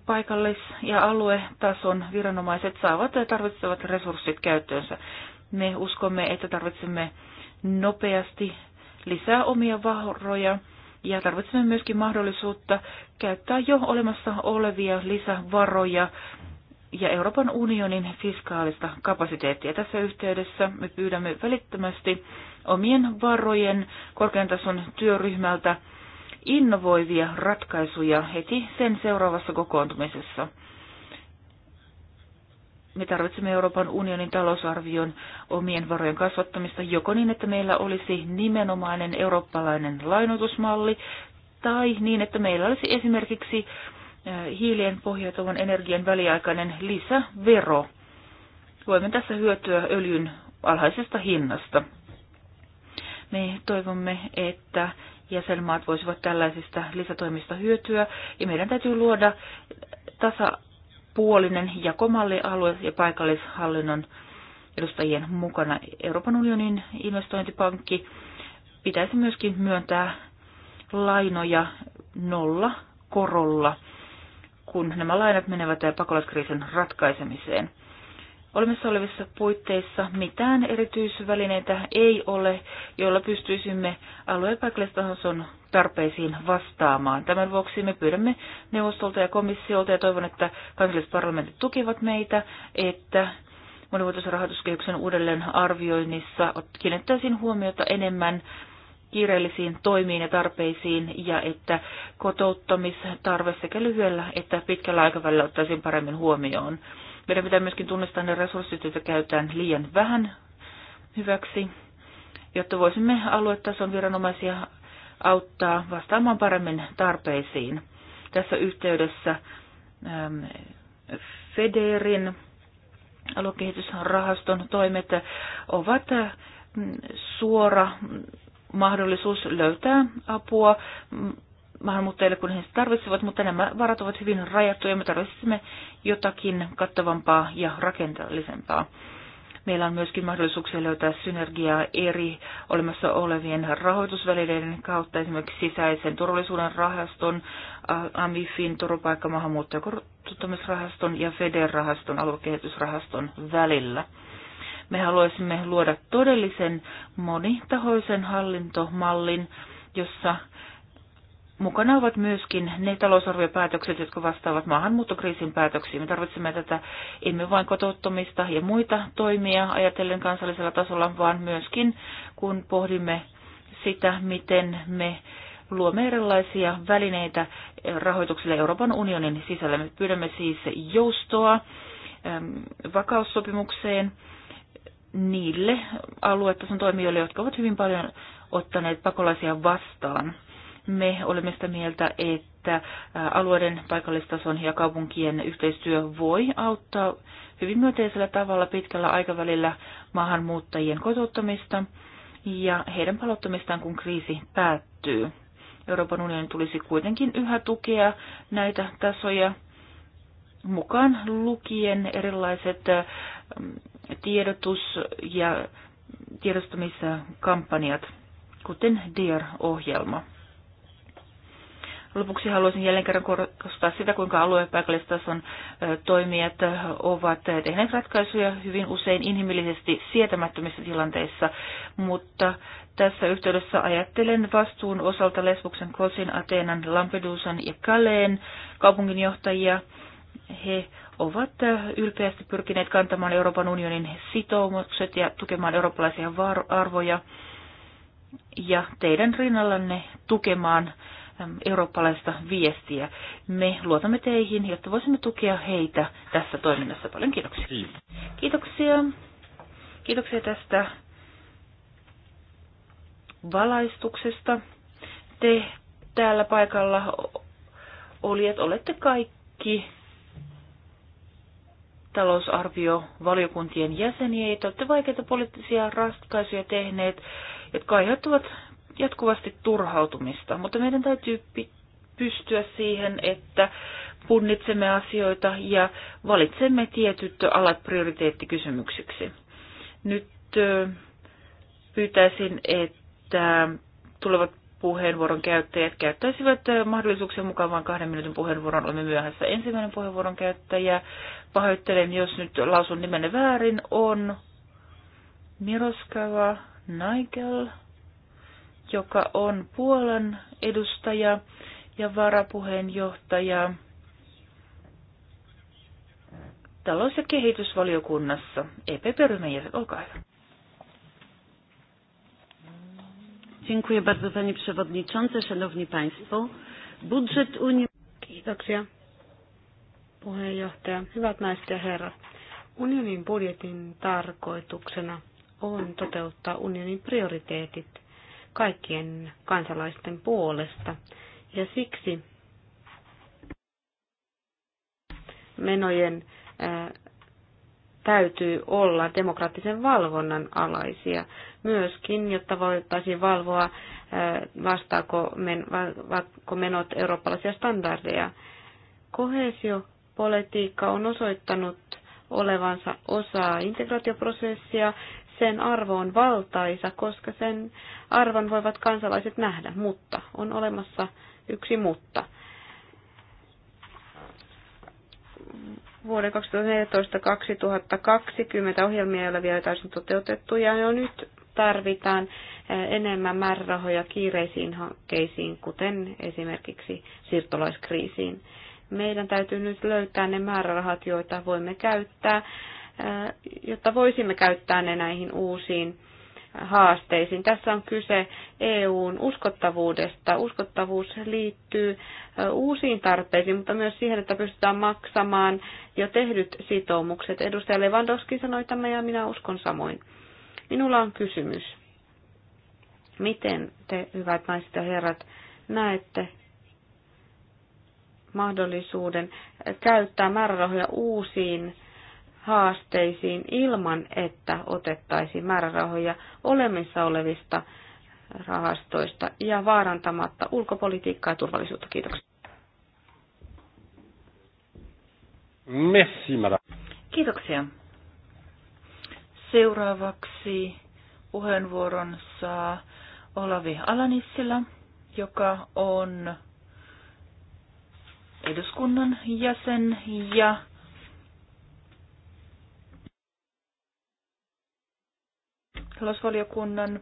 paikallis- ja aluetason viranomaiset saavat ja tarvitsevat resurssit käyttöönsä. Me uskomme, että tarvitsemme nopeasti lisää omia varoja ja tarvitsemme myöskin mahdollisuutta käyttää jo olemassa olevia lisävaroja ja Euroopan unionin fiskaalista kapasiteettia. Tässä yhteydessä me pyydämme välittömästi omien varojen korkean tason työryhmältä innovoivia ratkaisuja heti sen seuraavassa kokoontumisessa. Me tarvitsemme Euroopan unionin talousarvion omien varojen kasvattamista joko niin, että meillä olisi nimenomainen eurooppalainen lainoitusmalli, tai niin, että meillä olisi esimerkiksi hiileen pohjautuvan energian väliaikainen lisävero. Voimme tässä hyötyä öljyn alhaisesta hinnasta. Me toivomme, että jäsenmaat voisivat tällaisista lisätoimista hyötyä, ja meidän täytyy luoda tasapuolinen jakomalli alue- ja paikallishallinnon edustajien mukana. Euroopan unionin investointipankki pitäisi myöskin myöntää lainoja nolla korolla – kun nämä lainat menevät pakolaiskriisin ratkaisemiseen. Olemassa olevissa puitteissa mitään erityisvälineitä ei ole, joilla pystyisimme alueen paikallistason tarpeisiin vastaamaan. Tämän vuoksi me pyydämme neuvostolta ja komissiolta ja toivon, että kansalliset parlamentit tukivat meitä, että monivuotoisen rahoituskehyksen uudelleen arvioinnissa kiinnittäisiin huomiota enemmän kiireellisiin toimiin ja tarpeisiin ja että kotouttamistarve sekä lyhyellä että pitkällä aikavälillä ottaisiin paremmin huomioon. Meidän pitää myöskin tunnistaa ne resurssit, joita käytetään liian vähän hyväksi, jotta voisimme aluetason viranomaisia auttaa vastaamaan paremmin tarpeisiin. Tässä yhteydessä ähm, Federin aluekehitysrahaston toimet ovat äh, suora mahdollisuus löytää apua maahanmuuttajille, kun he sitä tarvitsevat, mutta nämä varat ovat hyvin rajattuja. Me tarvitsemme jotakin kattavampaa ja rakenteellisempaa. Meillä on myöskin mahdollisuuksia löytää synergiaa eri olemassa olevien rahoitusvälineiden kautta, esimerkiksi sisäisen turvallisuuden rahaston, äh, AMIFin, turvapaikka- ja ja FEDER-rahaston, aluekehitysrahaston välillä. Me haluaisimme luoda todellisen monitahoisen hallintomallin, jossa Mukana ovat myöskin ne talousarviopäätökset, jotka vastaavat maahanmuuttokriisin päätöksiin. Me tarvitsemme tätä emme vain kotouttamista ja muita toimia ajatellen kansallisella tasolla, vaan myöskin kun pohdimme sitä, miten me luomme erilaisia välineitä rahoitukselle Euroopan unionin sisällä. Me pyydämme siis joustoa vakaussopimukseen niille aluetason toimijoille, jotka ovat hyvin paljon ottaneet pakolaisia vastaan. Me olemme sitä mieltä, että alueiden paikallistason ja kaupunkien yhteistyö voi auttaa hyvin myönteisellä tavalla pitkällä aikavälillä maahanmuuttajien kotouttamista ja heidän palottamistaan, kun kriisi päättyy. Euroopan unionin tulisi kuitenkin yhä tukea näitä tasoja mukaan lukien erilaiset tiedotus- ja tiedostamiskampanjat, kuten DIAR-ohjelma. Lopuksi haluaisin jälleen kerran korostaa sitä, kuinka alue- paikallistason toimijat ovat tehneet ratkaisuja hyvin usein inhimillisesti sietämättömissä tilanteissa, mutta tässä yhteydessä ajattelen vastuun osalta Lesbuksen, Kosin, Ateenan, Lampedusan ja Kaleen kaupunginjohtajia. He ovat ylpeästi pyrkineet kantamaan Euroopan unionin sitoumukset ja tukemaan eurooppalaisia arvoja ja teidän rinnallanne tukemaan eurooppalaista viestiä. Me luotamme teihin, jotta voisimme tukea heitä tässä toiminnassa. Paljon kiitoksia. Kiitoksia. Kiitoksia tästä valaistuksesta. Te täällä paikalla olijat olette kaikki talousarvio valiokuntien jäseniä, ja olette vaikeita poliittisia ratkaisuja tehneet, jotka aiheuttavat jatkuvasti turhautumista, mutta meidän täytyy pystyä siihen, että punnitsemme asioita ja valitsemme tietyt alat prioriteettikysymyksiksi. Nyt pyytäisin, että tulevat puheenvuoron käyttäjät käyttäisivät mahdollisuuksien mukaan vain kahden minuutin puheenvuoron. Olemme myöhässä. Ensimmäinen puheenvuoron käyttäjä, pahoittelen jos nyt lausun nimenne väärin, on Miroskava Nigel, joka on Puolan edustaja ja varapuheenjohtaja talous- ja kehitysvaliokunnassa. EPP-ryhmän jäsen, olkaa hyvä. Dziękuję bardzo Panie Przewodniczący, Szanowni Państwo. Budżet Unii... Kiitoksia puheenjohtaja. Hyvät naiset ja herrat. Unionin budjetin tarkoituksena on toteuttaa unionin prioriteetit kaikkien kansalaisten puolesta. Ja siksi menojen täytyy olla demokraattisen valvonnan alaisia myöskin, jotta voitaisiin valvoa, vastaako men, va, menot eurooppalaisia standardeja. Kohesiopolitiikka on osoittanut olevansa osa integraatioprosessia. Sen arvo on valtaisa, koska sen arvon voivat kansalaiset nähdä, mutta on olemassa yksi mutta. vuoden 2014-2020 ohjelmia ei ole vielä täysin toteutettu ja jo on nyt tarvitaan eh, enemmän määrärahoja kiireisiin hankkeisiin, kuten esimerkiksi siirtolaiskriisiin. Meidän täytyy nyt löytää ne määrärahat, joita voimme käyttää, eh, jotta voisimme käyttää ne näihin uusiin haasteisiin. Tässä on kyse EUn uskottavuudesta. Uskottavuus liittyy eh, uusiin tarpeisiin, mutta myös siihen, että pystytään maksamaan jo tehdyt sitoumukset. Edustaja Lewandowski sanoi tämä ja minä uskon samoin. Minulla on kysymys. Miten te, hyvät naiset ja herrat, näette mahdollisuuden käyttää määrärahoja uusiin haasteisiin ilman, että otettaisiin määrärahoja olemissa olevista rahastoista ja vaarantamatta ulkopolitiikkaa ja turvallisuutta. Kiitoksia. Merci, madame. Kiitoksia. Seuraavaksi puheenvuoron saa Olavi Alanissila, joka on eduskunnan jäsen ja talousvaliokunnan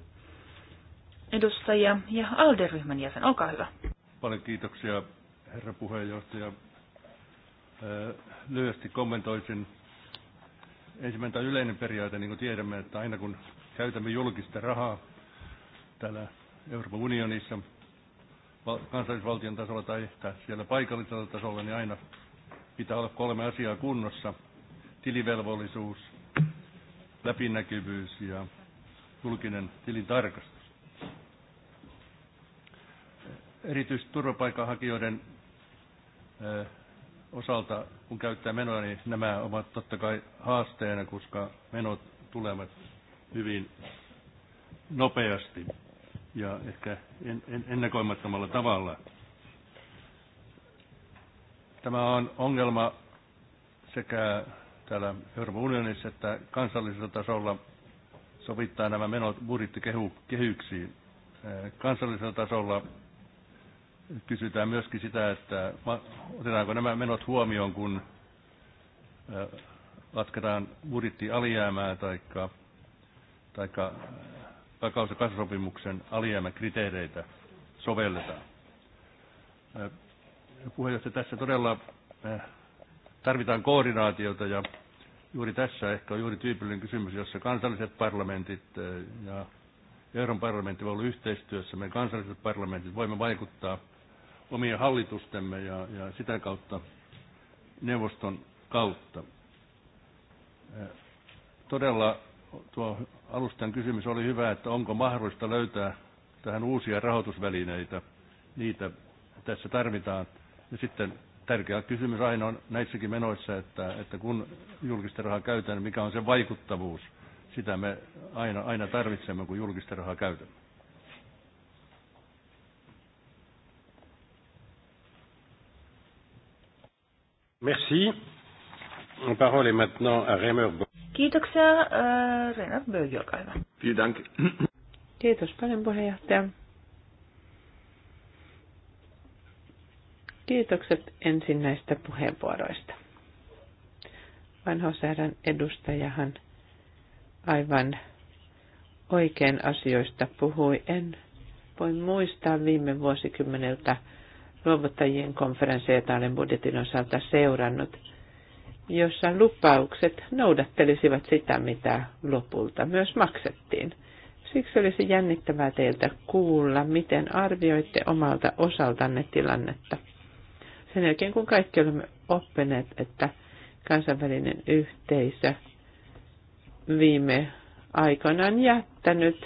edustaja ja ALDE-ryhmän jäsen. Olkaa hyvä. Paljon kiitoksia, herra puheenjohtaja. Äh, lyhyesti kommentoisin ensimmäinen tai yleinen periaate, niin kuin tiedämme, että aina kun käytämme julkista rahaa täällä Euroopan unionissa, kansallisvaltion tasolla tai siellä paikallisella tasolla, niin aina pitää olla kolme asiaa kunnossa. Tilivelvollisuus, läpinäkyvyys ja julkinen tilintarkastus. Erityisesti turvapaikanhakijoiden osalta, kun käyttää menoja, niin nämä ovat totta kai haasteena, koska menot tulevat hyvin nopeasti ja ehkä en, en, ennakoimattomalla tavalla. Tämä on ongelma sekä täällä Euroopan unionissa että kansallisella tasolla sovittaa nämä menot budjettikehyksiin. Kansallisella tasolla kysytään myöskin sitä, että otetaanko nämä menot huomioon, kun lasketaan budjetti alijäämää tai taikka vakaus- ja kasvusopimuksen alijäämäkriteereitä sovelletaan. Puheenjohtaja, tässä todella tarvitaan koordinaatiota ja juuri tässä ehkä on juuri tyypillinen kysymys, jossa kansalliset parlamentit ja Euroopan parlamentti voi olla yhteistyössä. Me kansalliset parlamentit voimme vaikuttaa – omien hallitustemme ja, ja sitä kautta neuvoston kautta. Todella tuo alustan kysymys oli hyvä, että onko mahdollista löytää tähän uusia rahoitusvälineitä. Niitä tässä tarvitaan. Ja sitten tärkeä kysymys aina on näissäkin menoissa, että, että kun julkista rahaa käytetään, mikä on se vaikuttavuus. Sitä me aina, aina tarvitsemme, kun julkista rahaa käytämme. Merci. La parole est maintenant à Reimer Kiitoksia, äh, Reimer Bögi, olkaa hyvä. Dank. Kiitos paljon puheenjohtaja. Kiitokset ensin näistä puheenvuoroista. Vanhosäärän edustajahan aivan oikein asioista puhui. En voi muistaa viime vuosikymmeneltä luovuttajien konferenssia, jota olen budjetin osalta seurannut, jossa lupaukset noudattelisivat sitä, mitä lopulta myös maksettiin. Siksi olisi jännittävää teiltä kuulla, miten arvioitte omalta osaltanne tilannetta. Sen jälkeen, kun kaikki olemme oppineet, että kansainvälinen yhteisö viime aikoinaan jättänyt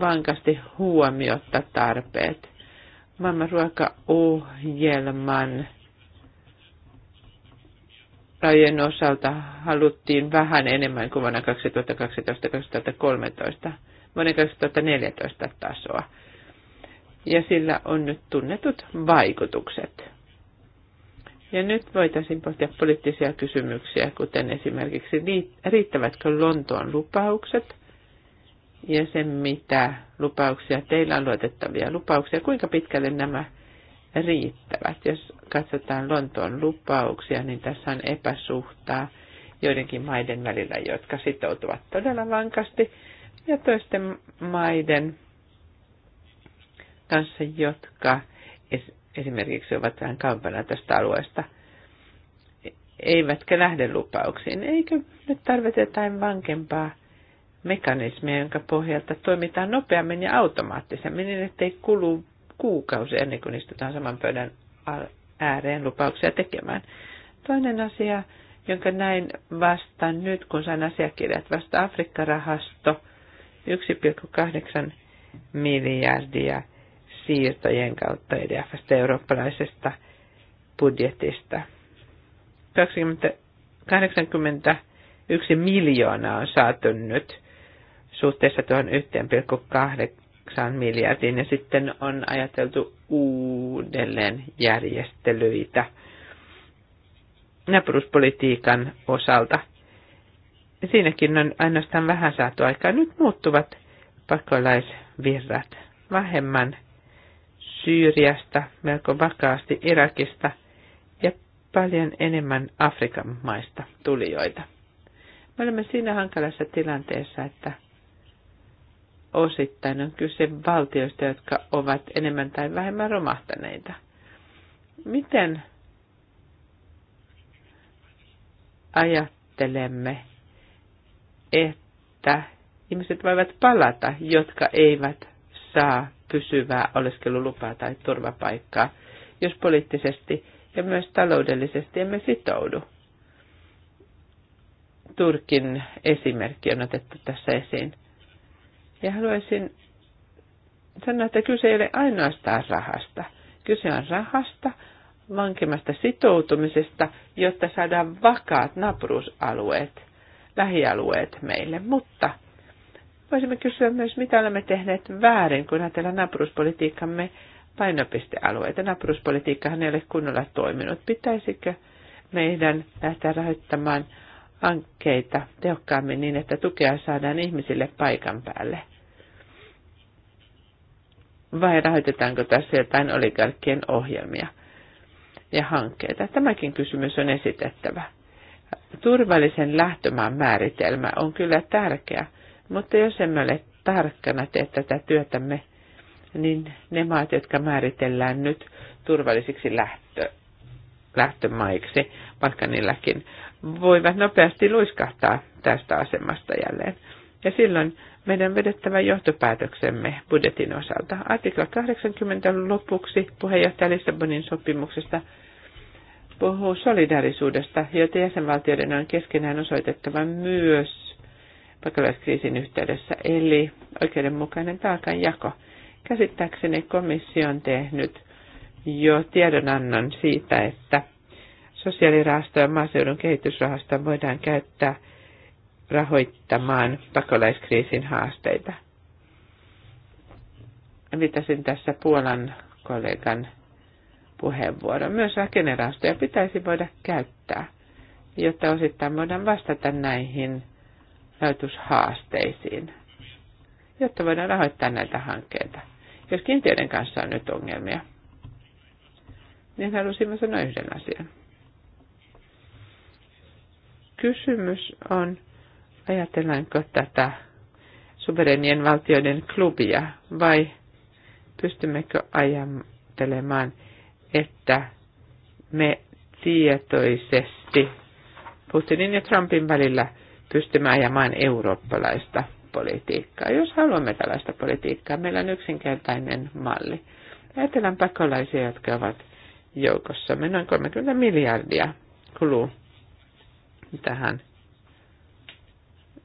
vankasti huomiotta tarpeet – maailmanruokaohjelman rajojen osalta haluttiin vähän enemmän kuin vuonna 2012-2013, vuonna 2014 tasoa. Ja sillä on nyt tunnetut vaikutukset. Ja nyt voitaisiin pohtia poliittisia kysymyksiä, kuten esimerkiksi riittävätkö Lontoon lupaukset ja sen, mitä lupauksia teillä on luotettavia lupauksia, kuinka pitkälle nämä riittävät. Jos katsotaan Lontoon lupauksia, niin tässä on epäsuhtaa joidenkin maiden välillä, jotka sitoutuvat todella vankasti, ja toisten maiden kanssa, jotka esimerkiksi ovat vähän kaupana tästä alueesta, eivätkä lähde lupauksiin. Eikö nyt tarvita jotain vankempaa mekanismia, jonka pohjalta toimitaan nopeammin ja automaattisemmin, niin ettei kulu kuukausi ennen kuin istutaan saman pöydän ääreen lupauksia tekemään. Toinen asia, jonka näin vastaan nyt, kun sain asiakirjat vasta Afrikkarahasto, 1,8 miljardia siirtojen kautta EDFstä eurooppalaisesta budjetista. 80, 81 miljoonaa on saatu nyt suhteessa tuohon 1,8 miljardiin ja sitten on ajateltu uudelleen järjestelyitä naapuruspolitiikan osalta. Siinäkin on ainoastaan vähän saatu aikaa. Nyt muuttuvat pakolaisvirrat vähemmän Syyriasta, melko vakaasti Irakista ja paljon enemmän Afrikan maista tulijoita. Me olemme siinä hankalassa tilanteessa, että osittain on kyse valtioista, jotka ovat enemmän tai vähemmän romahtaneita. Miten ajattelemme, että ihmiset voivat palata, jotka eivät saa pysyvää oleskelulupaa tai turvapaikkaa, jos poliittisesti ja myös taloudellisesti emme sitoudu. Turkin esimerkki on otettu tässä esiin. Ja haluaisin sanoa, että kyse ei ole ainoastaan rahasta. Kyse on rahasta, vankemmasta sitoutumisesta, jotta saadaan vakaat napruusalueet, lähialueet meille. Mutta voisimme kysyä myös, mitä olemme tehneet väärin, kun ajatellaan napruuspolitiikkamme painopistealueita. Napruuspolitiikkahan ei ole kunnolla toiminut. Pitäisikö meidän lähteä rahoittamaan – hankkeita tehokkaammin niin, että tukea saadaan ihmisille paikan päälle? Vai rahoitetaanko tässä jotain oligarkkien ohjelmia ja hankkeita? Tämäkin kysymys on esitettävä. Turvallisen lähtömaan määritelmä on kyllä tärkeä, mutta jos emme ole tarkkana tee tätä työtämme, niin ne maat, jotka määritellään nyt turvallisiksi lähtö, lähtömaiksi niilläkin voivat nopeasti luiskahtaa tästä asemasta jälleen. Ja silloin meidän vedettävä johtopäätöksemme budjetin osalta. Artikla 80 lopuksi puheenjohtaja Lissabonin sopimuksesta puhuu solidaarisuudesta, jota jäsenvaltioiden on keskenään osoitettava myös pakolaiskriisin yhteydessä, eli oikeudenmukainen taakanjako. Käsittääkseni komissio on tehnyt jo tiedonannon siitä, että sosiaalirahasto ja maaseudun kehitysrahasto voidaan käyttää rahoittamaan pakolaiskriisin haasteita. Viitasin tässä Puolan kollegan puheenvuoron. Myös rakennerahastoja pitäisi voida käyttää, jotta osittain voidaan vastata näihin rahoitushaasteisiin, jotta voidaan rahoittaa näitä hankkeita. Jos kiintiöiden kanssa on nyt ongelmia, niin halusimme sanoa yhden asian. Kysymys on, ajatellaanko tätä suverenien valtioiden klubia vai pystymmekö ajattelemaan, että me tietoisesti Putinin ja Trumpin välillä pystymme ajamaan eurooppalaista politiikkaa. Jos haluamme tällaista politiikkaa, meillä on yksinkertainen malli. Ajatellaan pakolaisia, jotka ovat joukossa. Noin 30 miljardia kuluu tähän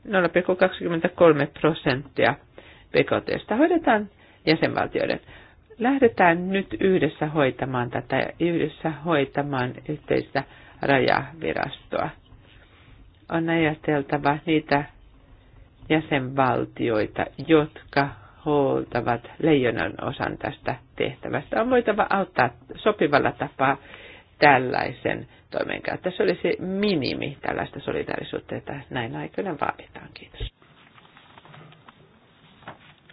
0,23 prosenttia BKTstä hoidetaan jäsenvaltioiden. Lähdetään nyt yhdessä hoitamaan tätä, yhdessä hoitamaan yhteistä rajavirastoa. On ajateltava niitä jäsenvaltioita, jotka hoitavat leijonan osan tästä tehtävästä. On voitava auttaa sopivalla tapaa tällaisen toimen kautta. Se olisi minimi tällaista solidaarisuutta, että näin aikoina vaaditaan. Kiitos.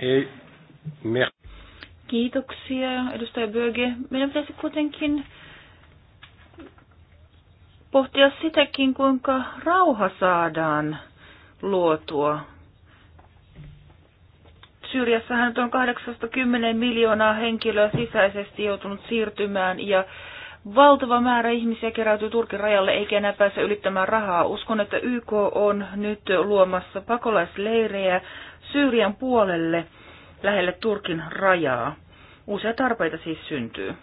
Ei. Me... Kiitoksia, edustaja Böge. Meidän pitäisi kuitenkin pohtia sitäkin, kuinka rauha saadaan luotua Syyriassahan on 810 miljoonaa henkilöä sisäisesti joutunut siirtymään ja valtava määrä ihmisiä keräytyy Turkin rajalle eikä enää pääse ylittämään rahaa. Uskon, että YK on nyt luomassa pakolaisleirejä Syyrian puolelle lähelle Turkin rajaa. Uusia tarpeita siis syntyy.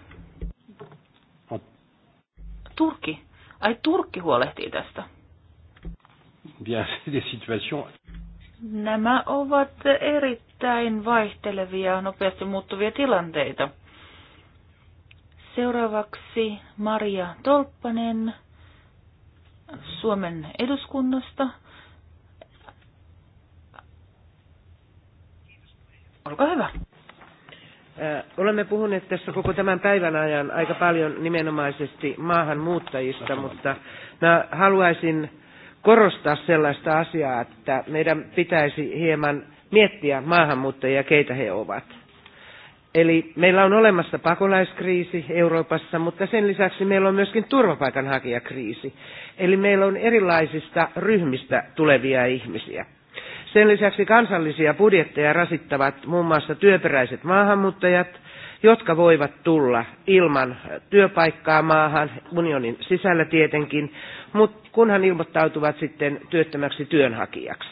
Turkki. Ai Turkki huolehtii tästä. Bien, des situations Nämä ovat eri erittäin vaihtelevia, nopeasti muuttuvia tilanteita. Seuraavaksi Maria Tolppanen Suomen eduskunnasta. Olkaa hyvä. Äh, olemme puhuneet tässä koko tämän päivän ajan aika paljon nimenomaisesti maahanmuuttajista, mutta mä haluaisin korostaa sellaista asiaa, että meidän pitäisi hieman miettiä maahanmuuttajia, keitä he ovat. Eli meillä on olemassa pakolaiskriisi Euroopassa, mutta sen lisäksi meillä on myöskin turvapaikanhakijakriisi. Eli meillä on erilaisista ryhmistä tulevia ihmisiä. Sen lisäksi kansallisia budjetteja rasittavat muun mm. muassa työperäiset maahanmuuttajat, jotka voivat tulla ilman työpaikkaa maahan, unionin sisällä tietenkin, mutta kunhan ilmoittautuvat sitten työttömäksi työnhakijaksi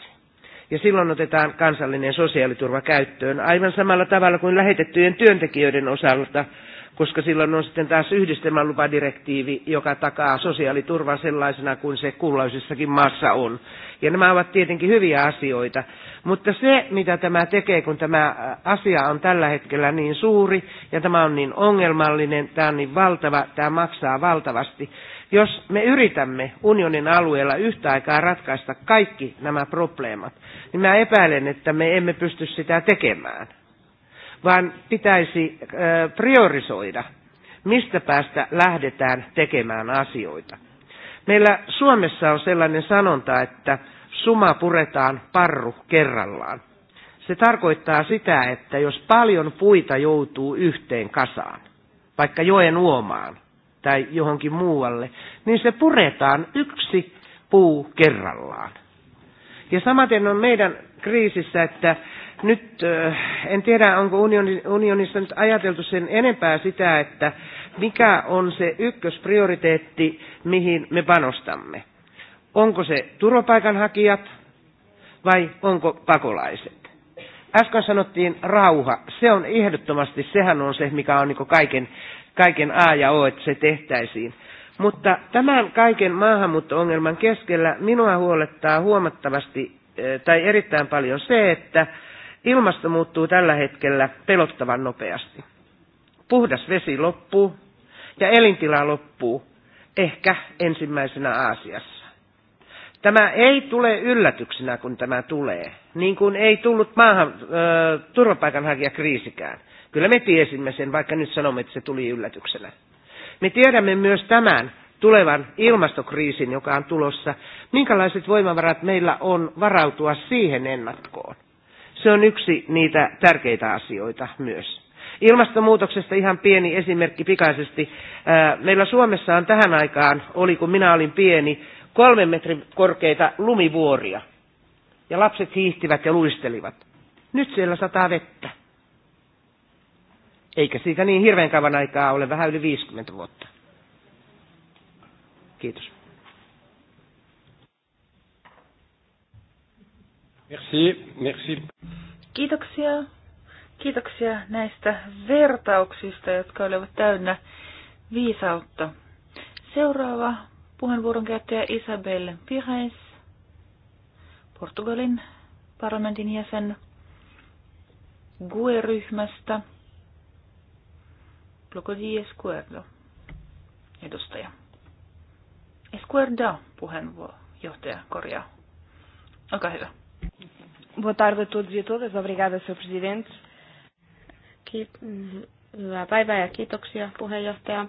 ja silloin otetaan kansallinen sosiaaliturva käyttöön aivan samalla tavalla kuin lähetettyjen työntekijöiden osalta, koska silloin on sitten taas yhdistelmälupadirektiivi, joka takaa sosiaaliturvan sellaisena kuin se kullaisissakin maassa on. Ja nämä ovat tietenkin hyviä asioita, mutta se mitä tämä tekee, kun tämä asia on tällä hetkellä niin suuri ja tämä on niin ongelmallinen, tämä on niin valtava, tämä maksaa valtavasti, jos me yritämme unionin alueella yhtä aikaa ratkaista kaikki nämä probleemat, niin mä epäilen, että me emme pysty sitä tekemään, vaan pitäisi priorisoida, mistä päästä lähdetään tekemään asioita. Meillä Suomessa on sellainen sanonta, että suma puretaan parru kerrallaan. Se tarkoittaa sitä, että jos paljon puita joutuu yhteen kasaan, vaikka joen uomaan, tai johonkin muualle, niin se puretaan yksi puu kerrallaan. Ja samaten on meidän kriisissä, että nyt eh, en tiedä, onko unionissa nyt ajateltu sen enempää sitä, että mikä on se ykkösprioriteetti, mihin me panostamme. Onko se turvapaikanhakijat vai onko pakolaiset? Äsken sanottiin rauha. Se on ehdottomasti, sehän on se, mikä on niin kaiken kaiken A ja O, että se tehtäisiin. Mutta tämän kaiken maahanmuutto-ongelman keskellä minua huolettaa huomattavasti eh, tai erittäin paljon se, että ilmasto muuttuu tällä hetkellä pelottavan nopeasti. Puhdas vesi loppuu ja elintila loppuu, ehkä ensimmäisenä Aasiassa. Tämä ei tule yllätyksenä, kun tämä tulee, niin kuin ei tullut maahan, ö, eh, turvapaikanhakijakriisikään. Kyllä me tiesimme sen, vaikka nyt sanomme, että se tuli yllätyksenä. Me tiedämme myös tämän tulevan ilmastokriisin, joka on tulossa, minkälaiset voimavarat meillä on varautua siihen ennakkoon. Se on yksi niitä tärkeitä asioita myös. Ilmastonmuutoksesta ihan pieni esimerkki pikaisesti. Meillä Suomessa on tähän aikaan, oli kun minä olin pieni, kolmen metrin korkeita lumivuoria. Ja lapset hiihtivät ja luistelivat. Nyt siellä sataa vettä. Eikä siitä niin hirveän kauan aikaa ole, vähän yli 50 vuotta. Kiitos. Merci, merci. Kiitoksia. Kiitoksia näistä vertauksista, jotka olivat täynnä viisautta. Seuraava puheenvuoron käyttäjä Isabel Pires, Portugalin parlamentin jäsen GUE-ryhmästä di Escuerdo, edustaja. Escuerda, puheenjohtaja, korjaa. Olkaa hyvä. Boa tarde a todos e a todas. Obrigada, Sr. Presidente. Hyvää päivää ja kiitoksia, puheenjohtaja.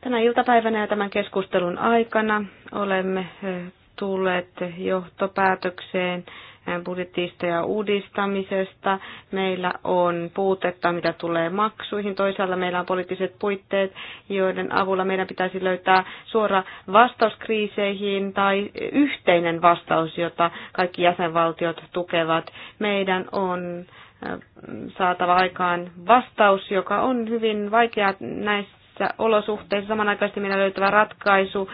Tänä iltapäivänä ja tämän keskustelun aikana olemme eh, tulleet johtopäätökseen budjettista ja uudistamisesta. Meillä on puutetta, mitä tulee maksuihin. Toisaalla meillä on poliittiset puitteet, joiden avulla meidän pitäisi löytää suora vastaus kriiseihin tai yhteinen vastaus, jota kaikki jäsenvaltiot tukevat. Meidän on äh, saatava aikaan vastaus, joka on hyvin vaikea näissä näissä olosuhteissa samanaikaisesti meidän löytävä ratkaisu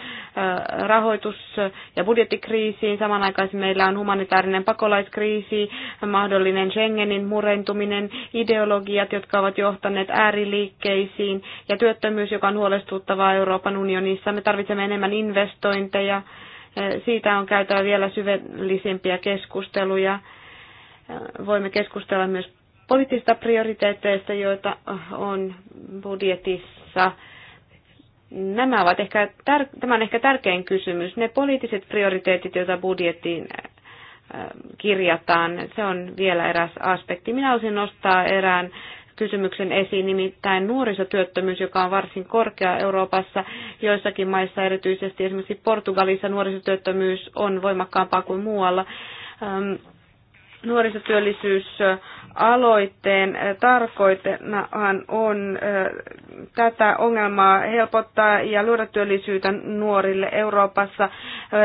rahoitus- ja budjettikriisiin, samanaikaisesti meillä on humanitaarinen pakolaiskriisi, mahdollinen Schengenin murentuminen, ideologiat, jotka ovat johtaneet ääriliikkeisiin ja työttömyys, joka on huolestuttavaa Euroopan unionissa. Me tarvitsemme enemmän investointeja, siitä on käytävä vielä syvällisempiä keskusteluja. Voimme keskustella myös poliittisista prioriteetteista, joita on budjetissa. Nämä ovat ehkä tämä on ehkä tärkein kysymys. Ne poliittiset prioriteetit, joita budjettiin kirjataan, se on vielä eräs aspekti. Minä olisin nostaa erään kysymyksen esiin, nimittäin nuorisotyöttömyys, joka on varsin korkea Euroopassa. Joissakin maissa, erityisesti esimerkiksi Portugalissa, nuorisotyöttömyys on voimakkaampaa kuin muualla. Nuorisotyöllisyys aloitteen tarkoitenahan on tätä ongelmaa helpottaa ja luoda työllisyyttä nuorille Euroopassa.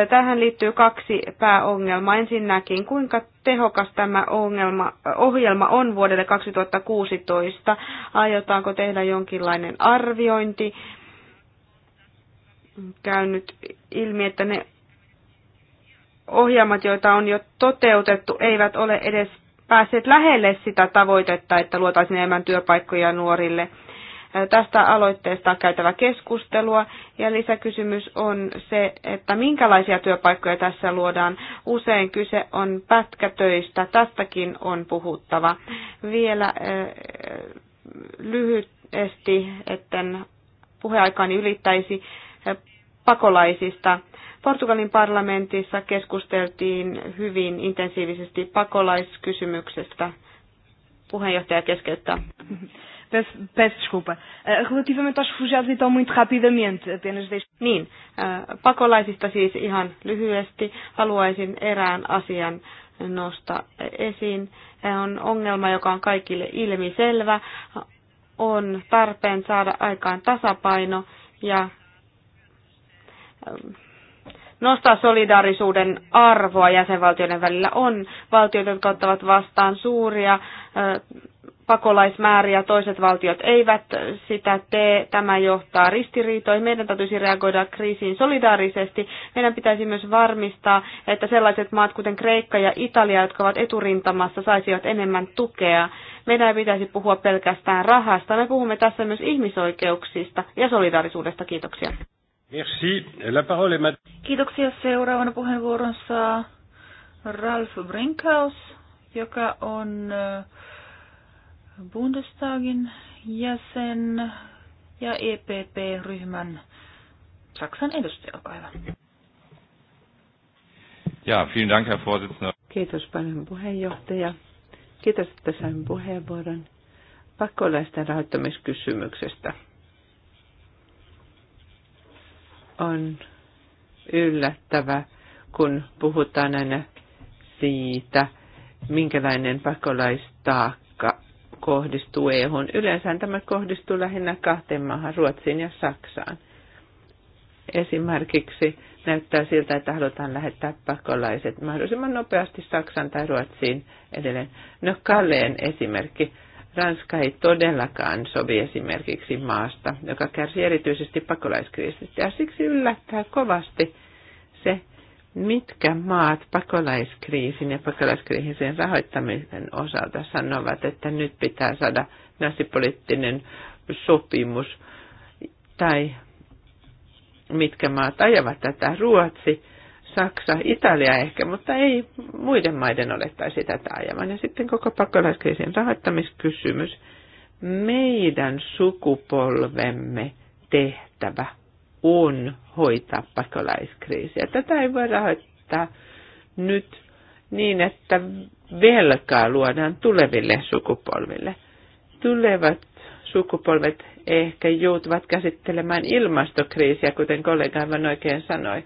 Tähän liittyy kaksi pääongelmaa. Ensinnäkin, kuinka tehokas tämä ongelma, ohjelma on vuodelle 2016? Aiotaanko tehdä jonkinlainen arviointi? Käynyt ilmi, että ne ohjelmat, joita on jo toteutettu, eivät ole edes päässeet lähelle sitä tavoitetta, että luotaisiin enemmän työpaikkoja nuorille. Tästä aloitteesta on käytävä keskustelua ja lisäkysymys on se, että minkälaisia työpaikkoja tässä luodaan. Usein kyse on pätkätöistä, tästäkin on puhuttava. Vielä lyhyesti, etten puheaikaani ylittäisi pakolaisista. Portugalin parlamentissa keskusteltiin hyvin intensiivisesti pakolaiskysymyksestä. Puheenjohtaja keskeyttää. Peço, desculpa. Eh, relativamente aos refugiados, então, muito rapidamente, apenas deixo... Niin, eh, pakolaisista siis ihan lyhyesti haluaisin erään asian nostaa esiin. Eh, on ongelma, joka on kaikille ilmiselvä. On tarpeen saada aikaan tasapaino ja nostaa solidaarisuuden arvoa jäsenvaltioiden välillä on valtioita, jotka ottavat vastaan suuria pakolaismääriä, toiset valtiot eivät sitä tee, tämä johtaa ristiriitoihin. Meidän täytyisi reagoida kriisiin solidaarisesti. Meidän pitäisi myös varmistaa, että sellaiset maat kuten Kreikka ja Italia, jotka ovat eturintamassa, saisivat enemmän tukea. Meidän ei pitäisi puhua pelkästään rahasta, me puhumme tässä myös ihmisoikeuksista ja solidaarisuudesta. Kiitoksia. Merci. La parole est maintenant. Kiitoksia. Seuraavana puheenvuoron saa Ralf Brinkhaus, joka on äh, Bundestagin jäsen ja EPP-ryhmän Saksan edustaja. Olkaa hyvä. Ja, vielen Dank, Herr Vorsitzender. Kiitos paljon puheenjohtaja. Kiitos, että sain puheenvuoron pakolaisten rahoittamiskysymyksestä. on yllättävä, kun puhutaan aina siitä, minkälainen pakolaistaakka kohdistuu EU. Yleensä tämä kohdistuu lähinnä kahteen maahan, Ruotsiin ja Saksaan. Esimerkiksi näyttää siltä, että halutaan lähettää pakolaiset mahdollisimman nopeasti Saksan tai Ruotsiin edelleen. No Kalleen esimerkki. Ranska ei todellakaan sovi esimerkiksi maasta, joka kärsi erityisesti pakolaiskriisistä. Ja siksi yllättää kovasti se, mitkä maat pakolaiskriisin ja pakolaiskriisin rahoittamisen osalta sanovat, että nyt pitää saada nasipoliittinen sopimus, tai mitkä maat ajavat tätä. Ruotsi Saksa, Italia ehkä, mutta ei muiden maiden olettaisi tätä ajamaan. Ja sitten koko pakolaiskriisin rahoittamiskysymys. Meidän sukupolvemme tehtävä on hoitaa pakolaiskriisiä. Tätä ei voi rahoittaa nyt niin, että velkaa luodaan tuleville sukupolville. Tulevat sukupolvet ehkä joutuvat käsittelemään ilmastokriisiä, kuten kollega aivan oikein sanoi.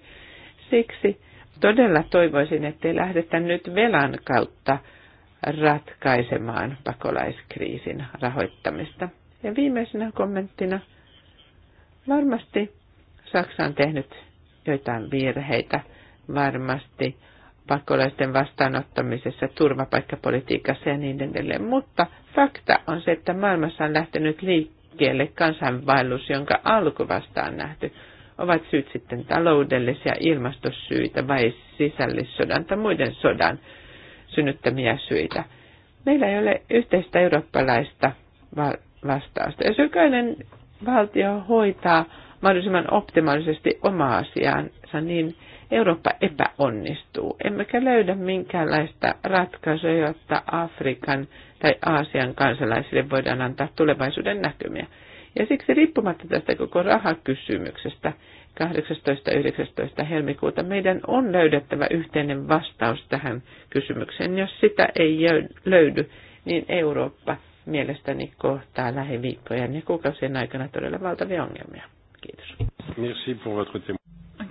Siksi todella toivoisin, ei lähdetä nyt velan kautta ratkaisemaan pakolaiskriisin rahoittamista. Ja viimeisenä kommenttina, varmasti Saksa on tehnyt joitain virheitä, varmasti pakolaisten vastaanottamisessa, turvapaikkapolitiikassa ja niin edelleen. Mutta fakta on se, että maailmassa on lähtenyt liikkeelle kansainvaellus, jonka alku vastaan nähty ovat syyt sitten taloudellisia ilmastosyitä vai sisällissodan tai muiden sodan synnyttämiä syitä. Meillä ei ole yhteistä eurooppalaista vastausta. Jos jokainen valtio hoitaa mahdollisimman optimaalisesti omaa asiaansa, niin Eurooppa epäonnistuu. Emmekä löydä minkäänlaista ratkaisua, jotta Afrikan tai Aasian kansalaisille voidaan antaa tulevaisuuden näkymiä. Ja siksi riippumatta tästä koko rahakysymyksestä 19. helmikuuta meidän on löydettävä yhteinen vastaus tähän kysymykseen. Jos sitä ei löydy, niin Eurooppa mielestäni kohtaa lähiviikkojen ja kuukausien aikana todella valtavia ongelmia. Kiitos. Merci pour votre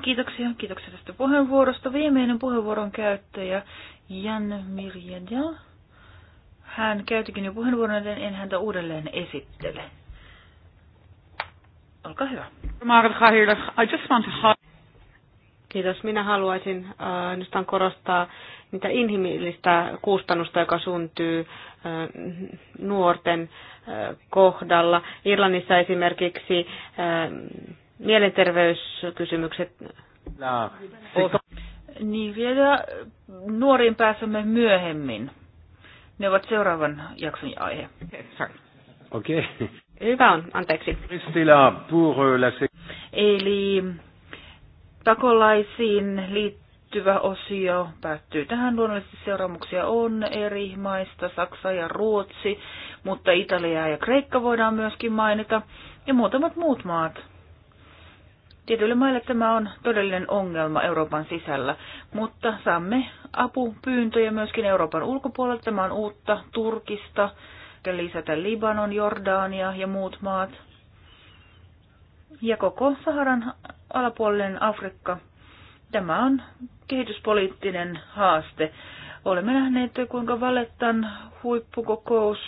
Kiitoksia, kiitoksia tästä puheenvuorosta. Viimeinen puheenvuoron käyttäjä Jan Mirjadja. Hän käytikin jo puheenvuoron, joten en häntä uudelleen esittele. Olkaa hyvä. Kiitos. Minä haluaisin äh, korostaa niitä inhimillistä kustannusta, joka syntyy äh, nuorten äh, kohdalla. Irlannissa esimerkiksi äh, mielenterveyskysymykset. No. Niin vielä nuoriin pääsemme myöhemmin. Ne ovat seuraavan jakson aihe. Okei. Okay. Hyvä on, anteeksi. Euh, Eli pakolaisiin liittyvä osio päättyy tähän. Luonnollisesti seuraamuksia on eri maista, Saksa ja Ruotsi, mutta Italia ja Kreikka voidaan myöskin mainita ja muutamat muut maat. Tietyille maille tämä on todellinen ongelma Euroopan sisällä, mutta saamme apupyyntöjä myöskin Euroopan ulkopuolelta. Tämä on uutta Turkista, lisätä Libanon, Jordania ja muut maat. Ja koko Saharan alapuolinen Afrikka. Tämä on kehityspoliittinen haaste. Olemme nähneet, kuinka Valettan huippukokous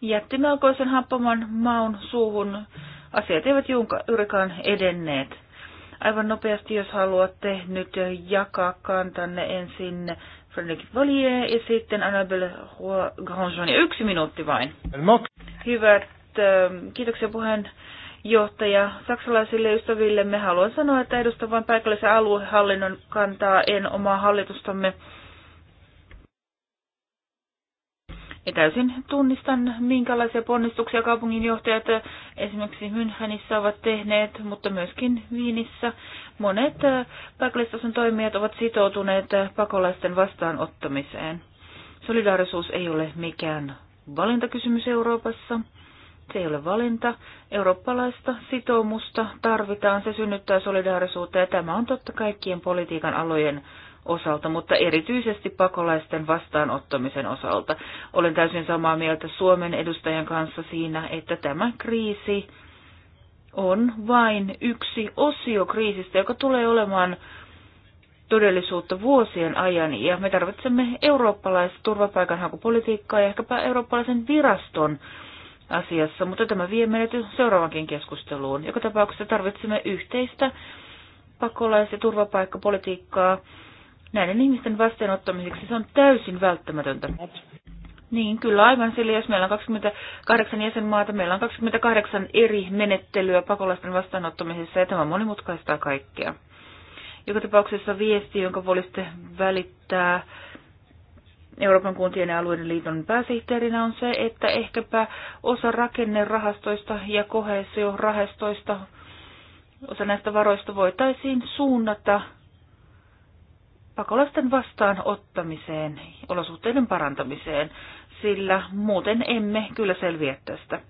jätti melkoisen happaman maun suuhun. Asiat eivät juurikaan edenneet. Aivan nopeasti, jos haluatte nyt jakaa kantanne ensin Fredrik Valje ja sitten Annabelle Grandjean. yksi minuutti vain. Hyvät, ähm, kiitoksia puheenjohtaja. saksalaisille ystäville. Me haluan sanoa, että edustan vain paikallisen aluehallinnon kantaa, en omaa hallitustamme. Ja täysin tunnistan, minkälaisia ponnistuksia kaupunginjohtajat esimerkiksi Münchenissä ovat tehneet, mutta myöskin Viinissä. Monet äh, paikallistason toimijat ovat sitoutuneet äh, pakolaisten vastaanottamiseen. Solidaarisuus ei ole mikään valintakysymys Euroopassa. Se ei ole valinta. Eurooppalaista sitoumusta tarvitaan. Se synnyttää solidaarisuutta ja tämä on totta kaikkien politiikan alojen osalta, mutta erityisesti pakolaisten vastaanottamisen osalta. Olen täysin samaa mieltä Suomen edustajan kanssa siinä, että tämä kriisi on vain yksi osio kriisistä, joka tulee olemaan todellisuutta vuosien ajan, ja me tarvitsemme eurooppalaista turvapaikanhakupolitiikkaa ja ehkäpä eurooppalaisen viraston asiassa, mutta tämä vie meidät seuraavankin keskusteluun. Joka tapauksessa tarvitsemme yhteistä pakolais- ja turvapaikkapolitiikkaa, näiden ihmisten vastaanottamiseksi. Se on täysin välttämätöntä. Niin, kyllä aivan sillä, jos meillä on 28 jäsenmaata, meillä on 28 eri menettelyä pakolaisten vastaanottamisessa ja tämä monimutkaistaa kaikkea. Joka tapauksessa viesti, jonka voisitte välittää Euroopan kuntien ja alueiden liiton pääsihteerinä on se, että ehkäpä osa rakennerahastoista ja kohesiorahastoista, osa näistä varoista voitaisiin suunnata pakolaisten vastaanottamiseen, olosuhteiden parantamiseen, sillä muuten emme kyllä selviä tästä.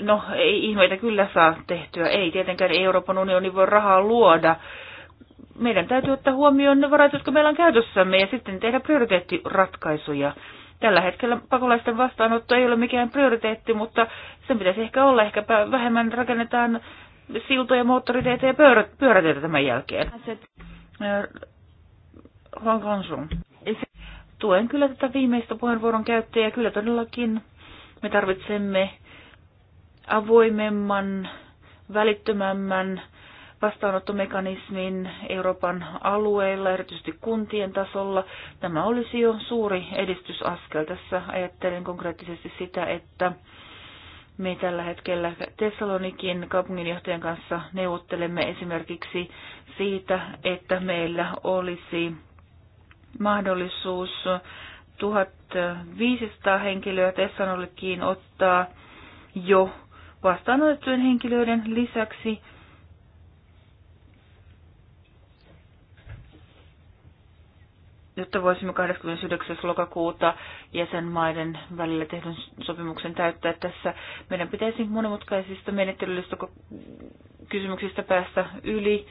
No, ei ihmeitä kyllä saa tehtyä. Ei tietenkään Euroopan unioni voi rahaa luoda. Meidän täytyy ottaa huomioon ne varat, jotka meillä on käytössämme, ja sitten tehdä prioriteettiratkaisuja. Tällä hetkellä pakolaisten vastaanotto ei ole mikään prioriteetti, mutta sen pitäisi ehkä olla. Ehkä vähemmän rakennetaan siltoja, moottoriteitä ja pyöräteitä tämän jälkeen. Juan Gonsun. Tuen kyllä tätä viimeistä puheenvuoron käyttäjää. Kyllä todellakin me tarvitsemme avoimemman, välittömämmän vastaanottomekanismin Euroopan alueilla, erityisesti kuntien tasolla. Tämä olisi jo suuri edistysaskel. Tässä ajattelen konkreettisesti sitä, että me tällä hetkellä Tessalonikin kaupunginjohtajan kanssa neuvottelemme esimerkiksi siitä, että meillä olisi mahdollisuus 1500 henkilöä Thessalonikiin ottaa jo vastaanotettujen henkilöiden lisäksi jotta voisimme 29. lokakuuta jäsenmaiden välillä tehdyn sopimuksen täyttää tässä. Meidän pitäisi monimutkaisista menettelyllistä kysymyksistä päästä yli,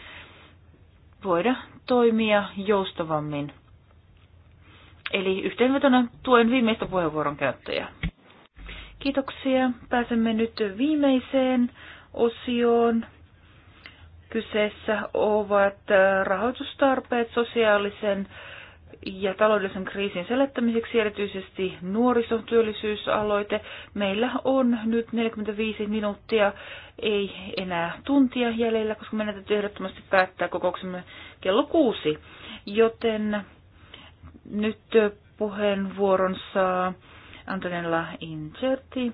voida toimia joustavammin. Eli yhteenvetona tuen viimeistä puheenvuoron käyttäjää. Kiitoksia. Pääsemme nyt viimeiseen osioon. Kyseessä ovat rahoitustarpeet sosiaalisen ja taloudellisen kriisin selättämiseksi erityisesti nuorisotyöllisyysaloite. Meillä on nyt 45 minuuttia, ei enää tuntia jäljellä, koska meidän täytyy ehdottomasti päättää kokouksemme kello kuusi. Joten nyt puheenvuoron saa Antonella Incerti.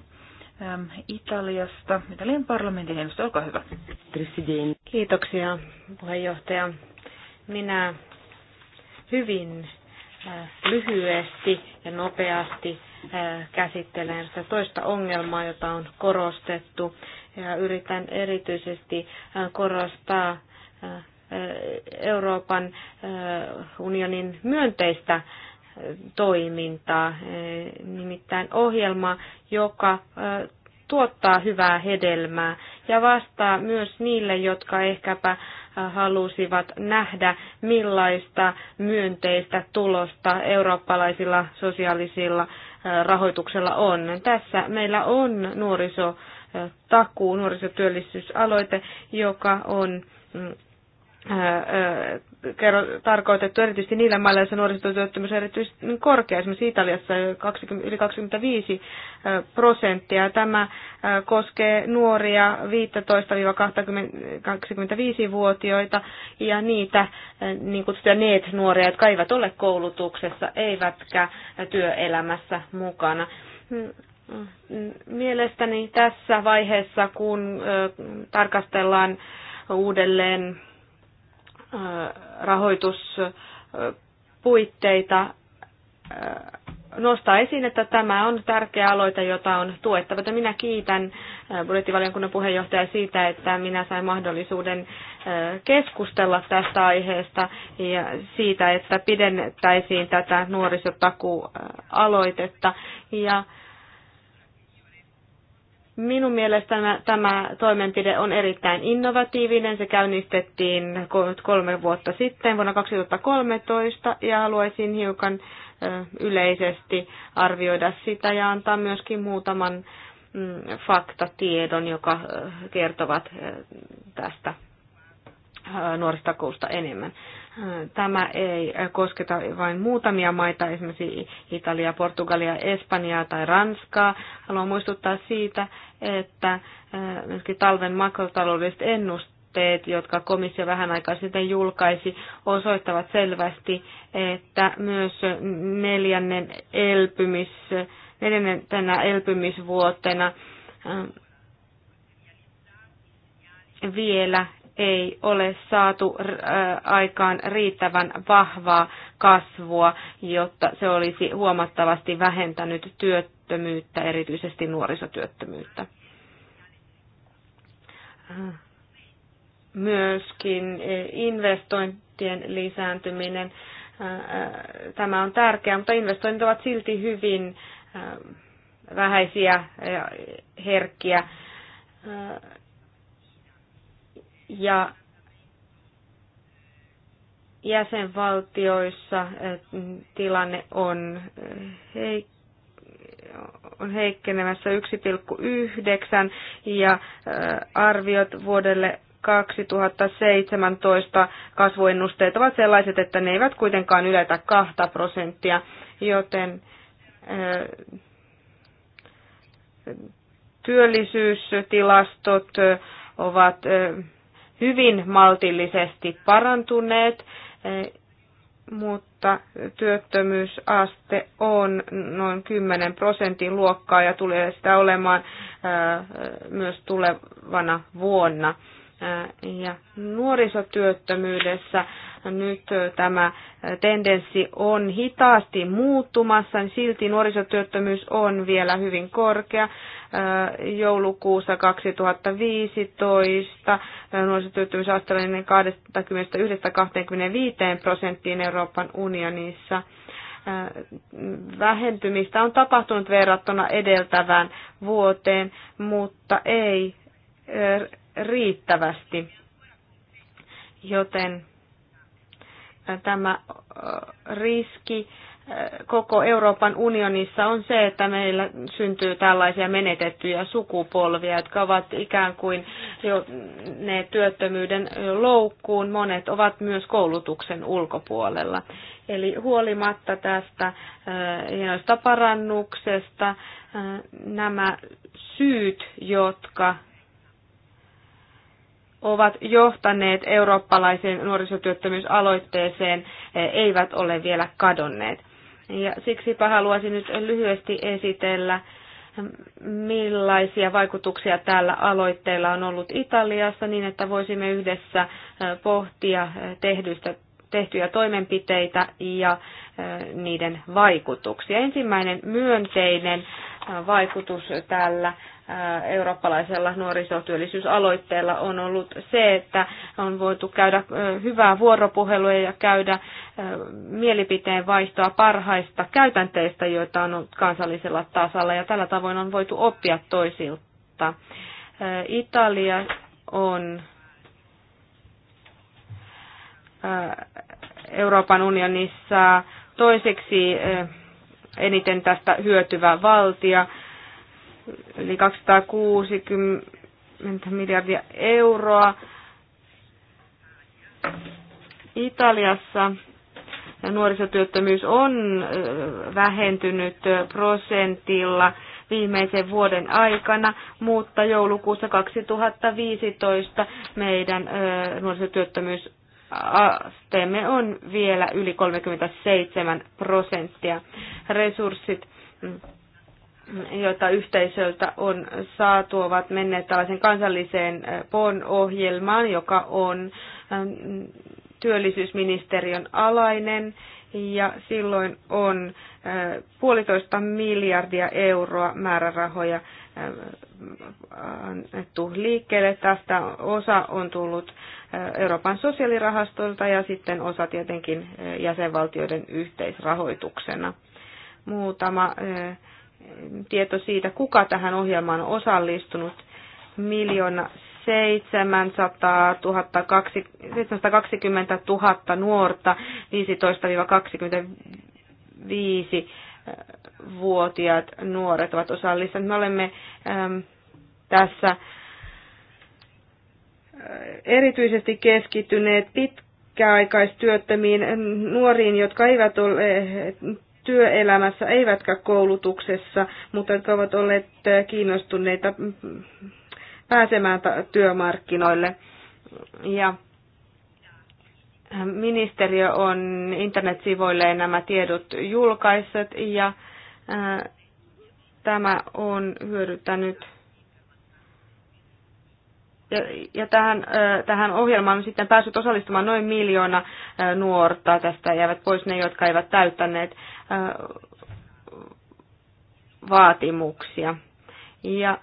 Ähm, Italiasta. Italian parlamentin edustaja, olkaa hyvä. Kiitoksia puheenjohtaja. Minä hyvin lyhyesti ja nopeasti äh, käsittelen sitä toista ongelmaa, jota on korostettu. Ja yritän erityisesti äh, korostaa äh, Euroopan unionin myönteistä toimintaa, nimittäin ohjelma, joka tuottaa hyvää hedelmää ja vastaa myös niille, jotka ehkäpä halusivat nähdä, millaista myönteistä tulosta eurooppalaisilla sosiaalisilla rahoituksella on. Tässä meillä on nuorisotakuu, nuorisotyöllisyysaloite, joka on mm, tarkoitettu erityisesti niillä mailla, joissa nuorisotyöttömyys on erityisesti niin korkea, esimerkiksi Italiassa 20, yli 25 prosenttia. Tämä koskee nuoria 15-25-vuotiaita ja niitä niin kutsuttuja NEET-nuoria, jotka eivät ole koulutuksessa eivätkä työelämässä mukana. Mielestäni tässä vaiheessa, kun tarkastellaan uudelleen rahoituspuitteita nostaa esiin, että tämä on tärkeä aloite, jota on tuettava. Minä kiitän budjettivaliokunnan puheenjohtajaa siitä, että minä sain mahdollisuuden keskustella tästä aiheesta ja siitä, että pidentäisiin tätä nuorisotakualoitetta. Ja Minun mielestäni tämä toimenpide on erittäin innovatiivinen. Se käynnistettiin kolme vuotta sitten, vuonna 2013, ja haluaisin hiukan yleisesti arvioida sitä ja antaa myöskin muutaman mm, faktatiedon, joka kertovat tästä nuoristakuusta enemmän. Tämä ei kosketa vain muutamia maita, esimerkiksi Italia, Portugalia, Espanjaa tai Ranskaa. Haluan muistuttaa siitä, että äh, myöskin talven makrotaloudelliset ennusteet, jotka komissio vähän aikaa sitten julkaisi, osoittavat selvästi, että myös neljännen elpymis, neljännenä elpymisvuotena äh, vielä ei ole saatu äh, aikaan riittävän vahvaa kasvua, jotta se olisi huomattavasti vähentänyt työttömyyttä, erityisesti nuorisotyöttömyyttä. Myöskin eh, investointien lisääntyminen. Äh, äh, tämä on tärkeää, mutta investoinnit ovat silti hyvin vähäisiä ja herkkiä ja jäsenvaltioissa eh, tilanne on, eh, heik- on heikkenemässä 1,9 ja eh, arviot vuodelle 2017 kasvuennusteet ovat sellaiset, että ne eivät kuitenkaan ylätä 2 prosenttia, joten työllisyystilastot ovat hyvin maltillisesti parantuneet, eh, mutta työttömyysaste on noin 10 prosentin luokkaa ja tulee sitä olemaan eh, myös tulevana vuonna. Eh, ja nuorisotyöttömyydessä nyt tämä tendenssi on hitaasti muuttumassa, niin silti nuorisotyöttömyys on vielä hyvin korkea. Joulukuussa 2015 nuorisotyöttömyysaste oli 21-25 prosenttiin Euroopan unionissa vähentymistä on tapahtunut verrattuna edeltävään vuoteen, mutta ei riittävästi. Joten tämä riski koko Euroopan unionissa on se, että meillä syntyy tällaisia menetettyjä sukupolvia, jotka ovat ikään kuin jo ne työttömyyden loukkuun. Monet ovat myös koulutuksen ulkopuolella. Eli huolimatta tästä hienoista parannuksesta, nämä syyt, jotka ovat johtaneet eurooppalaiseen nuorisotyöttömyysaloitteeseen, eh, eivät ole vielä kadonneet. Ja siksipä haluaisin nyt lyhyesti esitellä, mm, millaisia vaikutuksia tällä aloitteella on ollut Italiassa niin, että voisimme yhdessä eh, pohtia eh, tehdystä, tehtyjä toimenpiteitä ja niiden vaikutuksia. Ensimmäinen myönteinen vaikutus tällä eurooppalaisella nuorisotyöllisyysaloitteella on ollut se, että on voitu käydä hyvää vuoropuhelua ja käydä mielipiteen vaihtoa parhaista käytänteistä, joita on ollut kansallisella tasolla ja tällä tavoin on voitu oppia toisilta. Italia on Euroopan unionissa toiseksi eniten tästä hyötyvä valtia yli 260 miljardia euroa. Italiassa nuorisotyöttömyys on vähentynyt prosentilla viimeisen vuoden aikana, mutta joulukuussa 2015 meidän nuorisotyöttömyysasteemme on vielä yli 37 prosenttia. Resurssit mm, joita yhteisöltä on saatu, ovat menneet tällaisen kansalliseen PON-ohjelmaan, eh, joka on eh, työllisyysministeriön alainen ja silloin on eh, puolitoista miljardia euroa määrärahoja annettu liikkeelle. Tästä osa on tullut Euroopan sosiaalirahastolta ja sitten osa tietenkin jäsenvaltioiden yhteisrahoituksena. Muutama tieto siitä, kuka tähän ohjelmaan on osallistunut. Miljoona 700 720 000 nuorta 15-25-vuotiaat äh, nuoret ovat osallistuneet. Me olemme äm, tässä äh, erityisesti keskittyneet pitkäaikaistyöttömiin äh, nuoriin, jotka eivät ole työelämässä eivätkä koulutuksessa, mutta jotka ovat olleet kiinnostuneita pääsemään työmarkkinoille. Ja ministeriö on internetsivuilleen nämä tiedot julkaisset ja tämä on hyödyttänyt ja, ja tähän, tähän ohjelmaan on sitten päässyt osallistumaan noin miljoona nuorta. Tästä jäävät pois ne, jotka eivät täyttäneet vaatimuksia. Ja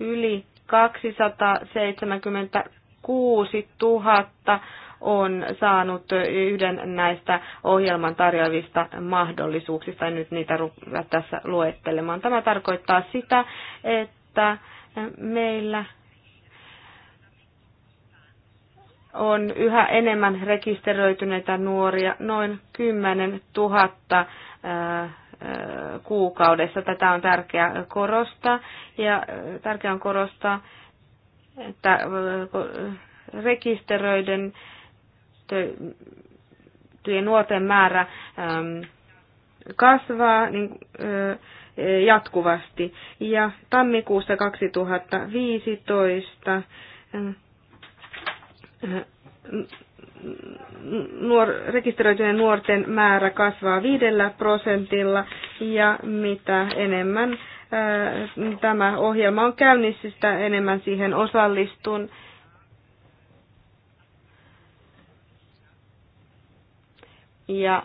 yli 276 000 on saanut yhden näistä ohjelman tarjoavista mahdollisuuksista. En nyt niitä ruveta tässä luettelemaan. Tämä tarkoittaa sitä, että meillä on yhä enemmän rekisteröityneitä nuoria, noin 10 000 kuukaudessa. Tätä on tärkeää korostaa ja tärkeää on korostaa, että rekisteröiden työn nuorten määrä kasvaa niin, jatkuvasti. Ja tammikuussa 2015 nuor, rekisteröityjen nuorten määrä kasvaa viidellä prosentilla ja mitä enemmän tämä ohjelma on käynnissä, sitä enemmän siihen osallistun. Ja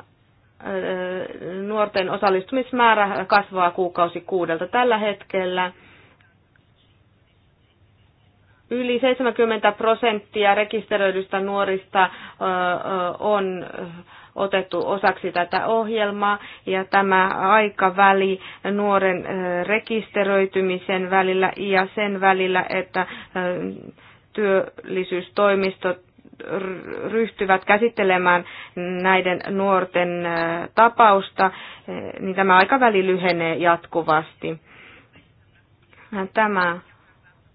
nuorten osallistumismäärä kasvaa kuukausi kuudelta tällä hetkellä. Yli 70 prosenttia rekisteröidystä nuorista on otettu osaksi tätä ohjelmaa ja tämä aikaväli nuoren rekisteröitymisen välillä ja sen välillä, että työllisyystoimistot ryhtyvät käsittelemään näiden nuorten tapausta, niin tämä aikaväli lyhenee jatkuvasti. Tämä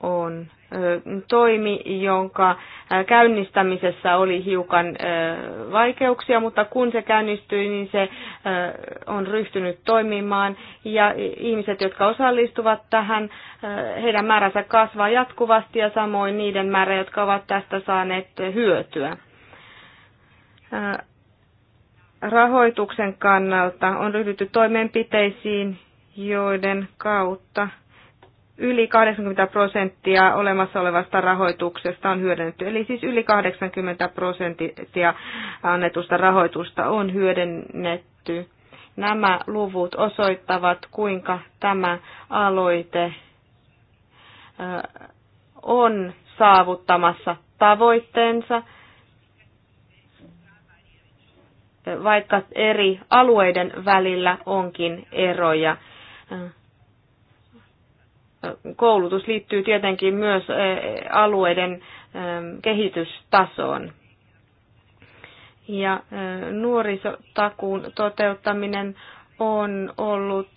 on toimi, jonka käynnistämisessä oli hiukan vaikeuksia, mutta kun se käynnistyi, niin se on ryhtynyt toimimaan ja ihmiset, jotka osallistuvat tähän, heidän määränsä kasvaa jatkuvasti ja samoin niiden määrä, jotka ovat tästä saaneet hyötyä. Rahoituksen kannalta on ryhdytty toimenpiteisiin, joiden kautta yli 80 prosenttia olemassa olevasta rahoituksesta on hyödynnetty. Eli siis yli 80 prosenttia annetusta rahoitusta on hyödynnetty. Nämä luvut osoittavat, kuinka tämä aloite on saavuttamassa tavoitteensa, vaikka eri alueiden välillä onkin eroja koulutus liittyy tietenkin myös e, alueiden e, kehitystasoon. Ja e, nuorisotakuun toteuttaminen on ollut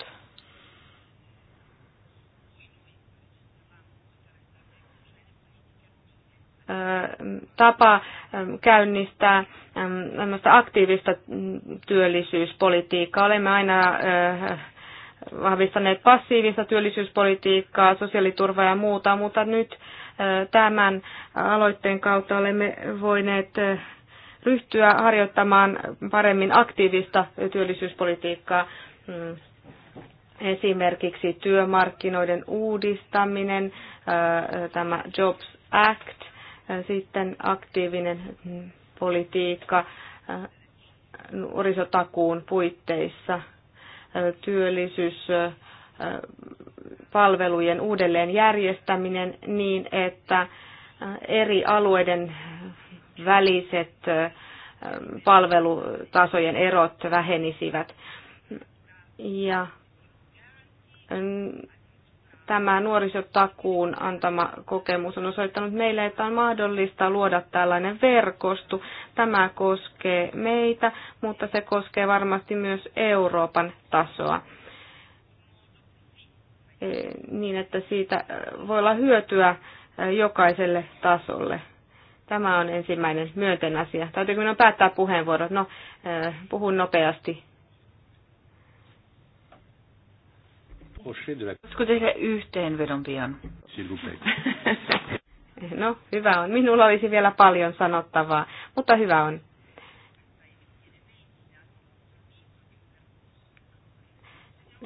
tapa käynnistää aktiivista työllisyyspolitiikkaa. Olemme aina vahvistaneet passiivista työllisyyspolitiikkaa, sosiaaliturvaa ja muuta, mutta nyt tämän aloitteen kautta olemme voineet ryhtyä harjoittamaan paremmin aktiivista työllisyyspolitiikkaa. Mm. Esimerkiksi työmarkkinoiden uudistaminen, tämä Jobs Act, sitten aktiivinen mm, politiikka nuorisotakuun puitteissa – työllisyyspalvelujen uudelleen järjestäminen niin, että eri alueiden väliset palvelutasojen erot vähenisivät. Ja tämä nuorisotakuun antama kokemus on osoittanut meille, että on mahdollista luoda tällainen verkosto. Tämä koskee meitä, mutta se koskee varmasti myös Euroopan tasoa e, niin, että siitä voi olla hyötyä e, jokaiselle tasolle. Tämä on ensimmäinen myönten asia. Täytyykö minun päättää puheenvuorot? No, e, puhun nopeasti. Oletko tehdä yhteenvedon pian? No, hyvä on. Minulla olisi vielä paljon sanottavaa, mutta hyvä on.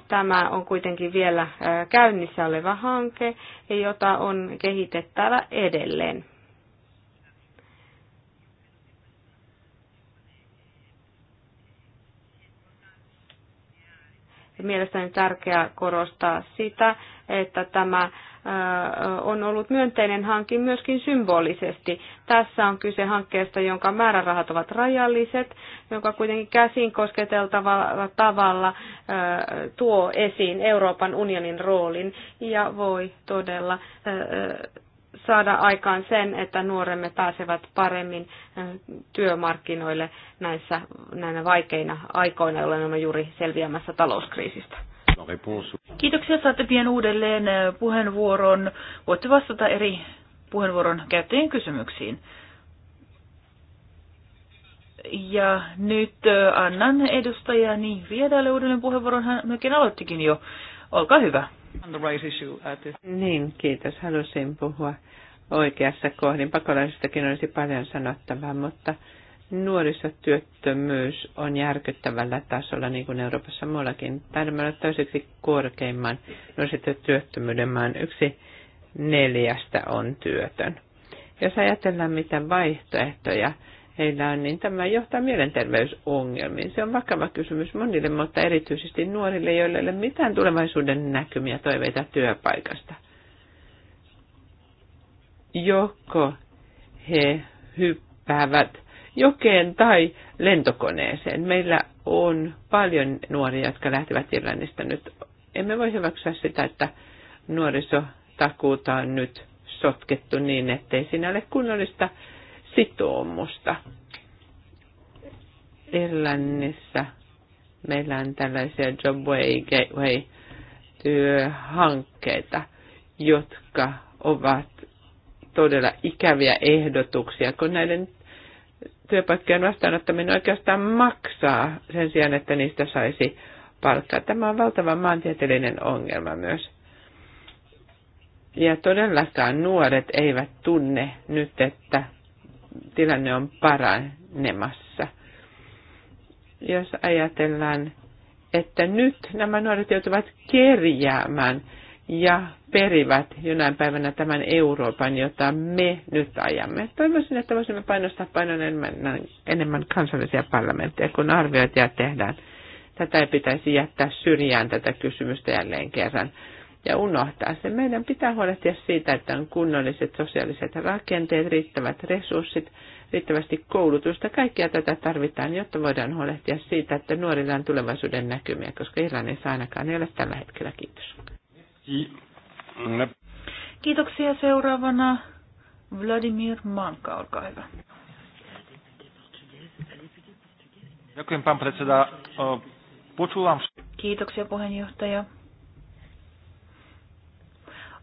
Tämä on kuitenkin vielä käynnissä oleva hanke, jota on kehitettävä edelleen. mielestäni tärkeää korostaa sitä, että tämä on ollut myönteinen hankin myöskin symbolisesti. Tässä on kyse hankkeesta, jonka määrärahat ovat rajalliset, joka kuitenkin käsin kosketeltavalla tavalla tuo esiin Euroopan unionin roolin ja voi todella saada aikaan sen, että nuoremme pääsevät paremmin työmarkkinoille näissä, näinä vaikeina aikoina, jolloin olemme juuri selviämässä talouskriisistä. Kiitoksia, saatte pian uudelleen puheenvuoron. Voitte vastata eri puheenvuoron käyttäjien kysymyksiin. Ja nyt annan edustajani Viedalle uudelleen puheenvuoron. Hän myöskin aloittikin jo. Olkaa hyvä niin, kiitos. Halusin puhua oikeassa kohdin. Pakolaisistakin olisi paljon sanottavaa, mutta nuorisotyöttömyys on järkyttävällä tasolla, niin kuin Euroopassa muuallakin. Taidamme olla toiseksi korkeimman nuorisotyöttömyyden maan yksi neljästä on työtön. Jos ajatellaan, mitä vaihtoehtoja heillä on, niin tämä johtaa mielenterveysongelmiin. Se on vakava kysymys monille, mutta erityisesti nuorille, joille ei ole mitään tulevaisuuden näkymiä toiveita työpaikasta. Joko he hyppäävät jokeen tai lentokoneeseen. Meillä on paljon nuoria, jotka lähtevät Irlannista nyt. Emme voi hyväksyä sitä, että nuorisotakuuta on nyt sotkettu niin, ettei siinä ole kunnollista sitoumusta. Irlannissa meillä on tällaisia Way Gateway-työhankkeita, jotka ovat todella ikäviä ehdotuksia, kun näiden työpaikkojen vastaanottaminen oikeastaan maksaa sen sijaan, että niistä saisi palkkaa. Tämä on valtava maantieteellinen ongelma myös. Ja todellakaan nuoret eivät tunne nyt, että tilanne on paranemassa. Jos ajatellaan, että nyt nämä nuoret joutuvat kerjäämään ja perivät jonain päivänä tämän Euroopan, jota me nyt ajamme. Toivoisin, että voisimme painostaa paljon enemmän, enemmän kansallisia parlamentteja, kun arviointia tehdään. Tätä ei pitäisi jättää syrjään tätä kysymystä jälleen kerran ja unohtaa se. Meidän pitää huolehtia siitä, että on kunnolliset sosiaaliset rakenteet, riittävät resurssit, riittävästi koulutusta. Kaikkia tätä tarvitaan, jotta voidaan huolehtia siitä, että nuorilla on tulevaisuuden näkymiä, koska Irlannissa ainakaan ei ole tällä hetkellä. Kiitos. Kiitoksia. Seuraavana Vladimir Manka, olkaa hyvä. Kiitoksia, puheenjohtaja.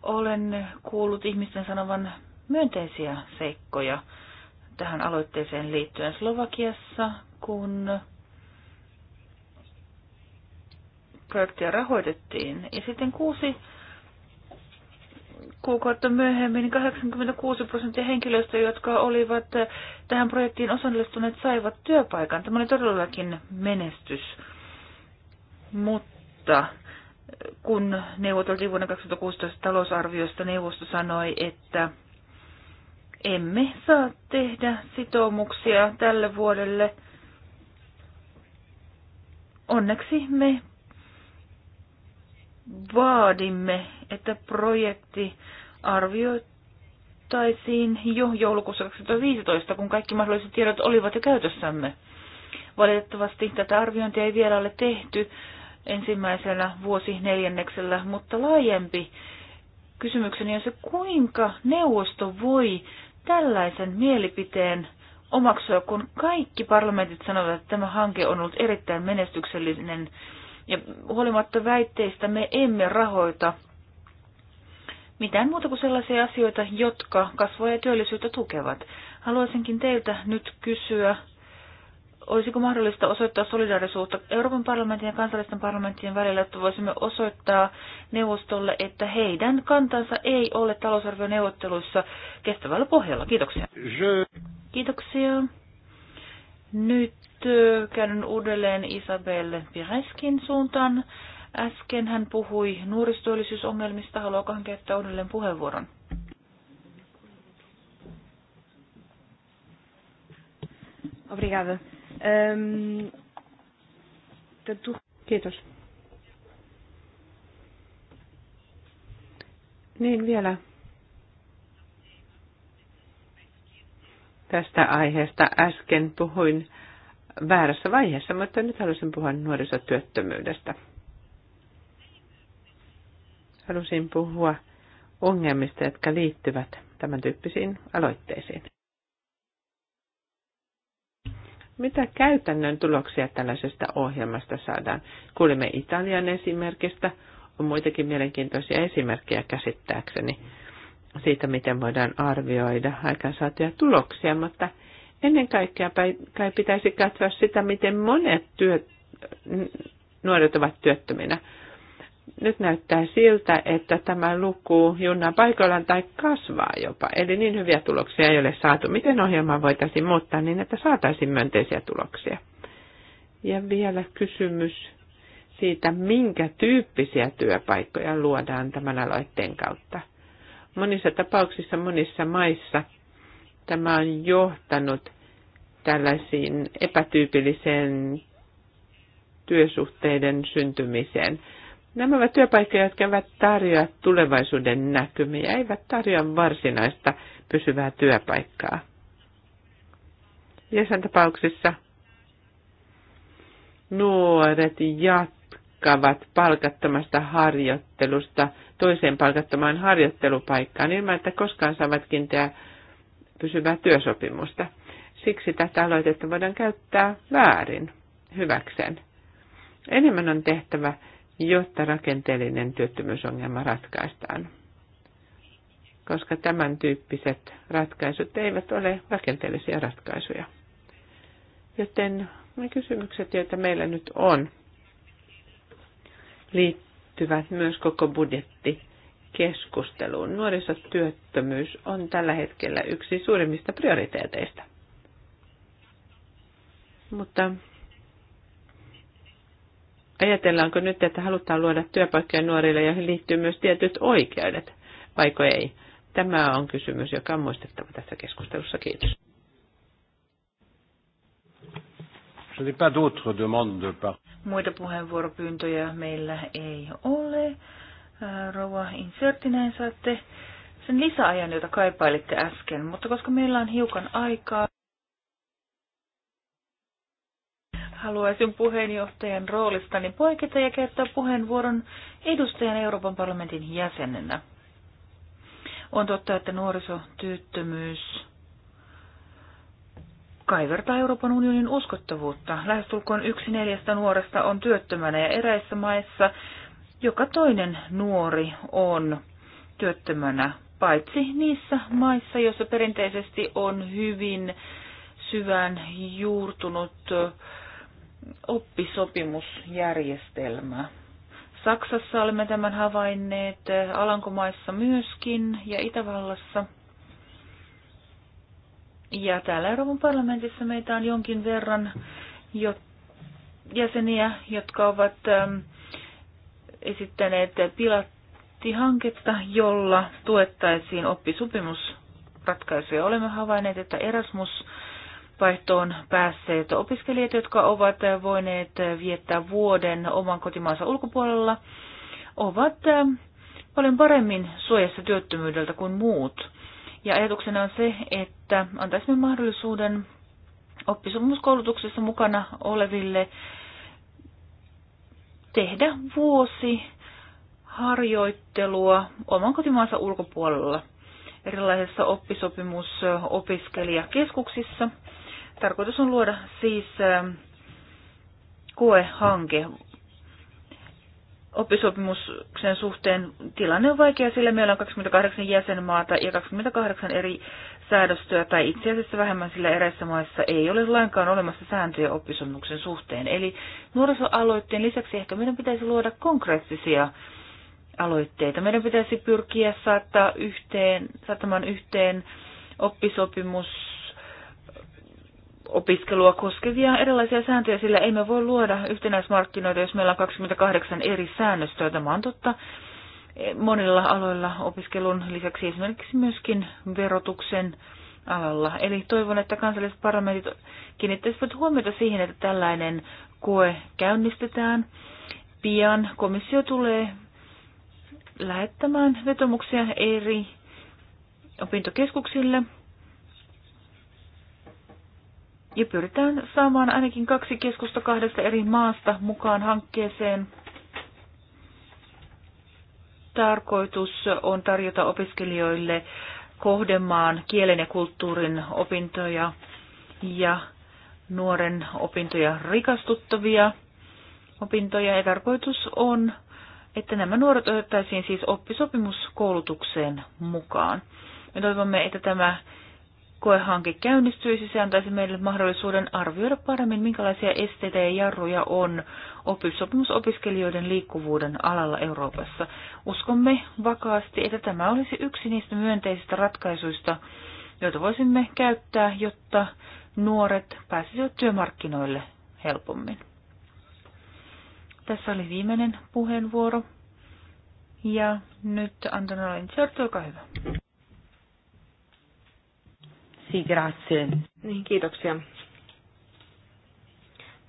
Olen kuullut ihmisten sanovan myönteisiä seikkoja tähän aloitteeseen liittyen Slovakiassa, kun projektia rahoitettiin. Ja sitten kuusi kuukautta myöhemmin 86 prosenttia henkilöistä, jotka olivat tähän projektiin osallistuneet, saivat työpaikan. Tämä oli todellakin menestys. Mutta kun neuvoteltiin vuonna 2016 talousarviosta, neuvosto sanoi, että emme saa tehdä sitoumuksia tälle vuodelle. Onneksi me vaadimme, että projekti arvioittaisiin jo joulukuussa 2015, kun kaikki mahdolliset tiedot olivat jo käytössämme. Valitettavasti tätä arviointia ei vielä ole tehty, ensimmäisellä vuosineljänneksellä, mutta laajempi kysymykseni on se, kuinka neuvosto voi tällaisen mielipiteen omaksua, kun kaikki parlamentit sanovat, että tämä hanke on ollut erittäin menestyksellinen ja huolimatta väitteistä me emme rahoita mitään muuta kuin sellaisia asioita, jotka kasvua ja työllisyyttä tukevat. Haluaisinkin teiltä nyt kysyä, Olisiko mahdollista osoittaa solidaarisuutta Euroopan parlamentin ja kansallisten parlamenttien välillä, että voisimme osoittaa neuvostolle, että heidän kantansa ei ole talousarvioneuvotteluissa kestävällä pohjalla? Kiitoksia. Je... Kiitoksia. Nyt käyn uudelleen Isabelle Pireskin suuntaan. Äsken hän puhui nuorisotyöllisyysongelmista. Haluaako hän käyttää uudelleen puheenvuoron? Obrigada. Ähm, Kiitos. Niin vielä tästä aiheesta. Äsken puhuin väärässä vaiheessa, mutta nyt halusin puhua nuorisotyöttömyydestä. Halusin puhua ongelmista, jotka liittyvät tämän tyyppisiin aloitteisiin. Mitä käytännön tuloksia tällaisesta ohjelmasta saadaan? Kuulimme Italian esimerkistä. On muitakin mielenkiintoisia esimerkkejä käsittääkseni siitä, miten voidaan arvioida aikaansaatuja tuloksia, mutta ennen kaikkea kai pitäisi katsoa sitä, miten monet työt, nuoret ovat työttöminä nyt näyttää siltä, että tämä luku junnaa paikoillaan tai kasvaa jopa. Eli niin hyviä tuloksia ei ole saatu. Miten ohjelmaa voitaisiin muuttaa niin, että saataisiin myönteisiä tuloksia? Ja vielä kysymys siitä, minkä tyyppisiä työpaikkoja luodaan tämän aloitteen kautta. Monissa tapauksissa, monissa maissa tämä on johtanut tällaisiin epätyypilliseen työsuhteiden syntymiseen – Nämä ovat työpaikkoja, jotka eivät tarjoa tulevaisuuden näkymiä, eivät tarjoa varsinaista pysyvää työpaikkaa. Jäsen tapauksessa nuoret jatkavat palkattomasta harjoittelusta toiseen palkattomaan harjoittelupaikkaan ilman, että koskaan saavat kiinteää pysyvää työsopimusta. Siksi tätä aloitetta voidaan käyttää väärin hyväkseen. Enemmän on tehtävä jotta rakenteellinen työttömyysongelma ratkaistaan. Koska tämän tyyppiset ratkaisut eivät ole rakenteellisia ratkaisuja. Joten ne kysymykset, joita meillä nyt on, liittyvät myös koko budjetti keskusteluun. Nuorisotyöttömyys on tällä hetkellä yksi suurimmista prioriteeteista. Mutta Ajatellaanko nyt, että halutaan luoda työpaikkoja nuorille, joihin liittyy myös tietyt oikeudet, vaiko ei? Tämä on kysymys, joka on muistettava tässä keskustelussa. Kiitos. Muita puheenvuoropyyntöjä meillä ei ole. Rouva Insertinen, saatte sen lisäajan, jota kaipailitte äsken, mutta koska meillä on hiukan aikaa, haluaisin puheenjohtajan roolistani poiketa ja käyttää puheenvuoron edustajan Euroopan parlamentin jäsenenä. On totta, että nuorisotyöttömyys kaivertaa Euroopan unionin uskottavuutta. Lähestulkoon yksi neljästä nuoresta on työttömänä ja eräissä maissa joka toinen nuori on työttömänä, paitsi niissä maissa, joissa perinteisesti on hyvin syvään juurtunut oppisopimusjärjestelmä. Saksassa olemme tämän havainneet, Alankomaissa myöskin ja Itävallassa. Ja täällä Euroopan parlamentissa meitä on jonkin verran jo jäseniä, jotka ovat ähm, esittäneet pilattihanketta, jolla tuettaisiin oppisopimusratkaisuja. Olemme havainneet, että Erasmus vaihtoon päässeet opiskelijat, jotka ovat voineet viettää vuoden oman kotimaansa ulkopuolella, ovat paljon paremmin suojassa työttömyydeltä kuin muut. Ja ajatuksena on se, että antaisimme mahdollisuuden oppisopimuskoulutuksessa mukana oleville tehdä vuosi harjoittelua oman kotimaansa ulkopuolella erilaisissa oppisopimusopiskelijakeskuksissa – Tarkoitus on luoda siis ähm, koehanke oppisopimuksen suhteen tilanne on vaikea, sillä meillä on 28 jäsenmaata ja 28 eri säädöstöä, tai itse asiassa vähemmän, sillä eräissä maissa ei ole lainkaan olemassa sääntöjä oppisopimuksen suhteen. Eli nuorisoaloitteen lisäksi ehkä meidän pitäisi luoda konkreettisia aloitteita. Meidän pitäisi pyrkiä saattaa yhteen, saattamaan yhteen oppisopimus opiskelua koskevia erilaisia sääntöjä, sillä emme voi luoda yhtenäismarkkinoita, jos meillä on 28 eri säännöstöä. Tämä on totta monilla aloilla opiskelun lisäksi esimerkiksi myöskin verotuksen alalla. Eli toivon, että kansalliset parlamentit kiinnittäisivät huomiota siihen, että tällainen koe käynnistetään. Pian komissio tulee lähettämään vetomuksia eri opintokeskuksille – ja pyritään saamaan ainakin kaksi keskusta kahdesta eri maasta mukaan hankkeeseen. Tarkoitus on tarjota opiskelijoille kohdemaan kielen ja kulttuurin opintoja ja nuoren opintoja rikastuttavia opintoja. Ja tarkoitus on, että nämä nuoret otettaisiin siis oppisopimuskoulutukseen mukaan. Me toivomme, että tämä koehanke käynnistyisi, se antaisi meille mahdollisuuden arvioida paremmin, minkälaisia esteitä ja jarruja on oppisopimusopiskelijoiden liikkuvuuden alalla Euroopassa. Uskomme vakaasti, että tämä olisi yksi niistä myönteisistä ratkaisuista, joita voisimme käyttää, jotta nuoret pääsisivät työmarkkinoille helpommin. Tässä oli viimeinen puheenvuoro. Ja nyt Anton Olin, olkaa hyvä. Sì, grazie. Niin, kiitoksia.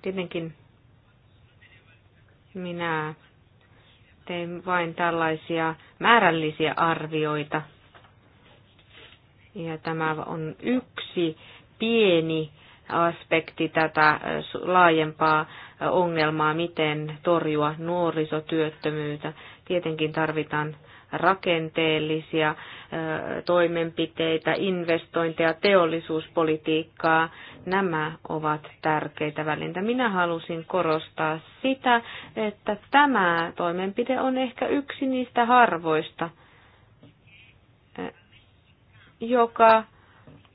Tietenkin minä tein vain tällaisia määrällisiä arvioita. Ja tämä on yksi pieni aspekti tätä laajempaa ongelmaa, miten torjua nuorisotyöttömyyttä. Tietenkin tarvitaan rakenteellisia toimenpiteitä, investointeja, teollisuuspolitiikkaa. Nämä ovat tärkeitä välintä. Minä halusin korostaa sitä, että tämä toimenpide on ehkä yksi niistä harvoista, joka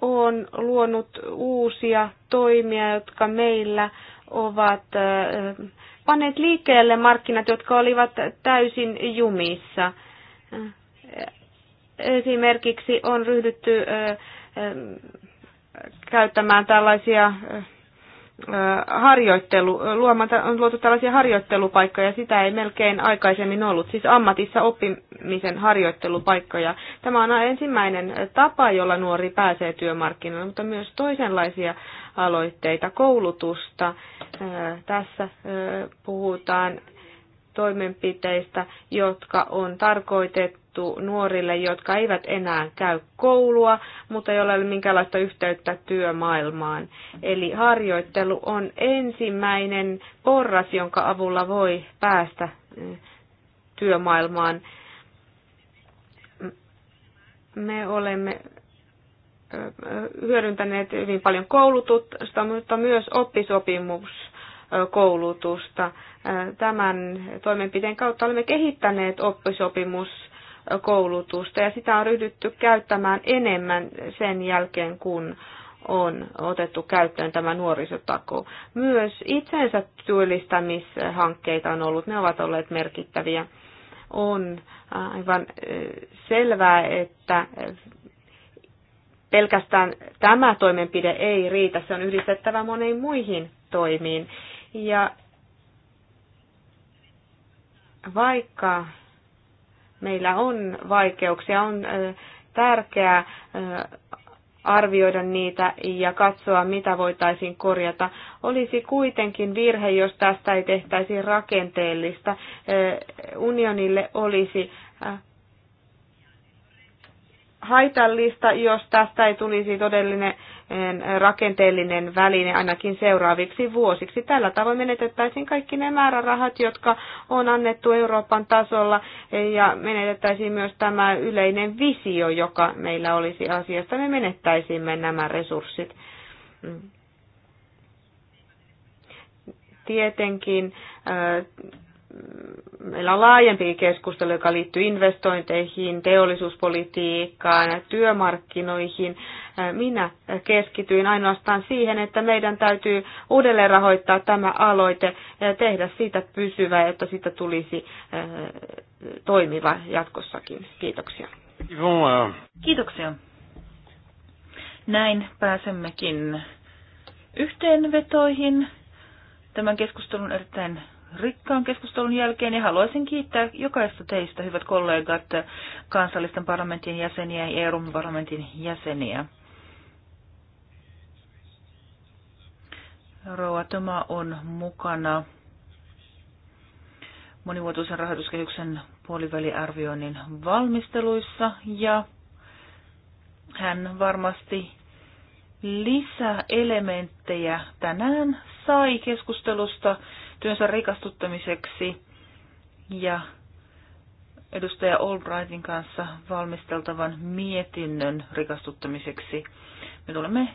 on luonut uusia toimia, jotka meillä ovat paneet liikkeelle markkinat, jotka olivat täysin jumissa. Esimerkiksi on ryhdytty käyttämään tällaisia harjoittelu, luomaan, on luotu tällaisia harjoittelupaikkoja, sitä ei melkein aikaisemmin ollut, siis ammatissa oppimisen harjoittelupaikkoja. Tämä on ensimmäinen tapa, jolla nuori pääsee työmarkkinoille, mutta myös toisenlaisia aloitteita, koulutusta. Tässä puhutaan toimenpiteistä, jotka on tarkoitettu nuorille, jotka eivät enää käy koulua, mutta ei ole minkäänlaista yhteyttä työmaailmaan. Eli harjoittelu on ensimmäinen porras, jonka avulla voi päästä eh, työmaailmaan. Me olemme eh, hyödyntäneet hyvin paljon koulutusta, mutta myös oppisopimus koulutusta. Tämän toimenpiteen kautta olemme kehittäneet oppisopimuskoulutusta ja sitä on ryhdytty käyttämään enemmän sen jälkeen, kun on otettu käyttöön tämä nuorisotako. Myös itsensä työllistämishankkeita on ollut, ne ovat olleet merkittäviä. On aivan selvää, että pelkästään tämä toimenpide ei riitä, se on yhdistettävä moniin muihin toimiin. Ja vaikka meillä on vaikeuksia, on tärkeää arvioida niitä ja katsoa, mitä voitaisiin korjata. Olisi kuitenkin virhe, jos tästä ei tehtäisi rakenteellista. Unionille olisi haitallista, jos tästä ei tulisi todellinen rakenteellinen väline ainakin seuraaviksi vuosiksi. Tällä tavoin menetettäisiin kaikki ne määrärahat, jotka on annettu Euroopan tasolla ja menetettäisiin myös tämä yleinen visio, joka meillä olisi asiasta. Me menettäisimme nämä resurssit. Mm. Tietenkin meillä on laajempi keskustelu, joka liittyy investointeihin, teollisuuspolitiikkaan, työmarkkinoihin. Minä keskityin ainoastaan siihen, että meidän täytyy uudelleen rahoittaa tämä aloite ja tehdä siitä pysyvä, jotta siitä tulisi eh, toimiva jatkossakin. Kiitoksia. Kiitoksia. Näin pääsemmekin yhteenvetoihin. Tämän keskustelun erittäin rikkaan keskustelun jälkeen ja haluaisin kiittää jokaista teistä, hyvät kollegat, kansallisten parlamentin jäseniä ja Euroopan parlamentin jäseniä. Rouva Toma on mukana monivuotoisen rahoituskehyksen puoliväliarvioinnin valmisteluissa ja hän varmasti lisää elementtejä tänään sai keskustelusta työnsä rikastuttamiseksi ja edustaja Albrightin kanssa valmisteltavan mietinnön rikastuttamiseksi. Me tulemme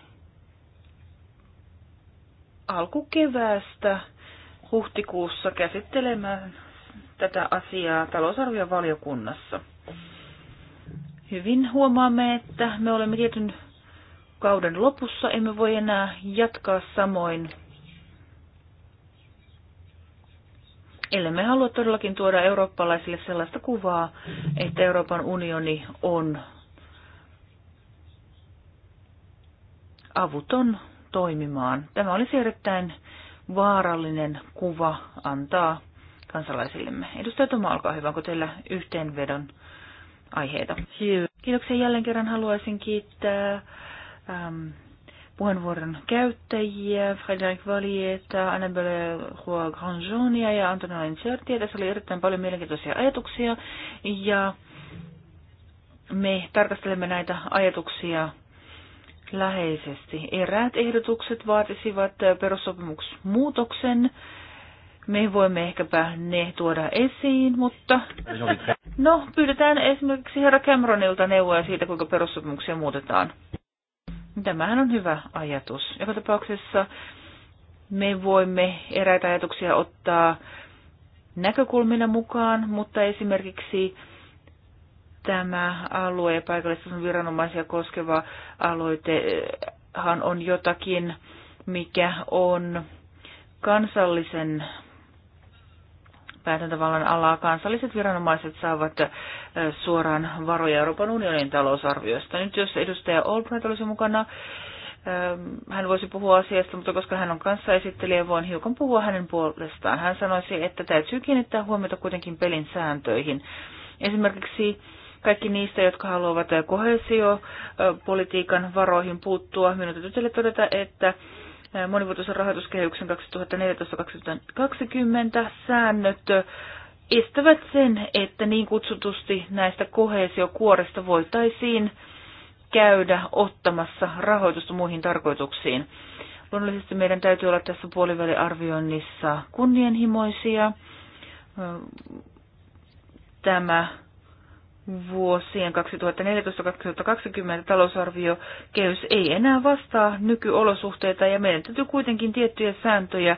alkukeväästä huhtikuussa käsittelemään tätä asiaa talousarvion valiokunnassa. Hyvin huomaamme, että me olemme tietyn kauden lopussa, emme voi enää jatkaa samoin Ellei me halua todellakin tuoda eurooppalaisille sellaista kuvaa, että Euroopan unioni on avuton toimimaan. Tämä olisi erittäin vaarallinen kuva antaa kansalaisillemme. Edustaja Toma, olkaa hyvä, onko teillä yhteenvedon aiheita? Kiitoksia jälleen kerran. Haluaisin kiittää ähm, puheenvuoron käyttäjiä, Frédéric Valieta, Annabelle Roa Grandjonia ja Antonio Insertia. Tässä oli erittäin paljon mielenkiintoisia ajatuksia ja me tarkastelemme näitä ajatuksia läheisesti. Eräät ehdotukset vaatisivat perussopimuksmuutoksen. Me voimme ehkäpä ne tuoda esiin, mutta... No, pyydetään esimerkiksi herra Cameronilta neuvoja siitä, kuinka perussopimuksia muutetaan. Tämähän on hyvä ajatus. Joka tapauksessa me voimme eräitä ajatuksia ottaa näkökulmina mukaan, mutta esimerkiksi tämä alue ja paikallistason viranomaisia koskeva aloitehan on jotakin, mikä on kansallisen päätäntävallan alaa kansalliset viranomaiset saavat suoraan varoja Euroopan unionin talousarviosta. Nyt jos edustaja Olbrecht olisi mukana, hän voisi puhua asiasta, mutta koska hän on esittelijä, voin hiukan puhua hänen puolestaan. Hän sanoisi, että täytyy kiinnittää huomiota kuitenkin pelin sääntöihin. Esimerkiksi kaikki niistä, jotka haluavat kohesiopolitiikan varoihin puuttua. Minun täytyy todeta, että monivuotoisen rahoituskehyksen 2014-2020 säännöt estävät sen, että niin kutsutusti näistä kohesiokuoresta voitaisiin käydä ottamassa rahoitusta muihin tarkoituksiin. Luonnollisesti meidän täytyy olla tässä puoliväliarvioinnissa kunnianhimoisia. Tämä vuosien 2014-2020 talousarvio kehys ei enää vastaa nykyolosuhteita ja meidän täytyy kuitenkin tiettyjä sääntöjä,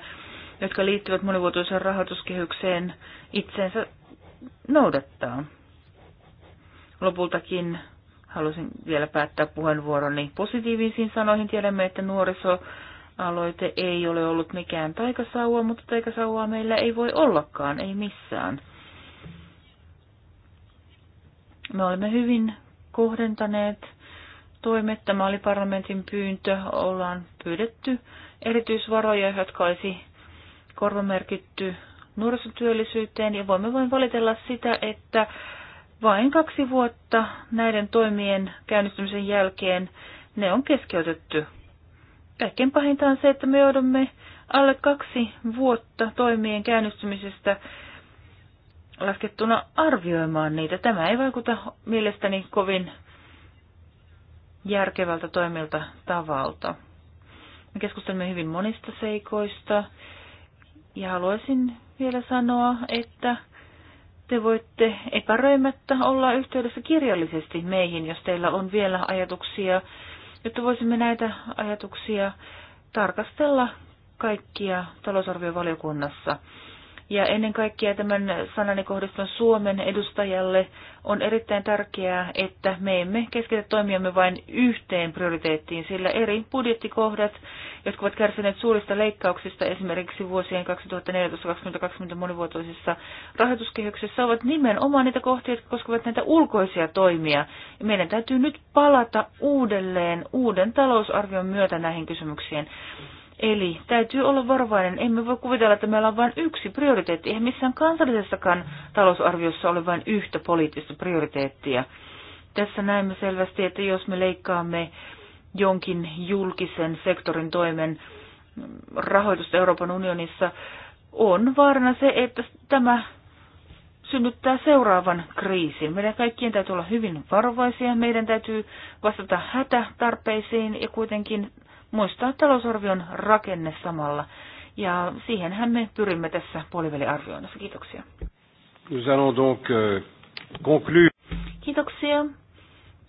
jotka liittyvät monivuotoiseen rahoituskehykseen itseensä noudattaa. Lopultakin halusin vielä päättää puheenvuoroni positiivisiin sanoihin. Tiedämme, että nuorisoaloite ei ole ollut mikään taikasaua, mutta taikasaua meillä ei voi ollakaan, ei missään. Me olemme hyvin kohdentaneet toimet. Tämä oli parlamentin pyyntö. Ollaan pyydetty erityisvaroja, jotka olisi korvamerkitty nuorisotyöllisyyteen ja voimme vain valitella sitä, että vain kaksi vuotta näiden toimien käynnistymisen jälkeen ne on keskeytetty. Kaikkein pahinta on se, että me joudumme alle kaksi vuotta toimien käynnistymisestä laskettuna arvioimaan niitä. Tämä ei vaikuta mielestäni kovin järkevältä toimilta tavalta. Me keskustelimme hyvin monista seikoista ja haluaisin vielä sanoa, että te voitte epäröimättä olla yhteydessä kirjallisesti meihin, jos teillä on vielä ajatuksia, jotta voisimme näitä ajatuksia tarkastella kaikkia talousarviovaliokunnassa. Ja ennen kaikkea tämän sanani kohdistan Suomen edustajalle on erittäin tärkeää, että me emme keskitä toimiamme vain yhteen prioriteettiin, sillä eri budjettikohdat, jotka ovat kärsineet suurista leikkauksista esimerkiksi vuosien 2014-2020 monivuotoisissa rahoituskehyksissä, ovat nimenomaan niitä kohtia, jotka koskevat näitä ulkoisia toimia. Ja meidän täytyy nyt palata uudelleen uuden talousarvion myötä näihin kysymyksiin. Eli täytyy olla varovainen. Emme voi kuvitella, että meillä on vain yksi prioriteetti. Eihän missään kansallisessakaan talousarviossa ole vain yhtä poliittista prioriteettia. Tässä näemme selvästi, että jos me leikkaamme jonkin julkisen sektorin toimen mm, rahoitusta Euroopan unionissa, on vaarana se, että tämä synnyttää seuraavan kriisin. Meidän kaikkien täytyy olla hyvin varovaisia, meidän täytyy vastata hätätarpeisiin ja kuitenkin muistaa talousarvion rakenne samalla. Ja siihenhän me pyrimme tässä puoliväliarvioinnissa. Kiitoksia. Nous allons donc euh, conclure. Kiitoksia.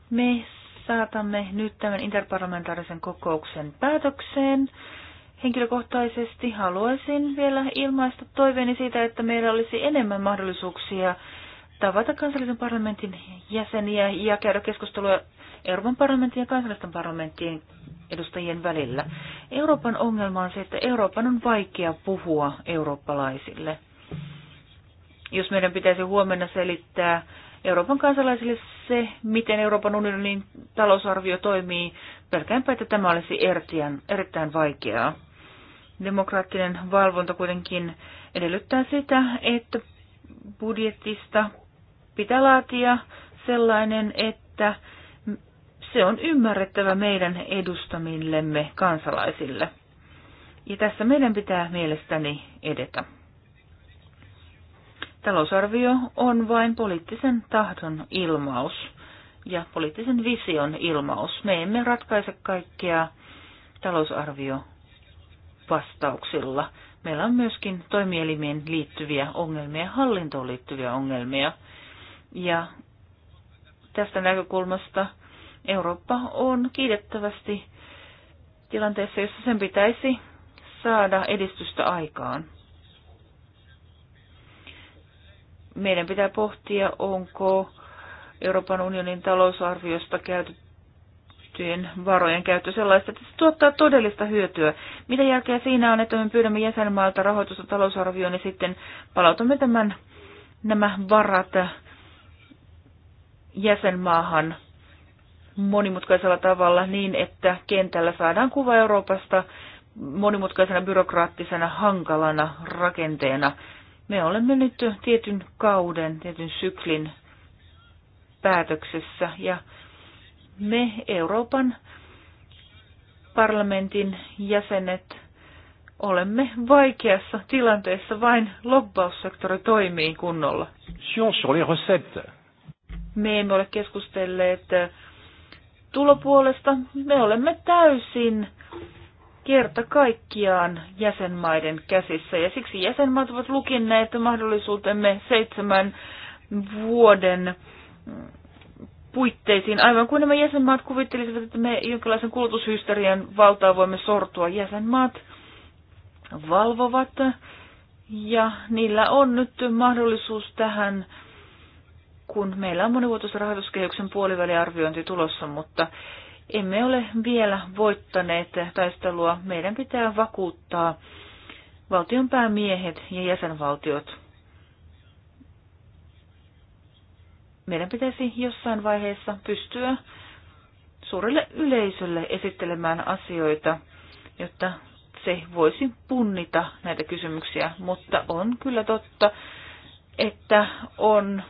Me saatamme nyt tämän interparlamentaarisen kokouksen päätökseen. Henkilökohtaisesti haluaisin vielä ilmaista toiveeni siitä, että meillä olisi enemmän mahdollisuuksia tavata kansallisen parlamentin jäseniä ja käydä keskustelua Euroopan parlamentin ja kansallisten parlamenttien edustajien välillä. Euroopan ongelma on se, että Euroopan on vaikea puhua eurooppalaisille. Jos meidän pitäisi huomenna selittää Euroopan kansalaisille se, miten Euroopan unionin talousarvio toimii, pelkäänpä, että tämä olisi erittäin, erittäin vaikeaa. Demokraattinen valvonta kuitenkin edellyttää sitä, että budjetista pitää laatia sellainen, että se on ymmärrettävä meidän edustamillemme kansalaisille. Ja tässä meidän pitää mielestäni edetä. Talousarvio on vain poliittisen tahdon ilmaus ja poliittisen vision ilmaus. Me emme ratkaise kaikkea talousarvio vastauksilla. Meillä on myöskin toimielimien liittyviä ongelmia, hallintoon liittyviä ongelmia. Ja tästä näkökulmasta Eurooppa on kiitettävästi tilanteessa, jossa sen pitäisi saada edistystä aikaan. Meidän pitää pohtia, onko Euroopan unionin talousarviosta käytettyjen varojen käyttö sellaista, että se tuottaa todellista hyötyä. Mitä jälkeä siinä on, että me pyydämme jäsenmaalta rahoitusta talousarvioon ja sitten palautamme tämän, nämä varat jäsenmaahan – monimutkaisella tavalla niin, että kentällä saadaan kuva Euroopasta monimutkaisena, byrokraattisena, hankalana rakenteena. Me olemme nyt tietyn kauden, tietyn syklin päätöksessä ja me Euroopan parlamentin jäsenet olemme vaikeassa tilanteessa, vain lobbaussektori toimii kunnolla. Me emme ole keskustelleet tulopuolesta. Me olemme täysin kerta kaikkiaan jäsenmaiden käsissä ja siksi jäsenmaat ovat lukinneet mahdollisuutemme seitsemän vuoden puitteisiin, aivan kuin nämä jäsenmaat kuvittelisivat, että me jonkinlaisen kulutushysterian valtaa voimme sortua. Jäsenmaat valvovat ja niillä on nyt mahdollisuus tähän kun meillä on monivuotoisen rahoituskehyksen puoliväliarviointi tulossa, mutta emme ole vielä voittaneet taistelua. Meidän pitää vakuuttaa valtion päämiehet ja jäsenvaltiot. Meidän pitäisi jossain vaiheessa pystyä suurelle yleisölle esittelemään asioita, jotta se voisi punnita näitä kysymyksiä, mutta on kyllä totta, että on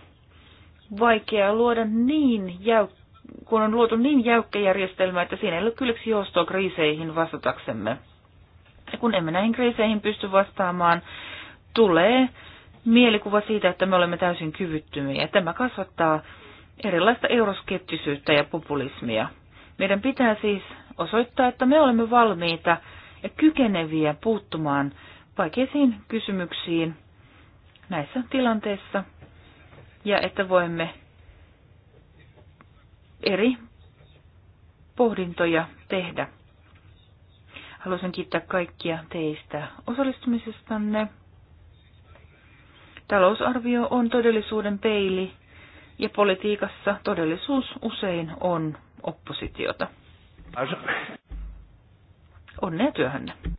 vaikea luoda niin jäyk- kun on luotu niin jäykkä järjestelmä, että siinä ei ole kylliksi joustoa kriiseihin vastataksemme. Ja kun emme näihin kriiseihin pysty vastaamaan, tulee mielikuva siitä, että me olemme täysin kyvyttömiä. Tämä kasvattaa erilaista euroskeptisyyttä ja populismia. Meidän pitää siis osoittaa, että me olemme valmiita ja kykeneviä puuttumaan vaikeisiin kysymyksiin näissä tilanteissa – ja että voimme eri pohdintoja tehdä. Haluaisin kiittää kaikkia teistä osallistumisestanne. Talousarvio on todellisuuden peili ja politiikassa todellisuus usein on oppositiota. Onnea työhönne.